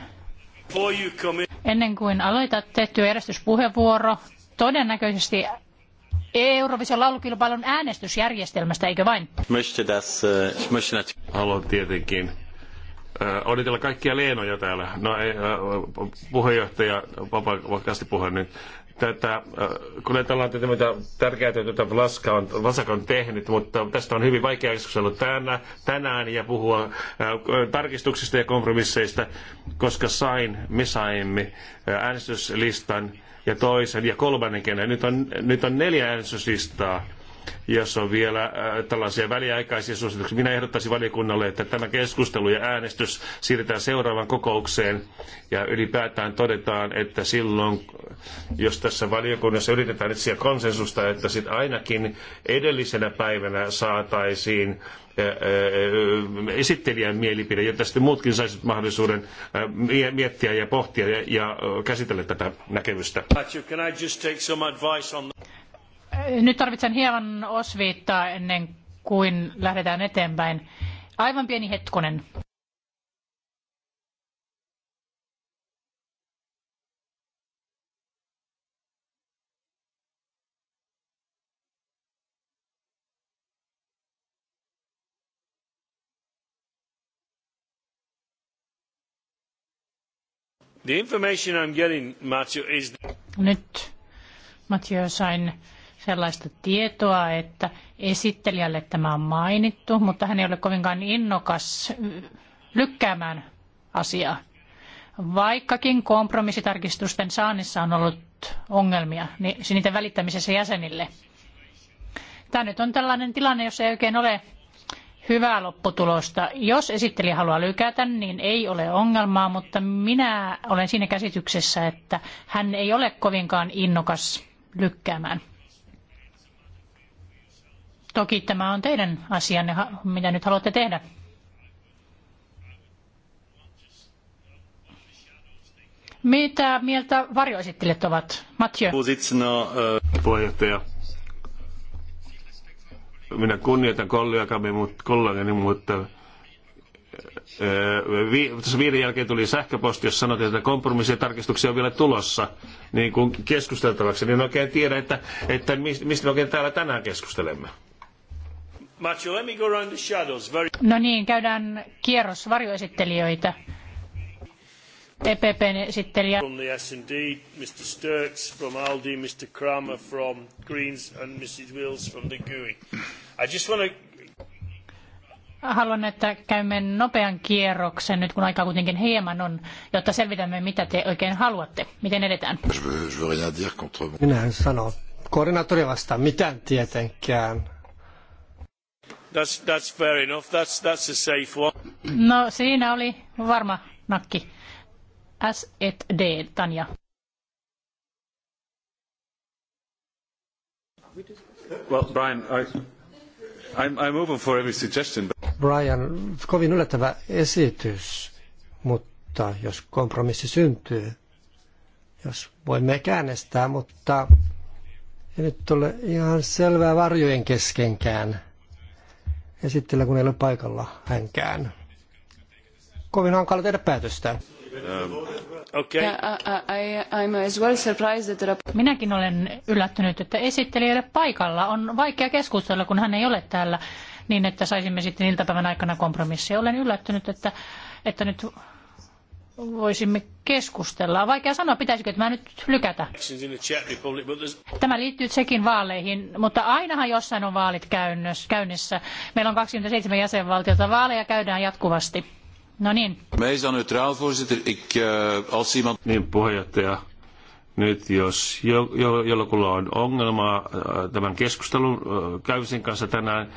Ennen kuin aloitatte työjärjestyspuheenvuoro, todennäköisesti Eurovision laulukilpailun äänestysjärjestelmästä, eikö vain? Äh, Haluan tietenkin onnitella kaikkia Leenoja täällä. No ei, puheenjohtaja, vapaasti puhun nyt. Tätä, kun ajatellaan tätä, mitä tärkeää työtä Vlaska on, Vlasak on tehnyt, mutta tästä on hyvin vaikea keskustella tänä, tänään ja puhua tarkistuksista ja kompromisseista, koska sain, me saimme äänestyslistan ja toisen ja kolmannen kenen. Nyt on, nyt on neljä äänestyslistaa jos on vielä äh, tällaisia väliaikaisia suosituksia. Minä ehdottaisin valiokunnalle, että tämä keskustelu ja äänestys siirretään seuraavaan kokoukseen ja ylipäätään todetaan, että silloin, jos tässä valiokunnassa yritetään etsiä konsensusta, että sitten ainakin edellisenä päivänä saataisiin äh, äh, esittelijän mielipide, jotta sitten muutkin saisivat mahdollisuuden miettiä ja pohtia ja, käsitellä tätä näkemystä. Nyt tarvitsen hieman osviittaa ennen kuin lähdetään eteenpäin. Aivan pieni hetkonen. The information I'm getting, Matthew, is... Nyt, Matthew, sain sellaista tietoa, että esittelijälle tämä on mainittu, mutta hän ei ole kovinkaan innokas mm, lykkäämään asiaa. Vaikkakin kompromissitarkistusten saannissa on ollut ongelmia, niin niiden välittämisessä jäsenille. Tämä nyt on tällainen tilanne, jossa ei oikein ole hyvää lopputulosta. Jos esittelijä haluaa lykätä, niin ei ole ongelmaa, mutta minä olen siinä käsityksessä, että hän ei ole kovinkaan innokas lykkäämään. Toki tämä on teidän asianne, mitä nyt haluatte tehdä. Mitä mieltä varjoesittelijät ovat? Mathieu. Puheenjohtaja. Minä kunnioitan kollegani, mutta, kollegani, mutta vi, tässä viiden jälkeen tuli sähköposti, jossa sanottiin, että tarkistuksia on vielä tulossa niin kuin keskusteltavaksi. Niin en oikein tiedä, että, että mistä me oikein täällä tänään keskustelemme. No niin, käydään kierros varjoesittelijöitä. EPPn esittelijä. From the S&D, Mr. Sturks from Aldi, Mr. Kramer from Greens and Mrs. Wills from the GUI. I just want to Haluan, että käymme nopean kierroksen nyt, kun aikaa kuitenkin hieman on, jotta selvitämme, mitä te oikein haluatte. Miten edetään? Minä en sano koordinaattori vastaan mitään tietenkään. That's, that's fair enough. That's, that's a safe one. No siinä oli varma nakki. S et D, Tanja. Well, Brian, I, I'm, I'm open for every suggestion. But... Brian, kovin yllättävä esitys, mutta jos kompromissi syntyy, jos voimme äänestää, mutta ei nyt ole ihan selvää varjojen keskenkään esittelee, kun ei ole paikalla hänkään. Kovin hankala tehdä päätöstä. Um, okay. Minäkin olen yllättynyt, että esittelijälle paikalla on vaikea keskustella, kun hän ei ole täällä, niin että saisimme sitten iltapäivän aikana kompromissia. Olen yllättynyt, että, että nyt voisimme keskustella. On vaikea sanoa, pitäisikö tämä nyt lykätä. Tämä liittyy sekin vaaleihin, mutta ainahan jossain on vaalit käynnissä. Meillä on 27 jäsenvaltiota, vaaleja käydään jatkuvasti. No niin. Eh, niin, puheenjohtaja. Nyt jos jo, jo, jollakulla on ongelmaa eh, tämän keskustelun eh, käymisen kanssa tänään,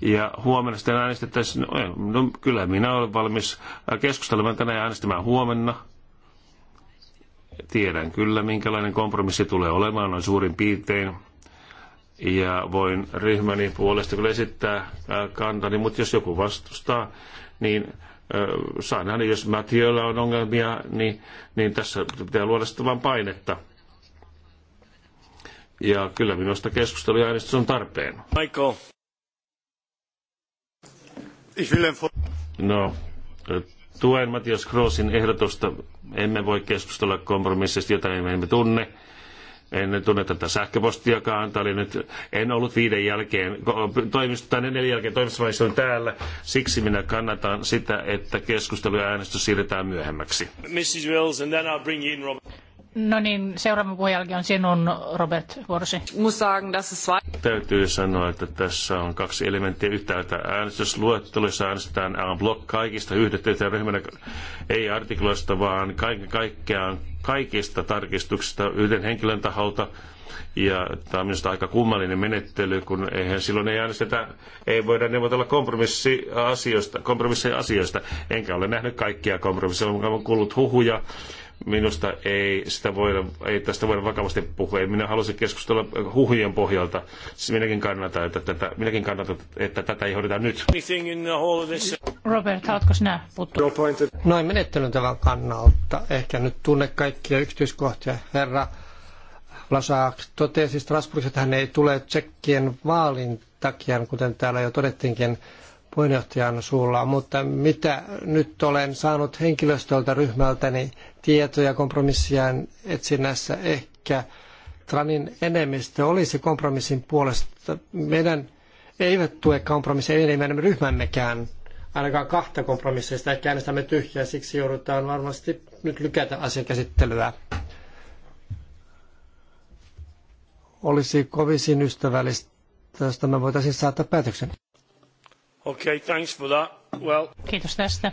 ja huomenna sitten äänestettäisiin, no, no kyllä minä olen valmis äh, keskustelemaan tänään ja äänestämään huomenna. Tiedän kyllä, minkälainen kompromissi tulee olemaan noin suurin piirtein. Ja voin ryhmäni puolesta kyllä esittää äh, kantani, mutta jos joku vastustaa, niin äh, saan jos Matiolla on ongelmia, niin, niin tässä pitää luoda sitten vain painetta. Ja kyllä minusta keskustelu ja äänestys on tarpeen. Michael. No, tuen Matias Kroosin ehdotusta. Emme voi keskustella kompromissista, jota emme tunne. En tunne tätä sähköpostiakaan. Tämä oli nyt, en ollut viiden jälkeen, toimisto, tai neljän jälkeen toimistossa täällä. Siksi minä kannatan sitä, että keskustelu ja äänestys siirretään myöhemmäksi. Mrs. Wills, and then I'll bring you in, Robert. No niin, seuraava puheen on sinun, Robert Vorsi. Täytyy sanoa, että tässä on kaksi elementtiä. Yhtäältä äänestysluetteluissa äänestetään en block kaikista yhdet yhteen ryhmänä, ei artikloista, vaan kaiken kaikkiaan kaikista tarkistuksista yhden henkilön taholta. Ja tämä on minusta aika kummallinen menettely, kun eihän silloin ei äänestetä, ei voida neuvotella kompromissiasioista, kompromissiasioista. Enkä ole nähnyt kaikkia kompromisseja, mutta on kuullut huhuja Minusta ei, sitä voida, ei tästä voida vakavasti puhua. Minä halusin keskustella huhujen pohjalta. Minäkin kannatan, että tätä, minäkin kannatan, että tätä ei hoideta nyt. Robert, haluatko sinä puuttua? Noin menettelytavan kannalta. Ehkä nyt tunne kaikkia yksityiskohtia. Herra Lasak totesi Strasbourgissa, että hän ei tule tsekkien vaalin takia, kuten täällä jo todettiinkin puheenjohtajan suulla, mutta mitä nyt olen saanut henkilöstöltä ryhmältäni tietoja kompromissien etsinnässä, ehkä Tranin enemmistö olisi kompromissin puolesta. Meidän eivät tue kompromissia, ei meidän ryhmämmekään ainakaan kahta kompromisseista. Ehkä äänestämme tyhjää, siksi joudutaan varmasti nyt lykätä asian käsittelyä. Olisi kovisin ystävällistä, jos tämä voitaisiin saattaa päätöksen. Okay, thanks for that. Well... Kiitos tästä.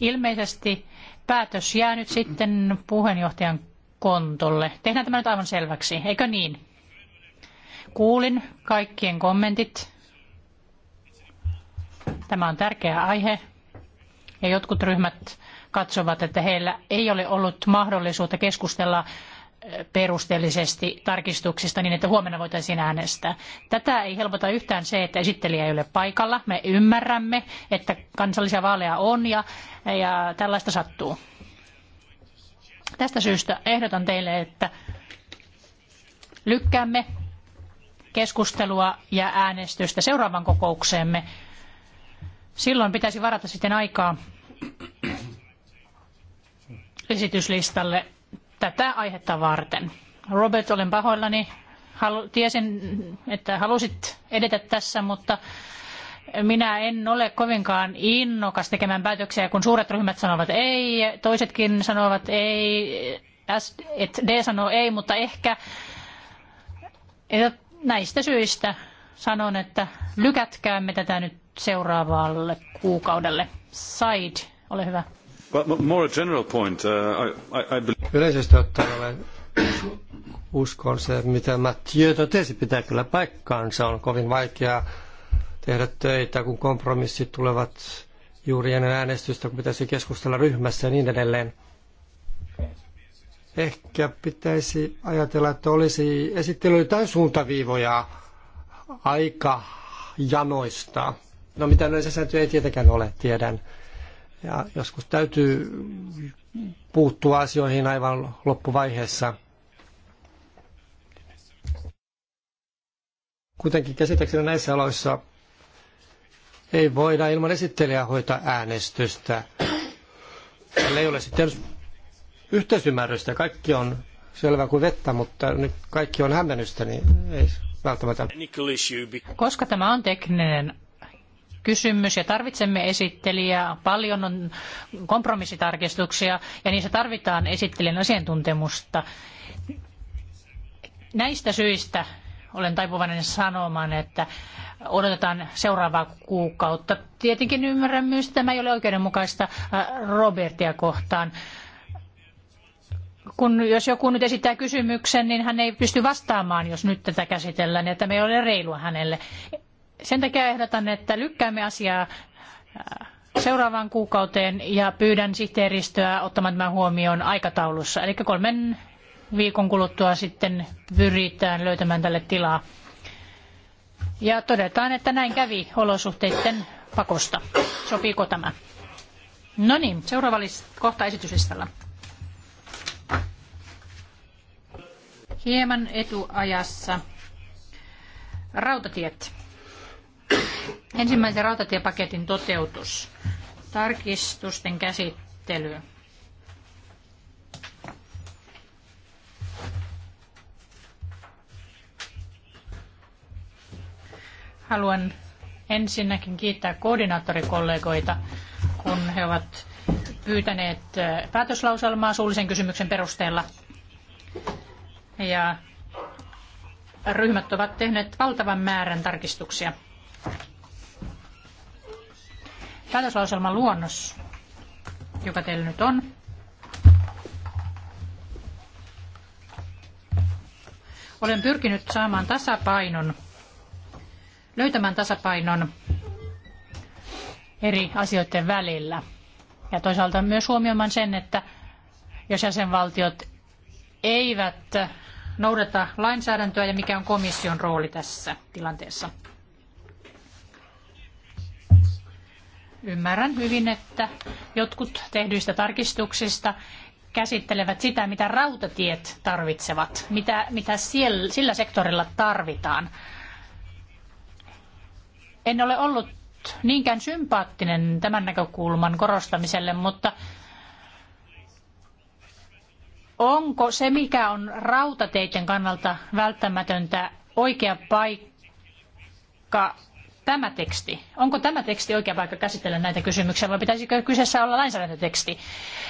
Ilmeisesti päätös jää nyt sitten puheenjohtajan kontolle. Tehdään tämä nyt aivan selväksi, eikö niin? Kuulin kaikkien kommentit. Tämä on tärkeä aihe ja jotkut ryhmät katsovat, että heillä ei ole ollut mahdollisuutta keskustella perusteellisesti tarkistuksista niin, että huomenna voitaisiin äänestää. Tätä ei helpota yhtään se, että esittelijä ei ole paikalla. Me ymmärrämme, että kansallisia vaaleja on ja, ja tällaista sattuu. Tästä syystä ehdotan teille, että lykkäämme keskustelua ja äänestystä seuraavan kokoukseemme. Silloin pitäisi varata sitten aikaa esityslistalle tätä aihetta varten. Robert, olen pahoillani. Halu- tiesin, että halusit edetä tässä, mutta minä en ole kovinkaan innokas tekemään päätöksiä, kun suuret ryhmät sanovat ei, toisetkin sanovat ei, että D sanoo ei, mutta ehkä eh, näistä syistä sanon, että lykätkäämme tätä nyt seuraavalle kuukaudelle. Said, ole hyvä. Yleisesti ottaen olen uskon se, mitä Mathieu totesi, pitää kyllä paikkaansa. On kovin vaikeaa tehdä töitä, kun kompromissit tulevat juuri ennen äänestystä, kun pitäisi keskustella ryhmässä ja niin edelleen. Ehkä pitäisi ajatella, että olisi esittely jotain suuntaviivoja aika janoista. No mitä yleensä sääntöjä ei tietenkään ole, tiedän. Ja joskus täytyy puuttua asioihin aivan loppuvaiheessa. Kuitenkin käsitekseni näissä oloissa ei voida ilman esittelijää hoitaa äänestystä. Meillä ei ole sitten yhteisymmärrystä. Kaikki on selvä kuin vettä, mutta nyt kaikki on hämmennystä, niin ei välttämättä. Koska tämä on tekninen kysymys ja tarvitsemme esittelijää. Paljon on kompromissitarkistuksia ja niissä tarvitaan esittelijän asiantuntemusta. Näistä syistä olen taipuvainen sanomaan, että odotetaan seuraavaa kuukautta. Tietenkin ymmärrän myös, että tämä ei ole oikeudenmukaista äh, Robertia kohtaan. Kun, jos joku nyt esittää kysymyksen, niin hän ei pysty vastaamaan, jos nyt tätä käsitellään, että me ei ole reilua hänelle. Sen takia ehdotan, että lykkäämme asiaa äh, seuraavaan kuukauteen ja pyydän sihteeristöä ottamaan tämän huomioon aikataulussa. Eli kolmen viikon kuluttua sitten pyritään löytämään tälle tilaa. Ja todetaan, että näin kävi olosuhteiden pakosta. Sopiiko tämä? No niin, seuraava kohta esityslistalla. Hieman etuajassa. Rautatiet. Ensimmäisen rautatiepaketin toteutus. Tarkistusten käsittely. Haluan ensinnäkin kiittää koordinaattorikollegoita, kun he ovat pyytäneet päätöslauselmaa suullisen kysymyksen perusteella. Ja ryhmät ovat tehneet valtavan määrän tarkistuksia. Päätöslauselman luonnos, joka teillä nyt on, olen pyrkinyt saamaan tasapainon, löytämään tasapainon eri asioiden välillä. Ja toisaalta myös huomioimaan sen, että jos jäsenvaltiot eivät noudata lainsäädäntöä ja mikä on komission rooli tässä tilanteessa. Ymmärrän hyvin, että jotkut tehdyistä tarkistuksista käsittelevät sitä, mitä rautatiet tarvitsevat, mitä, mitä siellä, sillä sektorilla tarvitaan. En ole ollut niinkään sympaattinen tämän näkökulman korostamiselle, mutta onko se, mikä on rautateiden kannalta välttämätöntä, oikea paikka tämä teksti, onko tämä teksti oikea paikka käsitellä näitä kysymyksiä vai pitäisikö kyseessä olla lainsäädäntöteksti?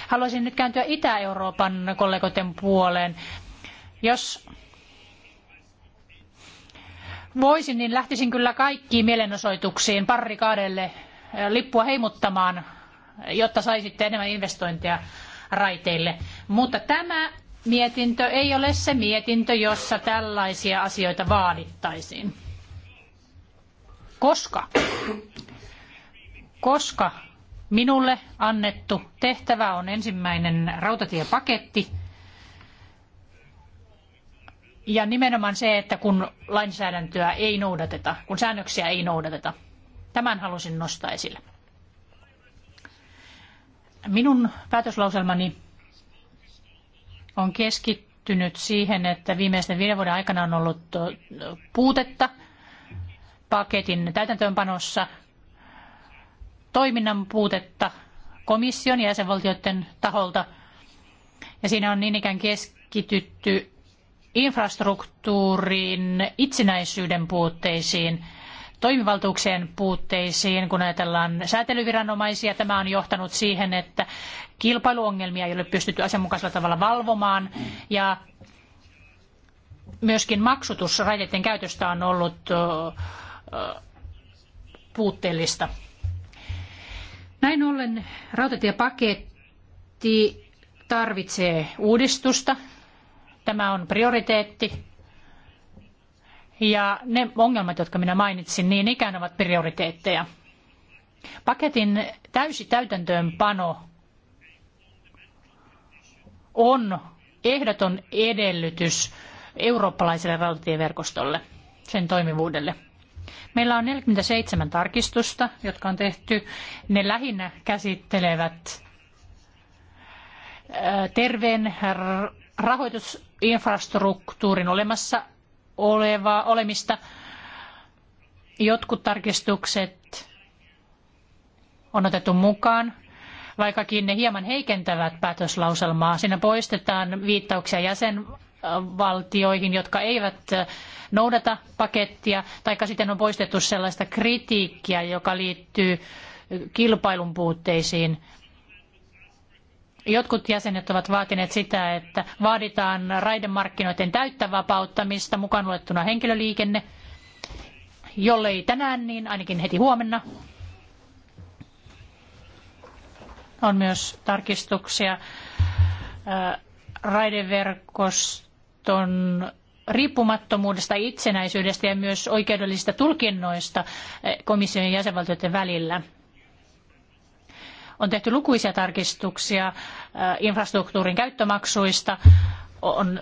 Haluaisin nyt kääntyä Itä-Euroopan kollegoiden puoleen. Jos voisin, niin lähtisin kyllä kaikkiin mielenosoituksiin parrikaadelle eh, lippua heimuttamaan, jotta saisitte enemmän investointeja raiteille. Mutta tämä mietintö ei ole se mietintö, jossa tällaisia asioita vaadittaisiin. Koska? Koska minulle annettu tehtävä on ensimmäinen rautatiepaketti, ja nimenomaan se, että kun lainsäädäntöä ei noudateta, kun säännöksiä ei noudateta. Tämän halusin nostaa esille. Minun päätöslauselmani on keskittynyt siihen, että viimeisten viiden vuoden aikana on ollut puutetta paketin täytäntöönpanossa toiminnan puutetta komission ja jäsenvaltioiden taholta. Ja siinä on niin ikään keskitytty infrastruktuurin itsenäisyyden puutteisiin, toimivaltuuksien puutteisiin, kun ajatellaan säätelyviranomaisia. Tämä on johtanut siihen, että kilpailuongelmia ei ole pystytty asianmukaisella tavalla valvomaan ja myöskin maksatus raiteiden käytöstä on ollut puutteellista. Näin ollen rautatiepaketti tarvitsee uudistusta. Tämä on prioriteetti. Ja ne ongelmat, jotka minä mainitsin, niin ikään ovat prioriteetteja. Paketin täysi täytäntöönpano on ehdoton edellytys eurooppalaiselle rautatieverkostolle, sen toimivuudelle. Meillä on 47 tarkistusta, jotka on tehty. Ne lähinnä käsittelevät terveen rahoitusinfrastruktuurin olemassa olevaa, olemista. Jotkut tarkistukset on otettu mukaan, vaikkakin ne hieman heikentävät päätöslauselmaa. Siinä poistetaan viittauksia jäsen valtioihin, jotka eivät noudata pakettia, tai sitten on poistettu sellaista kritiikkiä, joka liittyy kilpailun puutteisiin. Jotkut jäsenet ovat vaatineet sitä, että vaaditaan raidemarkkinoiden täyttä vapauttamista, mukaan luettuna henkilöliikenne, jollei tänään, niin ainakin heti huomenna. On myös tarkistuksia raideverkosta riippumaton riippumattomuudesta, itsenäisyydestä ja myös oikeudellisista tulkinnoista komission ja jäsenvaltioiden välillä. On tehty lukuisia tarkistuksia äh, infrastruktuurin käyttömaksuista, on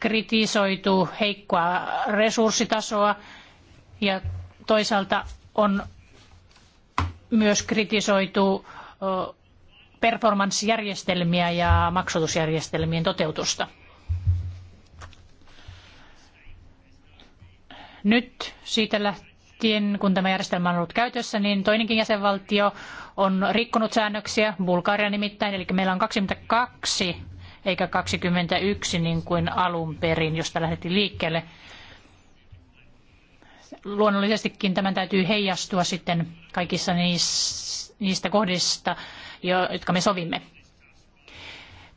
kritisoitu heikkoa resurssitasoa ja toisaalta on myös kritisoitu äh, performanssijärjestelmiä ja maksatusjärjestelmien toteutusta. Nyt siitä lähtien, kun tämä järjestelmä on ollut käytössä, niin toinenkin jäsenvaltio on rikkonut säännöksiä, Bulgaria nimittäin, eli meillä on 22 eikä 21 niin kuin alun perin, josta lähdettiin liikkeelle. Luonnollisestikin tämän täytyy heijastua sitten kaikissa niistä kohdista, jotka me sovimme.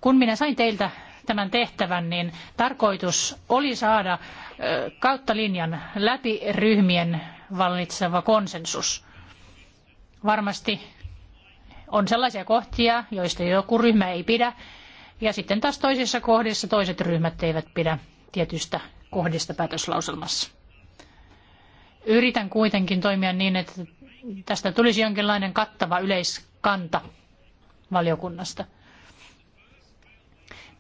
Kun minä sain teiltä tämän tehtävän, niin tarkoitus oli saada kautta linjan läpi ryhmien vallitseva konsensus. Varmasti on sellaisia kohtia, joista joku ryhmä ei pidä, ja sitten taas toisissa kohdissa toiset ryhmät eivät pidä tietystä kohdista päätöslauselmassa. Yritän kuitenkin toimia niin, että tästä tulisi jonkinlainen kattava yleiskanta valiokunnasta –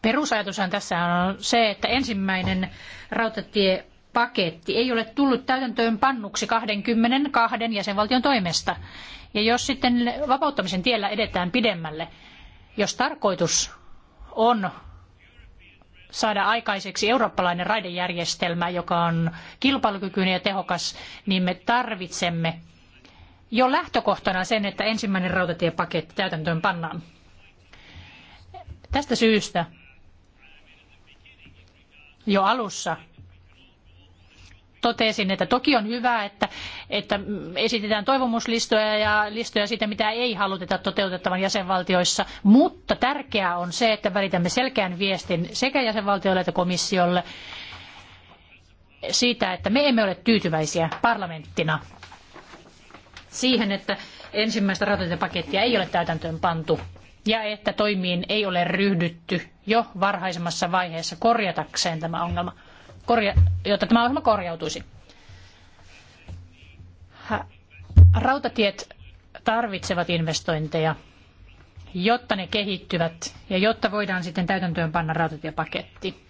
Perusajatushan tässä on se, että ensimmäinen rautatiepaketti ei ole tullut täytäntöön pannuksi 22 jäsenvaltion toimesta. Ja jos sitten vapauttamisen tiellä edetään pidemmälle, jos tarkoitus on saada aikaiseksi eurooppalainen raidejärjestelmä, joka on kilpailukykyinen ja tehokas, niin me tarvitsemme jo lähtökohtana sen, että ensimmäinen rautatiepaketti täytäntöön pannaan. Tästä syystä jo alussa totesin, että toki on hyvä, että, että esitetään toivomuslistoja ja listoja siitä, mitä ei haluteta toteutettavan jäsenvaltioissa, mutta tärkeää on se, että välitämme selkeän viestin sekä jäsenvaltioille että komissiolle siitä, että me emme ole tyytyväisiä parlamenttina siihen, että ensimmäistä rautatiepakettia ei ole täytäntöön pantu ja että toimiin ei ole ryhdytty jo varhaisemmassa vaiheessa korjatakseen tämä ongelma, korja, jotta tämä ongelma korjautuisi. Rautatiet tarvitsevat investointeja, jotta ne kehittyvät ja jotta voidaan sitten täytäntöön panna rautatiepaketti.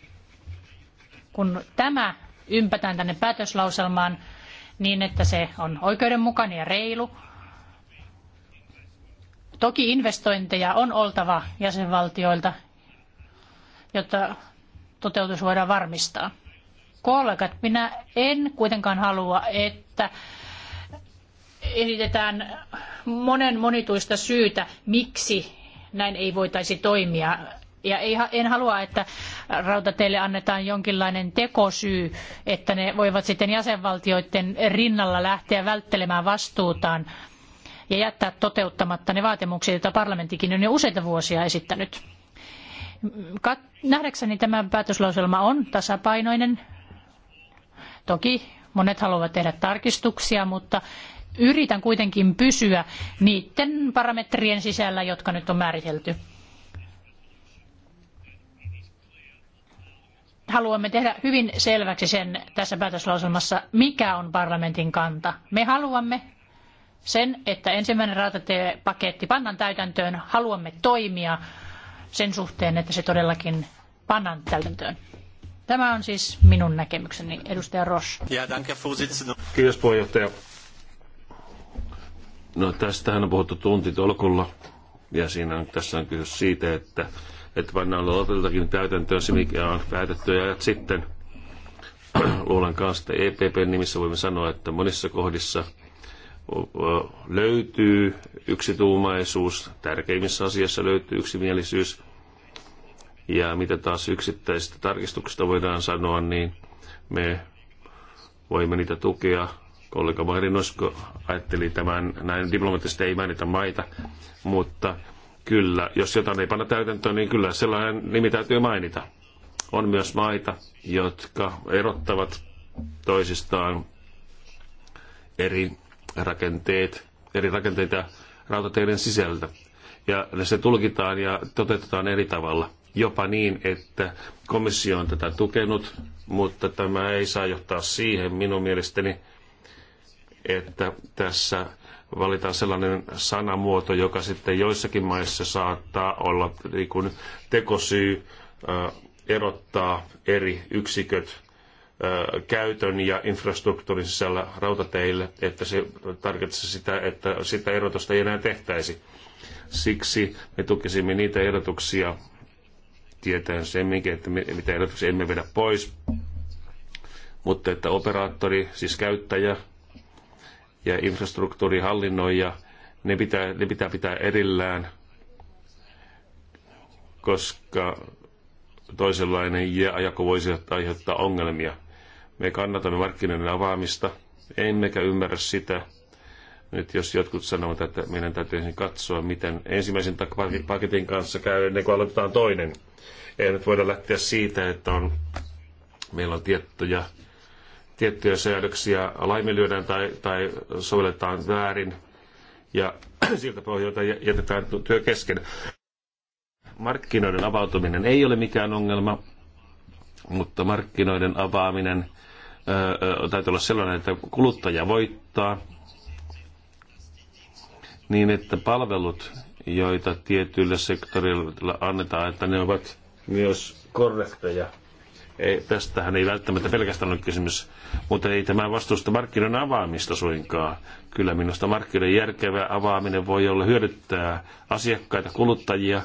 Kun tämä ympätään tänne päätöslauselmaan niin, että se on oikeudenmukainen ja reilu, Toki investointeja on oltava jäsenvaltioilta, jotta toteutus voidaan varmistaa. Kollegat, minä en kuitenkaan halua, että esitetään monen monituista syytä, miksi näin ei voitaisi toimia. Ja en halua, että rautateille annetaan jonkinlainen tekosyy, että ne voivat sitten jäsenvaltioiden rinnalla lähteä välttelemään vastuutaan ja jättää toteuttamatta ne vaatimukset, joita parlamenttikin on jo useita vuosia esittänyt. Nähdäkseni tämä päätöslauselma on tasapainoinen. Toki monet haluavat tehdä tarkistuksia, mutta yritän kuitenkin pysyä niiden parametrien sisällä, jotka nyt on määritelty. haluamme tehdä hyvin selväksi sen tässä päätöslauselmassa, mikä on parlamentin kanta. Me haluamme sen, että ensimmäinen rautatiepaketti pannaan täytäntöön. Haluamme toimia sen suhteen, että se todellakin pannaan täytäntöön. Tämä on siis minun näkemykseni. Edustaja Ross. Kiitos puheenjohtaja. No tästähän on puhuttu tuntitolkulla ja siinä on, tässä on kyse siitä, että, että pannaan lopultakin täytäntöön se, mikä on päätetty ja sitten. [CLEARS THROAT] Luulen kanssa, että EPPn nimissä voimme sanoa, että monissa kohdissa – löytyy yksituumaisuus, tärkeimmissä asiassa löytyy yksimielisyys. Ja mitä taas yksittäisistä tarkistuksista voidaan sanoa, niin me voimme niitä tukea. Kollega Marinosko ajatteli tämän, näin diplomaattisesti ei mainita maita, mutta kyllä, jos jotain ei panna täytäntöön, niin kyllä sellainen nimi täytyy mainita. On myös maita, jotka erottavat toisistaan eri rakenteet, eri rakenteita rautateiden sisältä. Ja se tulkitaan ja toteutetaan eri tavalla. Jopa niin, että komissio on tätä tukenut, mutta tämä ei saa johtaa siihen minun mielestäni, että tässä valitaan sellainen sanamuoto, joka sitten joissakin maissa saattaa olla niin kuin tekosyy erottaa eri yksiköt käytön ja infrastruktuurin sisällä rautateille, että se tarkoittaisi sitä, että sitä erotusta ei enää tehtäisi. Siksi me tukisimme niitä erotuksia, tietäen semminkin, että me, mitä erotuksia emme vedä pois, mutta että operaattori, siis käyttäjä ja infrastruktuurihallinnoija, ne pitää, ne pitää pitää erillään, koska toisenlainen jääajako voisi aiheuttaa ongelmia – me kannatamme markkinoiden avaamista, emmekä ymmärrä sitä, nyt jos jotkut sanovat, että meidän täytyy katsoa, miten ensimmäisen paketin kanssa käy ennen kuin aloitetaan toinen. Ei nyt voida lähteä siitä, että on, meillä on tiettyjä, tiettyjä säädöksiä laiminlyödään tai, tai sovelletaan väärin ja [CLEARS THROAT] siltä pohjalta jätetään työ kesken. Markkinoiden avautuminen ei ole mikään ongelma, mutta markkinoiden avaaminen – täytyy olla sellainen, että kuluttaja voittaa niin, että palvelut, joita tietyillä sektorilla annetaan, että ne ovat myös korrekteja. Ei, tästähän ei välttämättä pelkästään ole kysymys, mutta ei tämä vastuusta markkinoiden avaamista suinkaan. Kyllä minusta markkinoiden järkevä avaaminen voi olla hyödyttää asiakkaita, kuluttajia,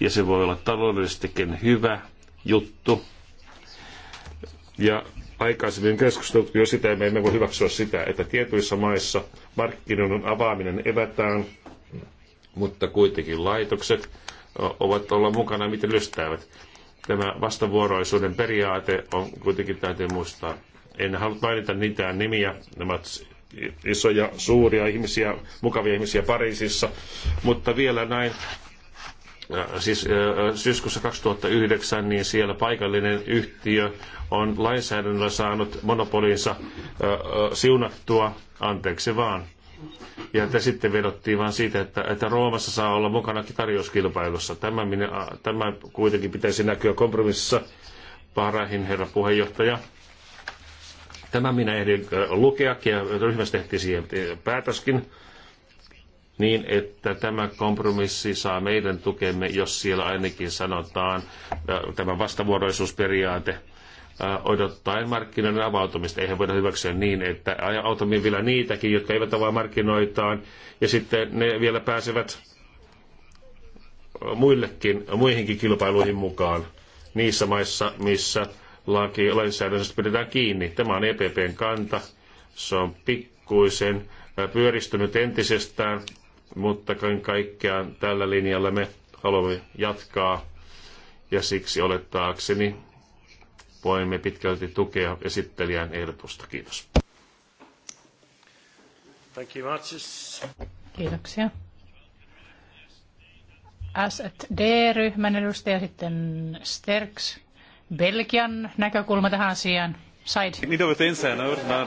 ja se voi olla taloudellisestikin hyvä juttu. Ja aikaisemmin keskusteltu, jo sitä, me emme voi hyväksyä sitä, että tietyissä maissa markkinoiden avaaminen evätään, mutta kuitenkin laitokset ovat olla mukana, miten lystäävät. Tämä vastavuoroisuuden periaate on kuitenkin täytyy muistaa. En halua mainita mitään nimiä, nämä ovat isoja, suuria ihmisiä, mukavia ihmisiä Pariisissa, mutta vielä näin siis syyskuussa 2009, niin siellä paikallinen yhtiö on lainsäädännöllä saanut monopolinsa siunattua, anteeksi vaan. Ja te sitten vedottiin vaan siitä, että, että Roomassa saa olla mukana tarjouskilpailussa. Tämä, minä, tämä kuitenkin pitäisi näkyä kompromississa. Parahin herra puheenjohtaja. Tämä minä ehdin lukeakin ja ryhmässä tehtiin siihen päätöskin niin että tämä kompromissi saa meidän tukemme, jos siellä ainakin sanotaan tämä vastavuoroisuusperiaate odottaen markkinoiden avautumista. Eihän voida hyväksyä niin, että autamme vielä niitäkin, jotka eivät avaa markkinoitaan, ja sitten ne vielä pääsevät muillekin, muihinkin kilpailuihin mukaan niissä maissa, missä laki, lainsäädännöstä pidetään kiinni. Tämä on EPPn kanta. Se on pikkuisen pyöristynyt entisestään mutta kaiken kaikkiaan tällä linjalla me haluamme jatkaa ja siksi olettaakseni voimme pitkälti tukea esittelijän ehdotusta. Kiitos. Kiitoksia. SD-ryhmän edustaja sitten Sterks. Belgian näkökulma tähän asiaan. Said. Niet over het eens zijn hoor, maar...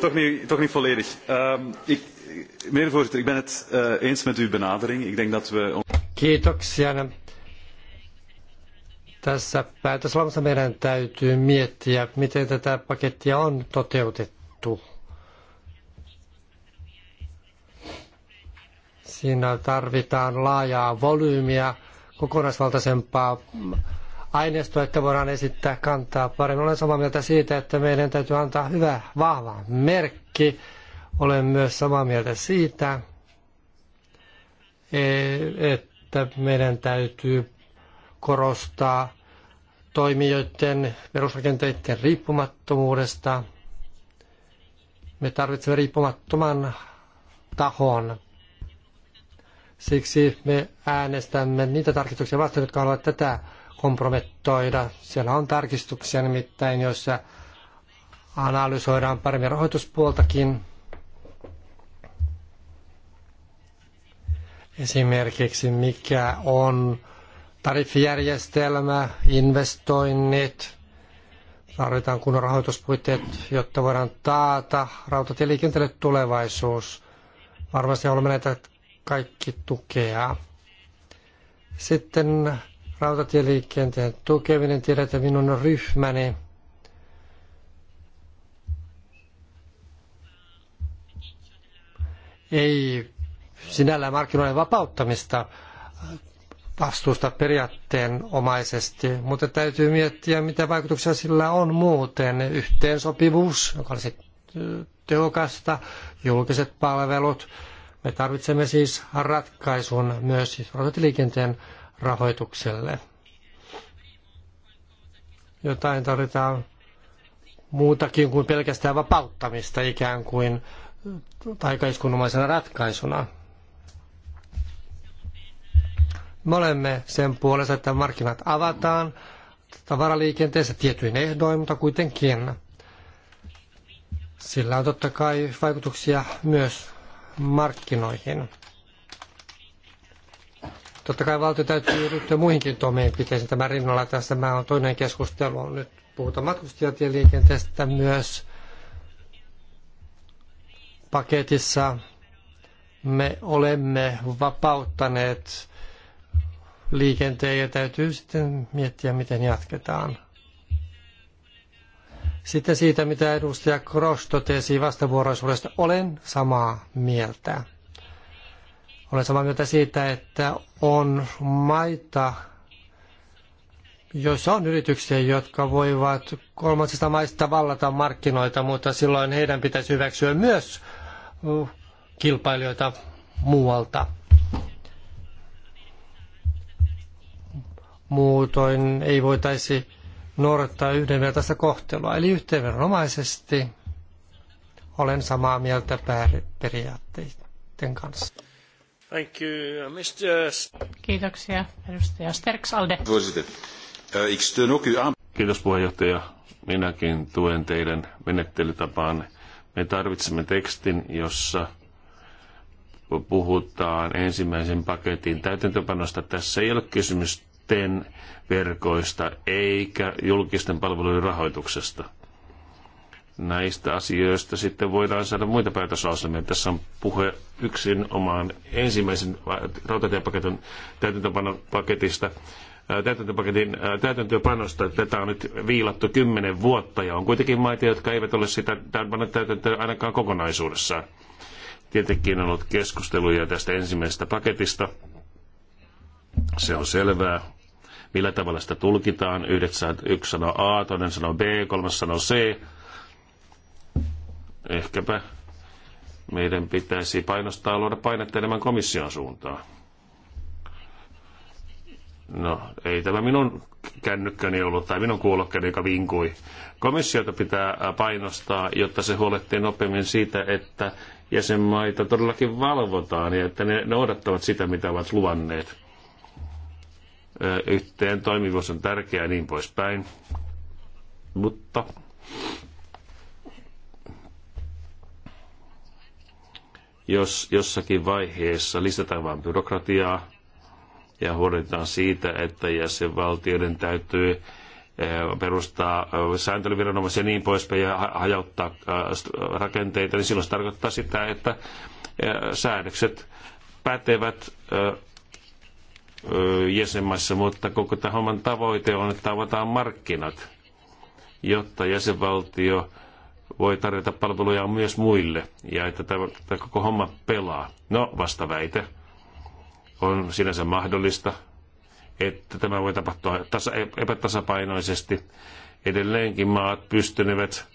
toch niet, toch niet volledig. Um, ik, meneer de voorzitter, ik ben het uh, eens met uw benadering. Ik denk dat we... Kiitoksia. Tässä päätöslaumassa meidän täytyy miettiä, miten tätä pakettia on toteutettu. Siinä tarvitaan laajaa volyymiä, kokonaisvaltaisempaa aineistoa, että voidaan esittää kantaa paremmin. Olen samaa mieltä siitä, että meidän täytyy antaa hyvä, vahva merkki olen myös samaa mieltä siitä, e, että meidän täytyy korostaa toimijoiden perusrakenteiden riippumattomuudesta. Me tarvitsemme riippumattoman tahon. Siksi me äänestämme niitä tarkistuksia vastaan, jotka haluavat tätä kompromettoida. Siellä on tarkistuksia nimittäin, joissa analysoidaan paremmin rahoituspuoltakin. esimerkiksi mikä on tariffijärjestelmä, investoinnit, tarvitaan kunnon rahoituspuitteet, jotta voidaan taata rautatieliikenteelle tulevaisuus. Varmasti haluamme näitä kaikki tukea. Sitten rautatieliikenteen tukeminen. Tiedätte minun ryhmäni. Ei sinällään markkinoiden vapauttamista vastuusta periaatteenomaisesti, mutta täytyy miettiä, mitä vaikutuksia sillä on muuten. Yhteensopivuus, joka olisi tehokasta, julkiset palvelut. Me tarvitsemme siis ratkaisun myös siis rautatieliikenteen rahoitukselle. Jotain tarvitaan muutakin kuin pelkästään vapauttamista ikään kuin taiskaiskunnomaisena ratkaisuna. Me olemme sen puolesta, että markkinat avataan tavaraliikenteessä tietyin ehdoin, mutta kuitenkin. Sillä on totta kai vaikutuksia myös markkinoihin. Totta kai valtio täytyy ryhtyä muihinkin toimenpiteisiin tämän rinnalla. Tässä tämä on toinen keskustelu. Nyt puhutaan matkustajatieliikenteestä myös paketissa. Me olemme vapauttaneet liikenteen ja täytyy sitten miettiä, miten jatketaan. Sitten siitä, mitä edustaja Kros totesi vastavuoroisuudesta, olen samaa mieltä. Olen samaa mieltä siitä, että on maita, joissa on yrityksiä, jotka voivat kolmansista maista vallata markkinoita, mutta silloin heidän pitäisi hyväksyä myös kilpailijoita muualta. Muutoin ei voitaisi noudattaa yhdenvertaista kohtelua. Eli yhteenveronomaisesti olen samaa mieltä periaatteiden kanssa. Thank you, Mr. Kiitoksia, edustaja Sterksalde. Eh, Kiitos puheenjohtaja. Minäkin tuen teidän menettelytapaanne. Me tarvitsemme tekstin, jossa puhutaan ensimmäisen paketin täytäntöpanosta. Tässä ei ole kysymys ten verkoista eikä julkisten palvelujen rahoituksesta. Näistä asioista sitten voidaan saada muita päätösasemia. Tässä on puhe yksin omaan ensimmäisen rautatiepaketin täytäntöpanopaketista äh, täytäntöpaketin äh, täytäntöönpanosta. Tätä on nyt viilattu kymmenen vuotta ja on kuitenkin maita, jotka eivät ole sitä täytäntöä täytäntöön ainakaan kokonaisuudessaan. Tietenkin on ollut keskusteluja tästä ensimmäisestä paketista. Se on selvää millä tavalla sitä tulkitaan. Yhdessä yksi sanoo A, toinen sanoo B, kolmas sanoo C. Ehkäpä meidän pitäisi painostaa luoda painetta enemmän komission suuntaan. No, ei tämä minun kännykkäni ollut tai minun kuulokkeeni, joka vinkui. Komissiota pitää painostaa, jotta se huolehtii nopeammin siitä, että jäsenmaita todellakin valvotaan ja että ne noudattavat sitä, mitä ovat luvanneet yhteen toimivuus on tärkeää ja niin poispäin. Mutta jos jossakin vaiheessa lisätään vain byrokratiaa ja huolehditaan siitä, että jäsenvaltioiden täytyy perustaa sääntelyviranomaisia ja niin poispäin ja hajauttaa rakenteita, niin silloin se tarkoittaa sitä, että säädökset pätevät jäsenmaissa, mutta koko tämän homman tavoite on, että avataan markkinat, jotta jäsenvaltio voi tarjota palveluja myös muille ja että tämä koko homma pelaa. No, vasta väite on sinänsä mahdollista, että tämä voi tapahtua tasa, epätasapainoisesti. Edelleenkin maat pystynevät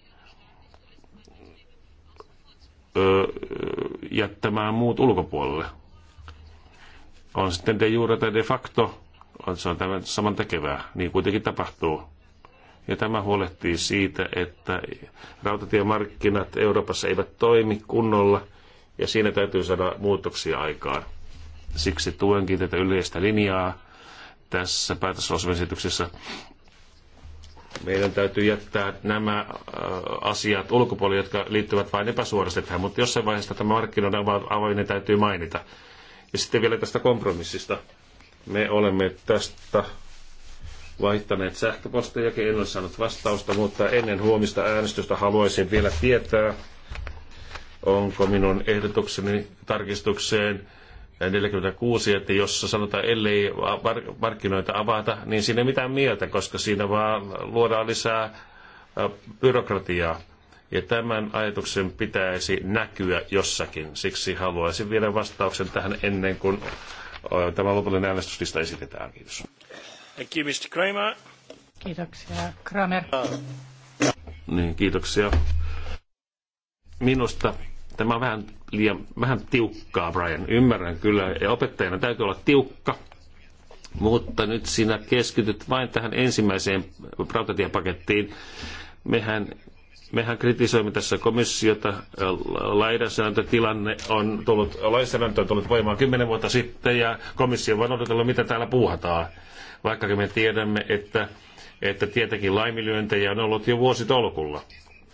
jättämään muut ulkopuolelle on sitten de jure tai de facto, on, se on tämän saman tekevää, niin kuitenkin tapahtuu. Ja tämä huolehtii siitä, että rautatiemarkkinat Euroopassa eivät toimi kunnolla, ja siinä täytyy saada muutoksia aikaan. Siksi tuenkin tätä yleistä linjaa tässä päätösosvesityksessä. Meidän täytyy jättää nämä äh, asiat ulkopuolelle, jotka liittyvät vain epäsuorasti tähän, mutta jossain vaiheessa tämä markkinoiden avaaminen täytyy mainita ja sitten vielä tästä kompromissista. Me olemme tästä vaihtaneet sähköpostejakin, en ole saanut vastausta, mutta ennen huomista äänestystä haluaisin vielä tietää, onko minun ehdotukseni tarkistukseen 46, että jos sanotaan, ellei markkinoita avata, niin siinä ei mitään mieltä, koska siinä vaan luodaan lisää byrokratiaa. Ja tämän ajatuksen pitäisi näkyä jossakin. Siksi haluaisin vielä vastauksen tähän ennen kuin tämä lopullinen äänestyslista esitetään. Kiitos. Thank you, Mr. Kramer. Kiitoksia, Kramer. Uh, niin, kiitoksia. Minusta tämä on vähän liian vähän tiukkaa, Brian. Ymmärrän kyllä. Ja opettajana täytyy olla tiukka, mutta nyt sinä keskityt vain tähän ensimmäiseen rautatiepakettiin. Mehän Mehän kritisoimme tässä komissiota. Lainsäädäntötilanne on tullut, lainsäädäntö on tullut voimaan kymmenen vuotta sitten ja komissio voi odotella, mitä täällä puuhataan. Vaikka me tiedämme, että, että tietenkin laiminlyöntejä on ollut jo vuositolkulla.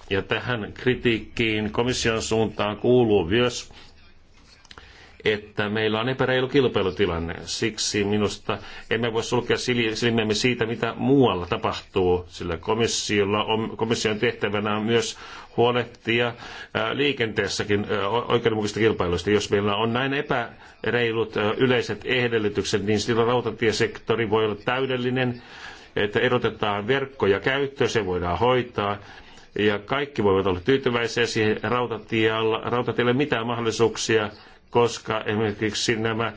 Ja tähän kritiikkiin komission suuntaan kuuluu myös että meillä on epäreilu kilpailutilanne. Siksi minusta emme voi sulkea silmiämme siitä, mitä muualla tapahtuu, sillä komissiolla on, komission tehtävänä on myös huolehtia liikenteessäkin oikeudenmukaisista kilpailuista. Jos meillä on näin epäreilut yleiset ehdellytykset, niin sillä rautatiesektori voi olla täydellinen, että erotetaan verkkoja käyttöön, se voidaan hoitaa, ja kaikki voivat olla tyytyväisiä siihen rautatiellä, rautatielle mitään mahdollisuuksia koska esimerkiksi nämä äh,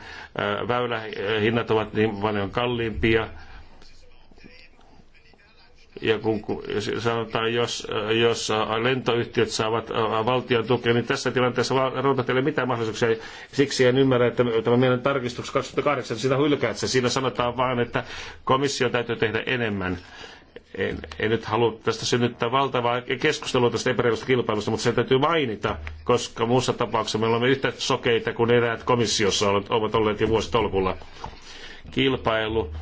väylähinnat ovat niin paljon kalliimpia. Ja kun, kun sanotaan, jos, äh, jos lentoyhtiöt saavat äh, valtion tukea, niin tässä tilanteessa rautateille mitään mahdollisuuksia. Siksi en ymmärrä, että tämä meidän tarkistuksessa 2008 sitä hylkäätse. Siinä sanotaan vain, että komissio täytyy tehdä enemmän en, en nyt halua tästä synnyttää valtavaa keskustelua tästä epäreilusta kilpailusta, mutta sen täytyy mainita, koska muussa tapauksessa me olemme yhtä sokeita kuin eräät komissiossa ovat olleet jo vuositolkulla. Kilpailu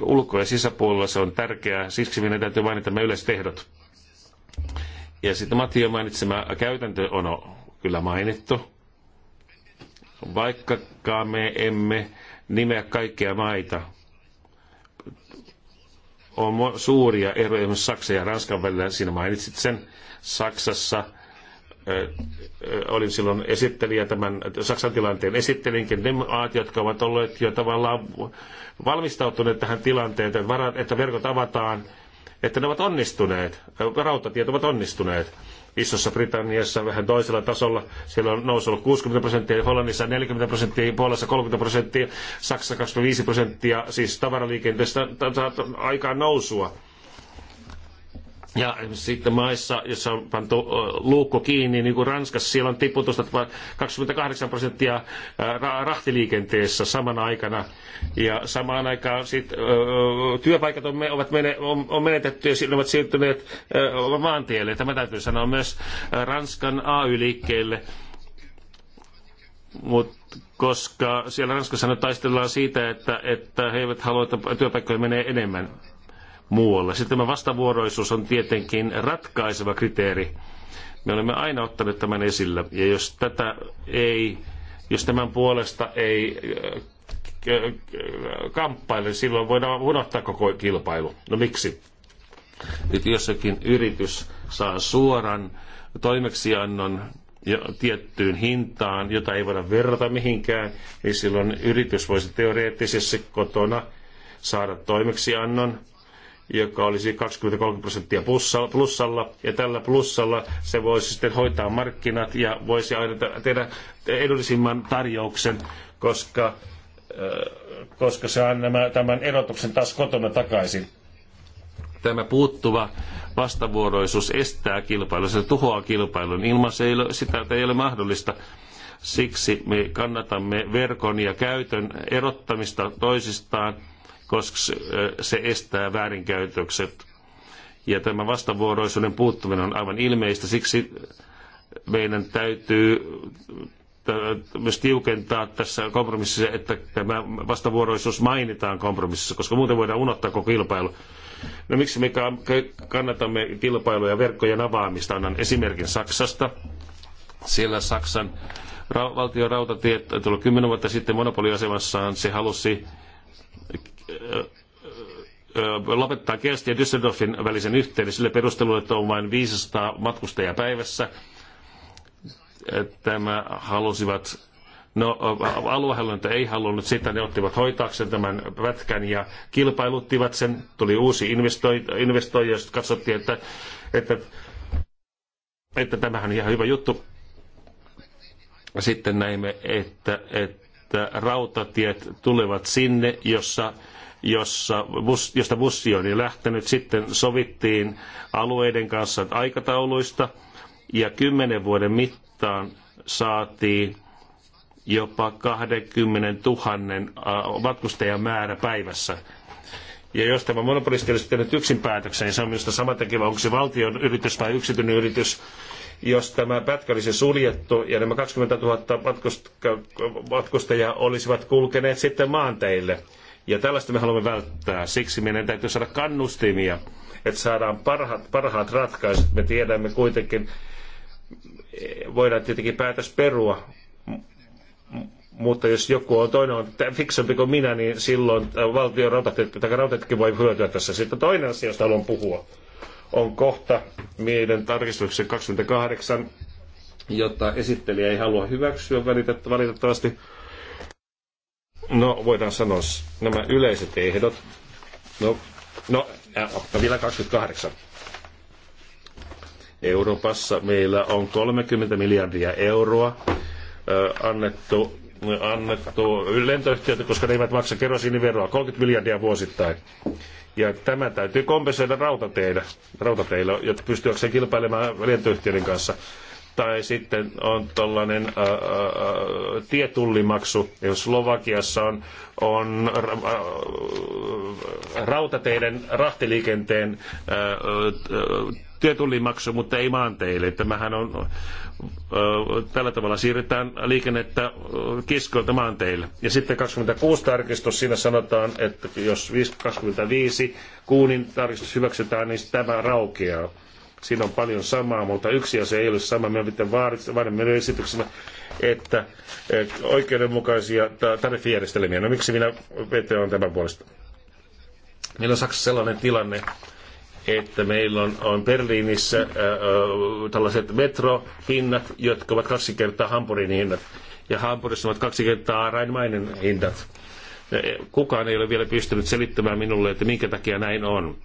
ulko- ja sisäpuolella se on tärkeää, siksi meidän täytyy mainita me yleiset ehdot. Ja sitten Matti Mattia mainitsema käytäntö on kyllä mainittu. Vaikkakaan me emme nimeä kaikkia maita, on suuria eroja esimerkiksi Saksan ja Ranskan välillä. Siinä mainitsit sen. Saksassa olin silloin esittelijä tämän Saksan tilanteen esittelinkin. Ne maat, jotka ovat olleet jo tavallaan valmistautuneet tähän tilanteeseen, että verkot avataan, että ne ovat onnistuneet, rautatiet ovat onnistuneet. Isossa Britanniassa vähän toisella tasolla. Siellä on nousu ollut 60 prosenttia, Hollannissa 40 prosenttia, Puolassa 30 prosenttia, Saksassa 25 prosenttia, siis tavaraliikenteestä aikaan nousua. Ja sitten maissa, jossa on pantu luukku kiinni, niin kuin Ranskassa, siellä on tiputusta 28 prosenttia rahtiliikenteessä samana aikana. Ja samaan aikaan sit, työpaikat on, ovat mene, on, menetetty ja ne ovat siirtyneet maantielle. Tämä täytyy sanoa myös Ranskan AY-liikkeelle. Mut, koska siellä Ranskassa taistellaan siitä, että, että he eivät halua, että työpaikkoja menee enemmän muualla. Sitten tämä vastavuoroisuus on tietenkin ratkaiseva kriteeri. Me olemme aina ottaneet tämän esillä. Ja jos tätä ei, jos tämän puolesta ei äh, äh, äh, kamppaile, niin silloin voidaan unohtaa koko kilpailu. No miksi? Nyt jossakin yritys saa suoran toimeksiannon tiettyyn hintaan, jota ei voida verrata mihinkään, niin silloin yritys voisi teoreettisesti kotona saada toimeksiannon joka olisi 23 prosenttia plussalla, ja tällä plussalla se voisi sitten hoitaa markkinat ja voisi aina tehdä edullisimman tarjouksen, koska, äh, koska saa nämä, tämän erotuksen taas kotona takaisin. Tämä puuttuva vastavuoroisuus estää kilpailun, se tuhoaa kilpailun. Ilman se ei ole, sitä ei ole mahdollista. Siksi me kannatamme verkon ja käytön erottamista toisistaan – koska se estää väärinkäytökset. Ja tämä vastavuoroisuuden puuttuminen on aivan ilmeistä, siksi meidän täytyy myös tiukentaa tässä kompromississa, että tämä vastavuoroisuus mainitaan kompromississa, koska muuten voidaan unohtaa koko kilpailu. No miksi me kannatamme kilpailuja verkkojen avaamista? Annan esimerkin Saksasta. Siellä Saksan valtion rautatiet tuli kymmenen vuotta sitten monopoliasemassaan. Se halusi lopettaa Kielsti ja Düsseldorfin välisen yhteyden sillä perustelulla, että on vain 500 matkustajaa päivässä. Tämä halusivat No aluehallinto ei halunnut sitä, ne ottivat hoitaakseen tämän pätkän ja kilpailuttivat sen. Tuli uusi investoija, jos katsottiin, että, että, että tämähän on ihan hyvä juttu. Sitten näimme, että, että rautatiet tulevat sinne, jossa jossa josta bussi on jo lähtenyt. Sitten sovittiin alueiden kanssa aikatauluista ja kymmenen vuoden mittaan saatiin jopa 20 000 matkustajan määrä päivässä. Ja jos tämä monopolisti olisi tehnyt yksin päätöksen, niin se on minusta sama tekevä, onko se valtion yritys vai yksityinen yritys. Jos tämä pätkä olisi suljettu ja nämä 20 000 matkustajaa olisivat kulkeneet sitten maanteille, ja tällaista me haluamme välttää. Siksi meidän täytyy saada kannustimia, että saadaan parhaat, parhaat ratkaisut. Me tiedämme kuitenkin, voidaan tietenkin päätös perua, mutta jos joku on toinen on fiksempi kuin minä, niin silloin valtion rautatiet, rautatietkin voi hyötyä tässä. Sitten toinen asia, josta haluan puhua, on kohta meidän tarkistuksen 28, jota esittelijä ei halua hyväksyä valitettavasti No, voidaan sanoa nämä yleiset ehdot. No, no, no vielä 28. Euroopassa meillä on 30 miljardia euroa annettu, annettu lentoyhtiöitä, koska ne eivät maksa kerosiiniveroa, 30 miljardia vuosittain. Ja tämä täytyy kompensoida rautateillä, rautateillä jotta pystyäkseen kilpailemaan lentoyhtiöiden kanssa tai sitten on tuollainen tietullimaksu, jos Slovakiassa on, on ä, rautateiden rahtiliikenteen ä, ä, tietullimaksu, mutta ei maanteille. Tämähän on, ä, tällä tavalla siirretään liikennettä kiskoilta maanteille. Ja sitten 26 tarkistus, siinä sanotaan, että jos 25 kuunin tarkistus hyväksytään, niin tämä raukeaa Siinä on paljon samaa, mutta yksi asia ei ole sama. Meidän pitää varmemmin esityksenä, että, että oikeudenmukaisia tariffijärjestelmiä. No miksi minä vetoan tämän puolesta? Meillä on Saksassa sellainen tilanne, että meillä on, on Berliinissä ää, äh, äh, tällaiset metrohinnat, jotka ovat kaksi kertaa Hamburgin hinnat. Ja Hamburgissa ovat kaksi kertaa Rheinmainen hinnat. Äh, kukaan ei ole vielä pystynyt selittämään minulle, että minkä takia näin on.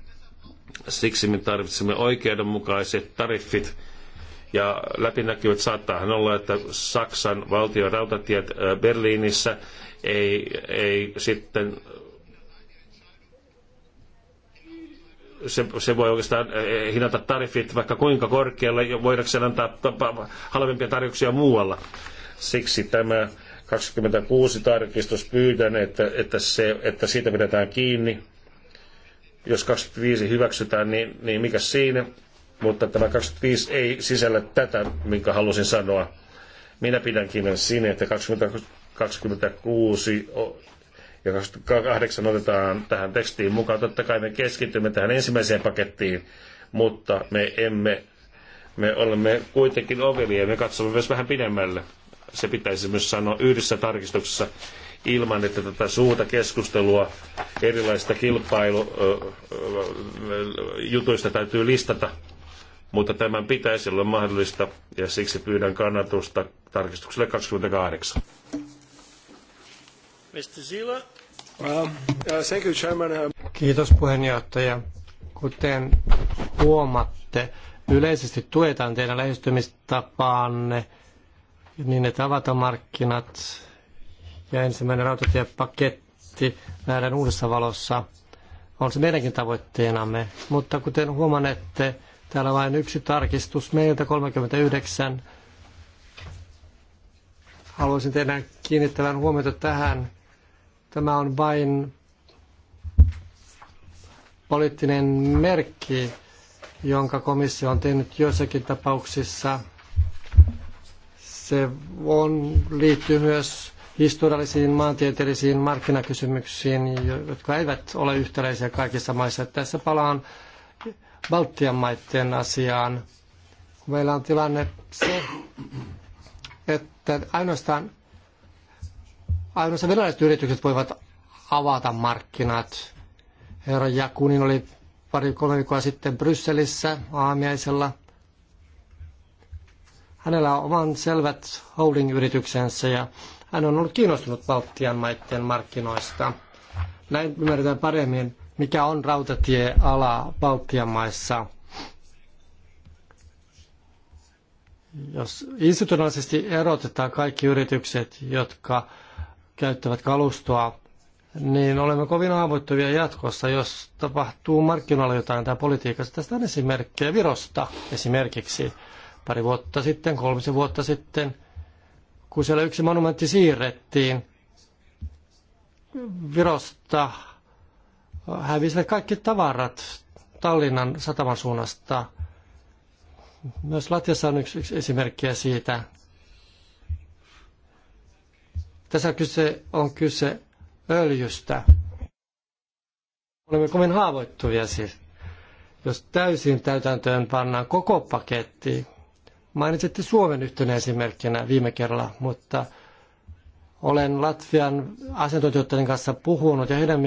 Siksi me tarvitsemme oikeudenmukaiset tariffit ja läpinäkyvät. Saattaahan olla, että Saksan valtion rautatiet Berliinissä ei, ei sitten se, se voi oikeastaan e, hinata tariffit vaikka kuinka korkealle ja voidakseen antaa halvempia tarjouksia muualla. Siksi tämä 26 tarkistus pyydän, että, että, se, että siitä pidetään kiinni jos 25 hyväksytään, niin, niin mikä siinä? Mutta tämä 25 ei sisällä tätä, minkä halusin sanoa. Minä pidänkin sinne, että 20, 26 ja 28 otetaan tähän tekstiin mukaan. Totta kai me keskitymme tähän ensimmäiseen pakettiin, mutta me emme, me olemme kuitenkin ovelia ja me katsomme myös vähän pidemmälle. Se pitäisi myös sanoa yhdessä tarkistuksessa ilman, että tätä suurta keskustelua erilaisista kilpailujutuista täytyy listata, mutta tämän pitäisi olla mahdollista ja siksi pyydän kannatusta tarkistukselle 28. Um, uh, um, Kiitos puheenjohtaja. Kuten huomatte, yleisesti tuetaan teidän lähestymistapaanne niin, että avata markkinat ja ensimmäinen rautatiepaketti nähdään uudessa valossa. On se meidänkin tavoitteenamme, mutta kuten huomannette, täällä vain yksi tarkistus meiltä 39. Haluaisin teidän kiinnittävän huomiota tähän. Tämä on vain poliittinen merkki, jonka komissio on tehnyt joissakin tapauksissa. Se on, liittyy myös historiallisiin, maantieteellisiin markkinakysymyksiin, jotka eivät ole yhtäläisiä kaikissa maissa. Tässä palaan Baltian maiden asiaan. Meillä on tilanne se, että ainoastaan, ainoastaan venäläiset yritykset voivat avata markkinat. Herra Jakunin oli pari-kolme viikkoa sitten Brysselissä aamiaisella – hänellä on oman selvät holding-yrityksensä ja hän on ollut kiinnostunut Baltian maiden markkinoista. Näin ymmärretään paremmin, mikä on rautatieala Baltian maissa. Jos institutionaalisesti erotetaan kaikki yritykset, jotka käyttävät kalustoa, niin olemme kovin haavoittuvia jatkossa, jos tapahtuu markkinoilla jotain tai politiikassa. Tästä on esimerkkejä Virosta esimerkiksi pari vuotta sitten, kolmisen vuotta sitten – kun siellä yksi monumentti siirrettiin Virosta, hävisivät kaikki tavarat Tallinnan sataman suunnasta. Myös Latjassa on yksi, yksi esimerkkiä siitä. Tässä kyse, on kyse öljystä. Olemme kovin haavoittuvia siis. Jos täysin täytäntöön pannaan koko paketti, Mainitsitte Suomen yhtenä esimerkkinä viime kerralla, mutta olen Latvian asiantuntijoiden kanssa puhunut ja heidän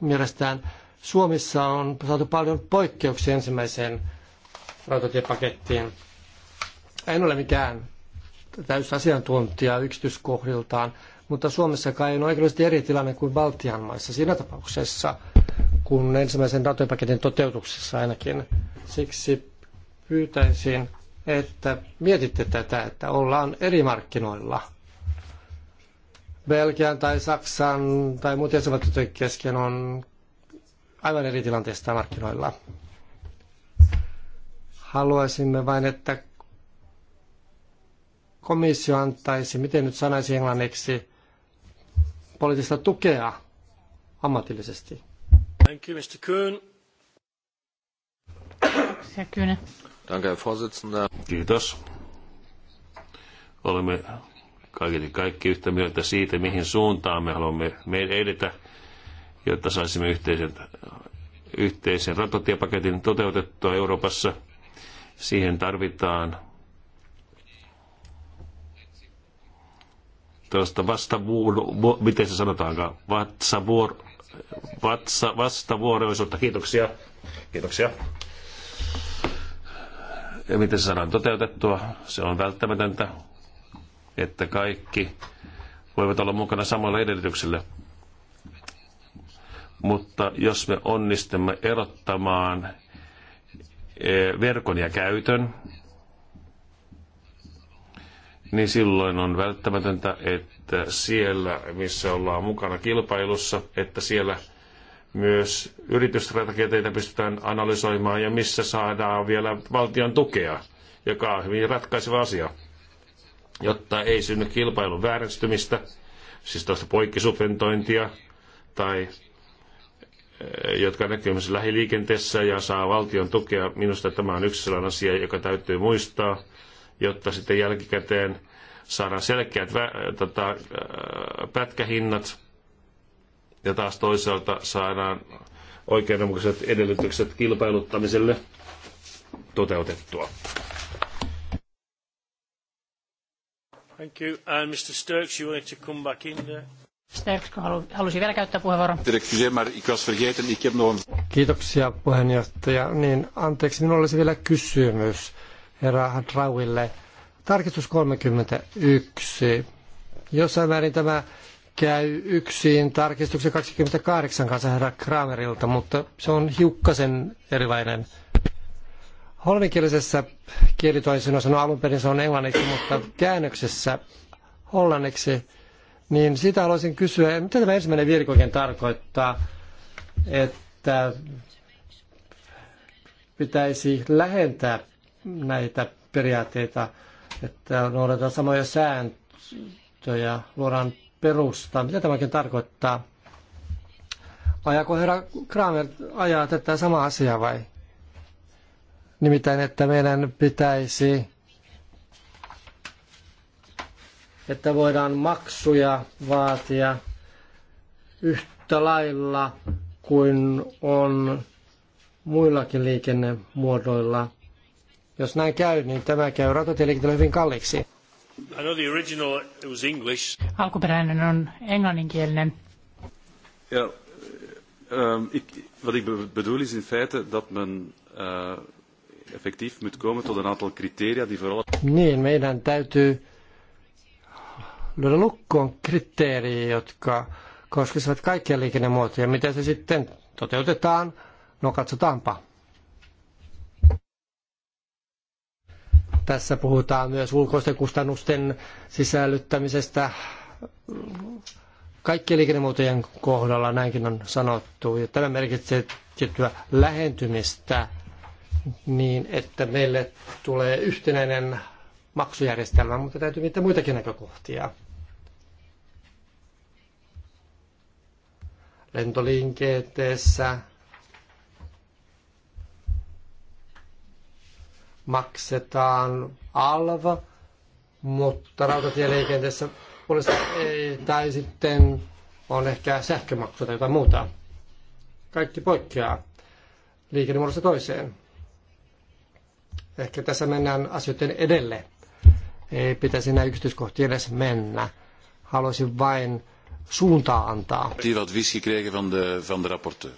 mielestään Suomessa on saatu paljon poikkeuksia ensimmäiseen rautatiepakettiin. En ole mikään täysasiantuntija yksityiskohdiltaan, mutta Suomessa kai on oikeudellisesti eri tilanne kuin Baltian maissa siinä tapauksessa, kun ensimmäisen rautatiepaketin toteutuksessa ainakin. Siksi pyytäisin että mietitte tätä, että ollaan eri markkinoilla. Belgian tai Saksan tai muut jäsenvaltioiden kesken on aivan eri tilanteista markkinoilla. Haluaisimme vain, että komissio antaisi, miten nyt sanaisi englanniksi, poliittista tukea ammatillisesti. Thank you, Mr. Kuhn. Danke, Herr Vorsitzender. Kiitos. Olemme kaikki, kaikki yhtä mieltä siitä, mihin suuntaan me haluamme edetä, jotta saisimme yhteisen, yhteisen rautatiepaketin toteutettua Euroopassa. Siihen tarvitaan tällaista vastavuoro, miten se sanotaankaan, vatsavuor, vatsa, vastavuoroisuutta. Kiitoksia. Kiitoksia ja miten se saadaan toteutettua. Se on välttämätöntä, että kaikki voivat olla mukana samoilla edellytyksillä. Mutta jos me onnistumme erottamaan e, verkon ja käytön, niin silloin on välttämätöntä, että siellä, missä ollaan mukana kilpailussa, että siellä – myös yritysstrategioita pystytään analysoimaan ja missä saadaan vielä valtion tukea, joka on hyvin ratkaiseva asia, jotta ei synny kilpailun vääristymistä, siis tuosta poikkisubventointia tai eh, jotka näkyy myös lähiliikenteessä ja saa valtion tukea. Minusta tämä on yksi sellainen asia, joka täytyy muistaa, jotta sitten jälkikäteen saadaan selkeät tota, eh, pätkähinnat ja taas toisaalta saadaan oikeudenmukaiset edellytykset kilpailuttamiselle toteutettua. Thank you. And Mr. Sturks, you wanted to come back in there? Sterks, halusi vielä käyttää puheenvuoron. Kiitoksia puheenjohtaja. Niin, anteeksi, minulla olisi vielä kysymys herra Hadrauille. Tarkistus 31. Jossain määrin tämä käy yksin tarkistuksen 28 kanssa herra Kramerilta, mutta se on hiukkasen erilainen. Holminkielisessä kielitoisin sanoa alun perin se on englanniksi, mutta käännöksessä hollanniksi, niin siitä haluaisin kysyä, mitä tämä ensimmäinen virke oikein tarkoittaa, että pitäisi lähentää näitä periaatteita, että noudatetaan samoja sääntöjä, luodaan perustaa. Mitä tämä oikein tarkoittaa? Ajaako herra Kramer ajaa tätä samaa asiaa vai? Nimittäin, että meidän pitäisi, että voidaan maksuja vaatia yhtä lailla kuin on muillakin liikennemuodoilla. Jos näin käy, niin tämä käy ratatieliikenteelle hyvin kalliiksi. I know the original was English. Alkuperäinen on englanninkielinen. Ja, um, ik, wat ik bedoel is in feite dat men uh, effectief moet komen tot een aantal criteria die vooral... Niin, meidän täytyy lyödä lukkoon kriteeriä, jotka koskisivat kaikkia liikennemuotoja. Miten se sitten toteutetaan? No katsotaanpa. Tässä puhutaan myös ulkoisten kustannusten sisällyttämisestä kaikkien liikennemuotojen kohdalla, näinkin on sanottu. Ja tämä merkitsee tiettyä lähentymistä niin, että meille tulee yhtenäinen maksujärjestelmä, mutta täytyy miettiä muitakin näkökohtia. Lentoliikenteessä maksetaan alva, mutta rautatieliikenteessä puolesta ei, tai sitten on ehkä sähkömaksu tai jotain muuta. Kaikki poikkeaa liikennemuodosta toiseen. Ehkä tässä mennään asioiden edelle. Ei pitäisi näin yksityiskohtiin edes mennä. Haluaisin vain suuntaa antaa. viski gekregen van de, van de rapporteur.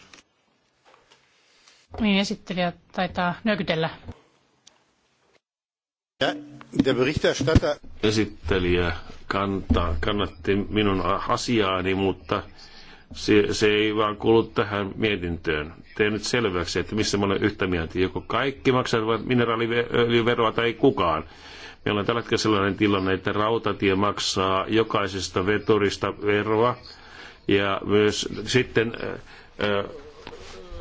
Niin, esittelijä taitaa nökytellä. Esittelijä kantaa, kannatti minun asiaani, mutta se, se ei vaan kuulu tähän mietintöön. Teen nyt selväksi, että missä mä olen yhtä mieltä. Joko kaikki maksavat mineraaliöljyveroa tai ei kukaan. Meillä on tällä hetkellä sellainen tilanne, että rautatie maksaa jokaisesta veturista veroa ja myös sitten äh,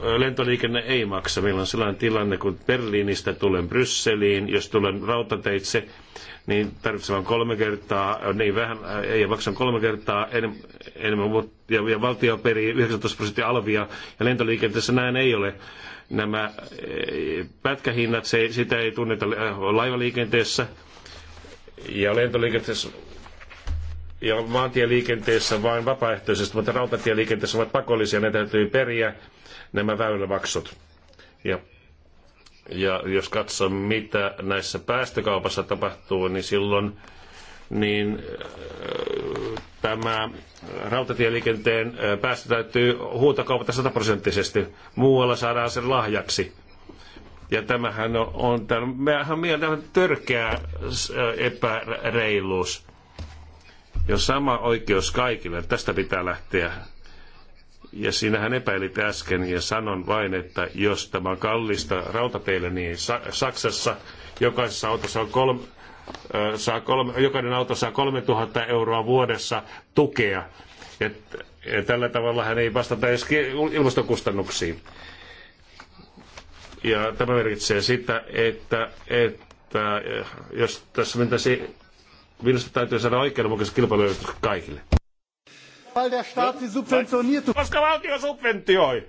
lentoliikenne ei maksa. Meillä on sellainen tilanne, kun Berliinistä tulen Brysseliin, jos tulen rautateitse, niin tarvitsen vain kolme kertaa, niin vähän, ei maksan kolme kertaa enemmän, ja, ja valtio perii 19 prosenttia alvia, ja lentoliikenteessä näin ei ole. Nämä e, pätkähinnat, se, sitä ei tunneta äh, laivaliikenteessä, ja lentoliikenteessä ja maantieliikenteessä vain vapaaehtoisesti, mutta rautatieliikenteessä ovat pakollisia, ne täytyy periä nämä väylämaksut. Ja, ja jos katsoo, mitä näissä päästökaupassa tapahtuu, niin silloin niin äh, tämä rautatieliikenteen äh, päästö täytyy huutakaupata sataprosenttisesti. Muualla saadaan sen lahjaksi. Ja tämähän on, on tämähän on törkeä äh, epäreiluus. Jos sama oikeus kaikille, tästä pitää lähteä. Ja siinähän epäilit äsken ja sanon vain, että jos tämä on kallista rautateille, niin Saksassa jokaisessa autossa on kolme, saa kolme, jokainen auto saa 3000 euroa vuodessa tukea. Et, ja tällä tavalla hän ei vastata edes ilmastokustannuksiin. Ja tämä merkitsee sitä, että, että jos tässä mentäisiin, minusta täytyy saada oikeudenmukaiset kilpailuyritykset kaikille weil der Staat sie subventioniert. Koska valtio subventioi.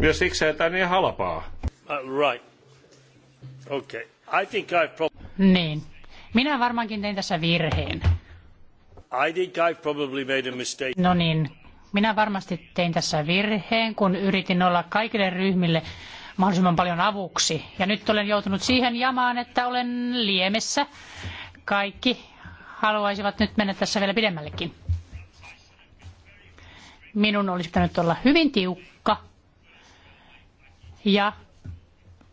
Ja siksi, että niin halpaa. Uh, right. Okay. I think I've probably... Niin. Minä varmaankin tein tässä virheen. I think I've probably made a mistake. No niin. Minä varmasti tein tässä virheen, kun yritin olla kaikille ryhmille mahdollisimman paljon avuksi. Ja nyt olen joutunut siihen jamaan, että olen liemessä. Kaikki haluaisivat nyt mennä tässä vielä pidemmällekin minun olisi pitänyt olla hyvin tiukka ja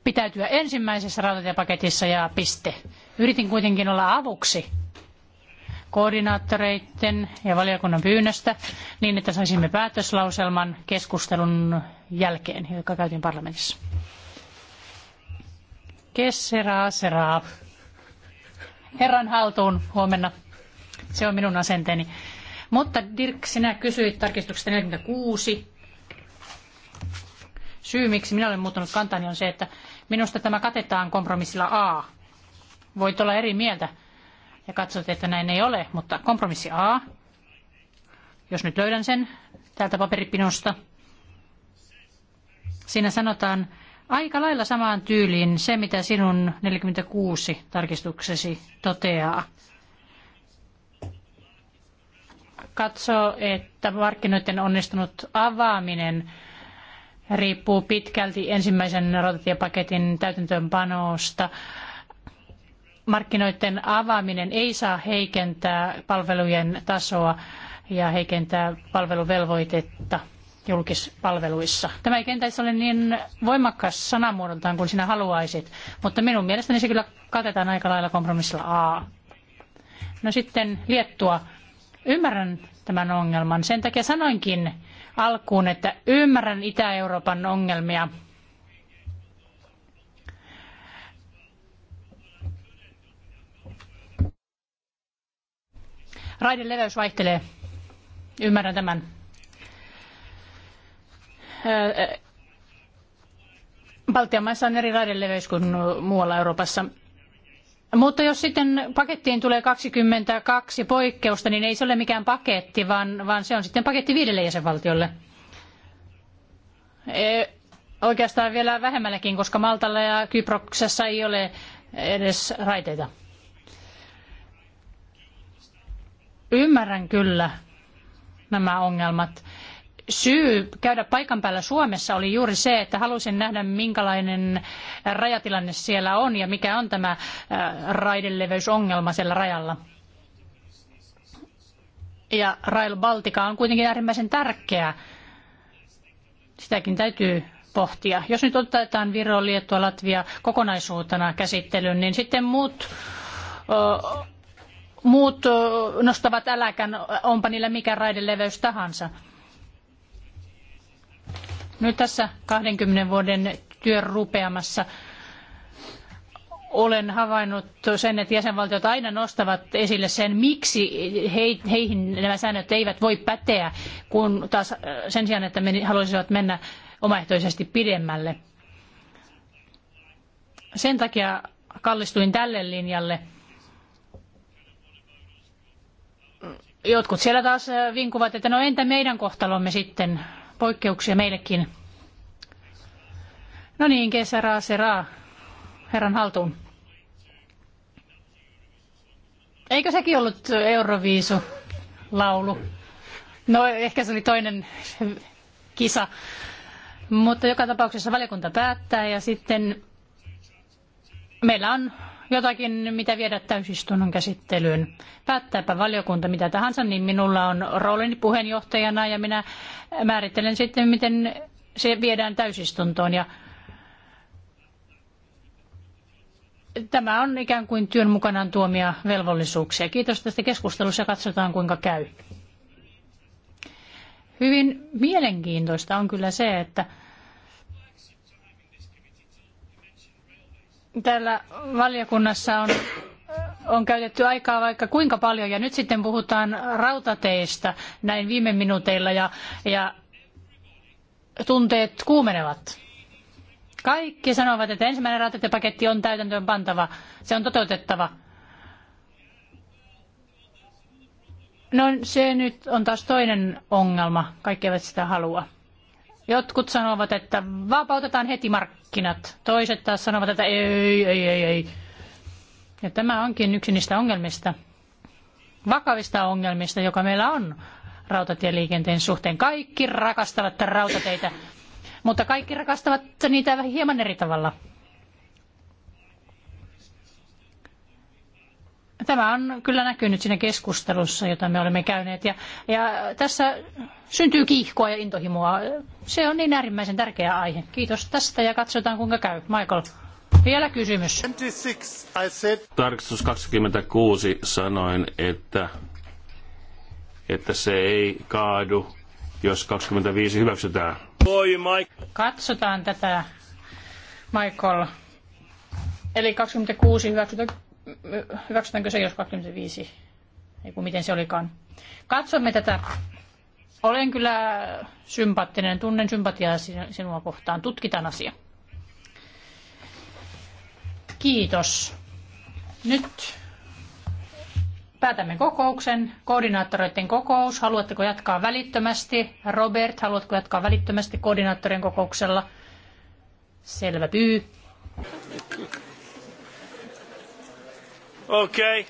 pitäytyä ensimmäisessä rautatiepaketissa ja piste. Yritin kuitenkin olla avuksi koordinaattoreiden ja valiokunnan pyynnöstä niin, että saisimme päätöslauselman keskustelun jälkeen, joka käytiin parlamentissa. Kesseraa seraa. Herran haltuun huomenna. Se on minun asenteeni. Mutta Dirk, sinä kysyit tarkistuksesta 46. Syy, miksi minä olen muuttanut kantani, on se, että minusta tämä katetaan kompromissilla A. Voit olla eri mieltä ja katsot, että näin ei ole, mutta kompromissi A, jos nyt löydän sen täältä paperipinosta, siinä sanotaan aika lailla samaan tyyliin se, mitä sinun 46 tarkistuksesi toteaa. katsoo, että markkinoiden onnistunut avaaminen riippuu pitkälti ensimmäisen rautatiepaketin täytäntöönpanosta. Markkinoiden avaaminen ei saa heikentää palvelujen tasoa ja heikentää palveluvelvoitetta julkispalveluissa. Tämä ei kenties ole niin voimakas sanamuodoltaan kuin sinä haluaisit, mutta minun mielestäni se kyllä katetaan aika lailla kompromissilla A. No sitten Liettua Ymmärrän tämän ongelman. Sen takia sanoinkin alkuun, että ymmärrän Itä-Euroopan ongelmia. Raiden leveys vaihtelee. Ymmärrän tämän. Baltian maissa on eri raideleveys kuin muualla Euroopassa. Mutta jos sitten pakettiin tulee 22 poikkeusta, niin ei se ole mikään paketti, vaan, vaan se on sitten paketti viidelle jäsenvaltiolle. E, oikeastaan vielä vähemmälläkin, koska Maltalla ja Kyproksessa ei ole edes raiteita. Ymmärrän kyllä nämä ongelmat syy käydä paikan päällä Suomessa oli juuri se, että halusin nähdä minkälainen rajatilanne siellä on ja mikä on tämä äh, raideleveysongelma siellä rajalla. Ja Rail Baltica on kuitenkin äärimmäisen tärkeä. Sitäkin täytyy pohtia. Jos nyt otetaan Viro, Liettua, Latvia kokonaisuutena käsittelyyn, niin sitten muut muut nostavat äläkän, onpa niillä mikä raideleveys tahansa. Nyt tässä 20 vuoden työn rupeamassa olen havainnut sen, että jäsenvaltiot aina nostavat esille sen, miksi heihin nämä säännöt eivät voi päteä, kun taas äh, sen sijaan, että me haluaisivat mennä omaehtoisesti pidemmälle. Sen takia kallistuin tälle linjalle. Jotkut siellä taas vinkuvat, että no entä meidän kohtalomme sitten, poikkeuksia meillekin. No niin, kesäraa seraa herran haltuun. Eikö sekin ollut Euroviisu laulu? No ehkä se oli toinen kisa. Mutta joka tapauksessa valiokunta päättää ja sitten meillä on jotakin, mitä viedä täysistunnon käsittelyyn. Päättääpä valiokunta mitä tahansa, niin minulla on roolini puheenjohtajana ja minä määrittelen sitten, miten se viedään täysistuntoon. Ja tämä on ikään kuin työn mukanaan tuomia velvollisuuksia. Kiitos tästä keskustelusta ja katsotaan kuinka käy. Hyvin mielenkiintoista on kyllä se, että Täällä valiokunnassa on, on käytetty aikaa vaikka kuinka paljon ja nyt sitten puhutaan rautateistä näin viime minuuteilla ja, ja tunteet kuumenevat. Kaikki sanovat, että ensimmäinen rautatiepaketti on täytäntöön pantava, se on toteutettava. No se nyt on taas toinen ongelma, kaikki eivät sitä halua. Jotkut sanovat, että vapautetaan heti markkinat. Toiset taas sanovat, että ei, ei, ei, ei. Ja tämä onkin yksi niistä ongelmista, vakavista ongelmista, joka meillä on rautatieliikenteen suhteen. Kaikki rakastavat rautateitä, mutta kaikki rakastavat niitä hieman eri tavalla. Tämä on kyllä näkynyt siinä keskustelussa, jota me olemme käyneet. Ja, ja tässä syntyy kiihkoa ja intohimoa. Se on niin äärimmäisen tärkeä aihe. Kiitos tästä ja katsotaan kuinka käy. Michael, vielä kysymys. 26, said... Tarkistus 26 sanoin, että, että se ei kaadu, jos 25 hyväksytään. Mike. Katsotaan tätä, Michael. Eli 26 hyväksytään hyväksytäänkö se, jos 25, ei kun miten se olikaan. Katsomme tätä. Olen kyllä sympaattinen, tunnen sympatiaa sinua kohtaan. Tutkitaan asia. Kiitos. Nyt päätämme kokouksen, koordinaattoreiden kokous. Haluatteko jatkaa välittömästi? Robert, haluatko jatkaa välittömästi koordinaattorien kokouksella? Selvä pyy. Okay.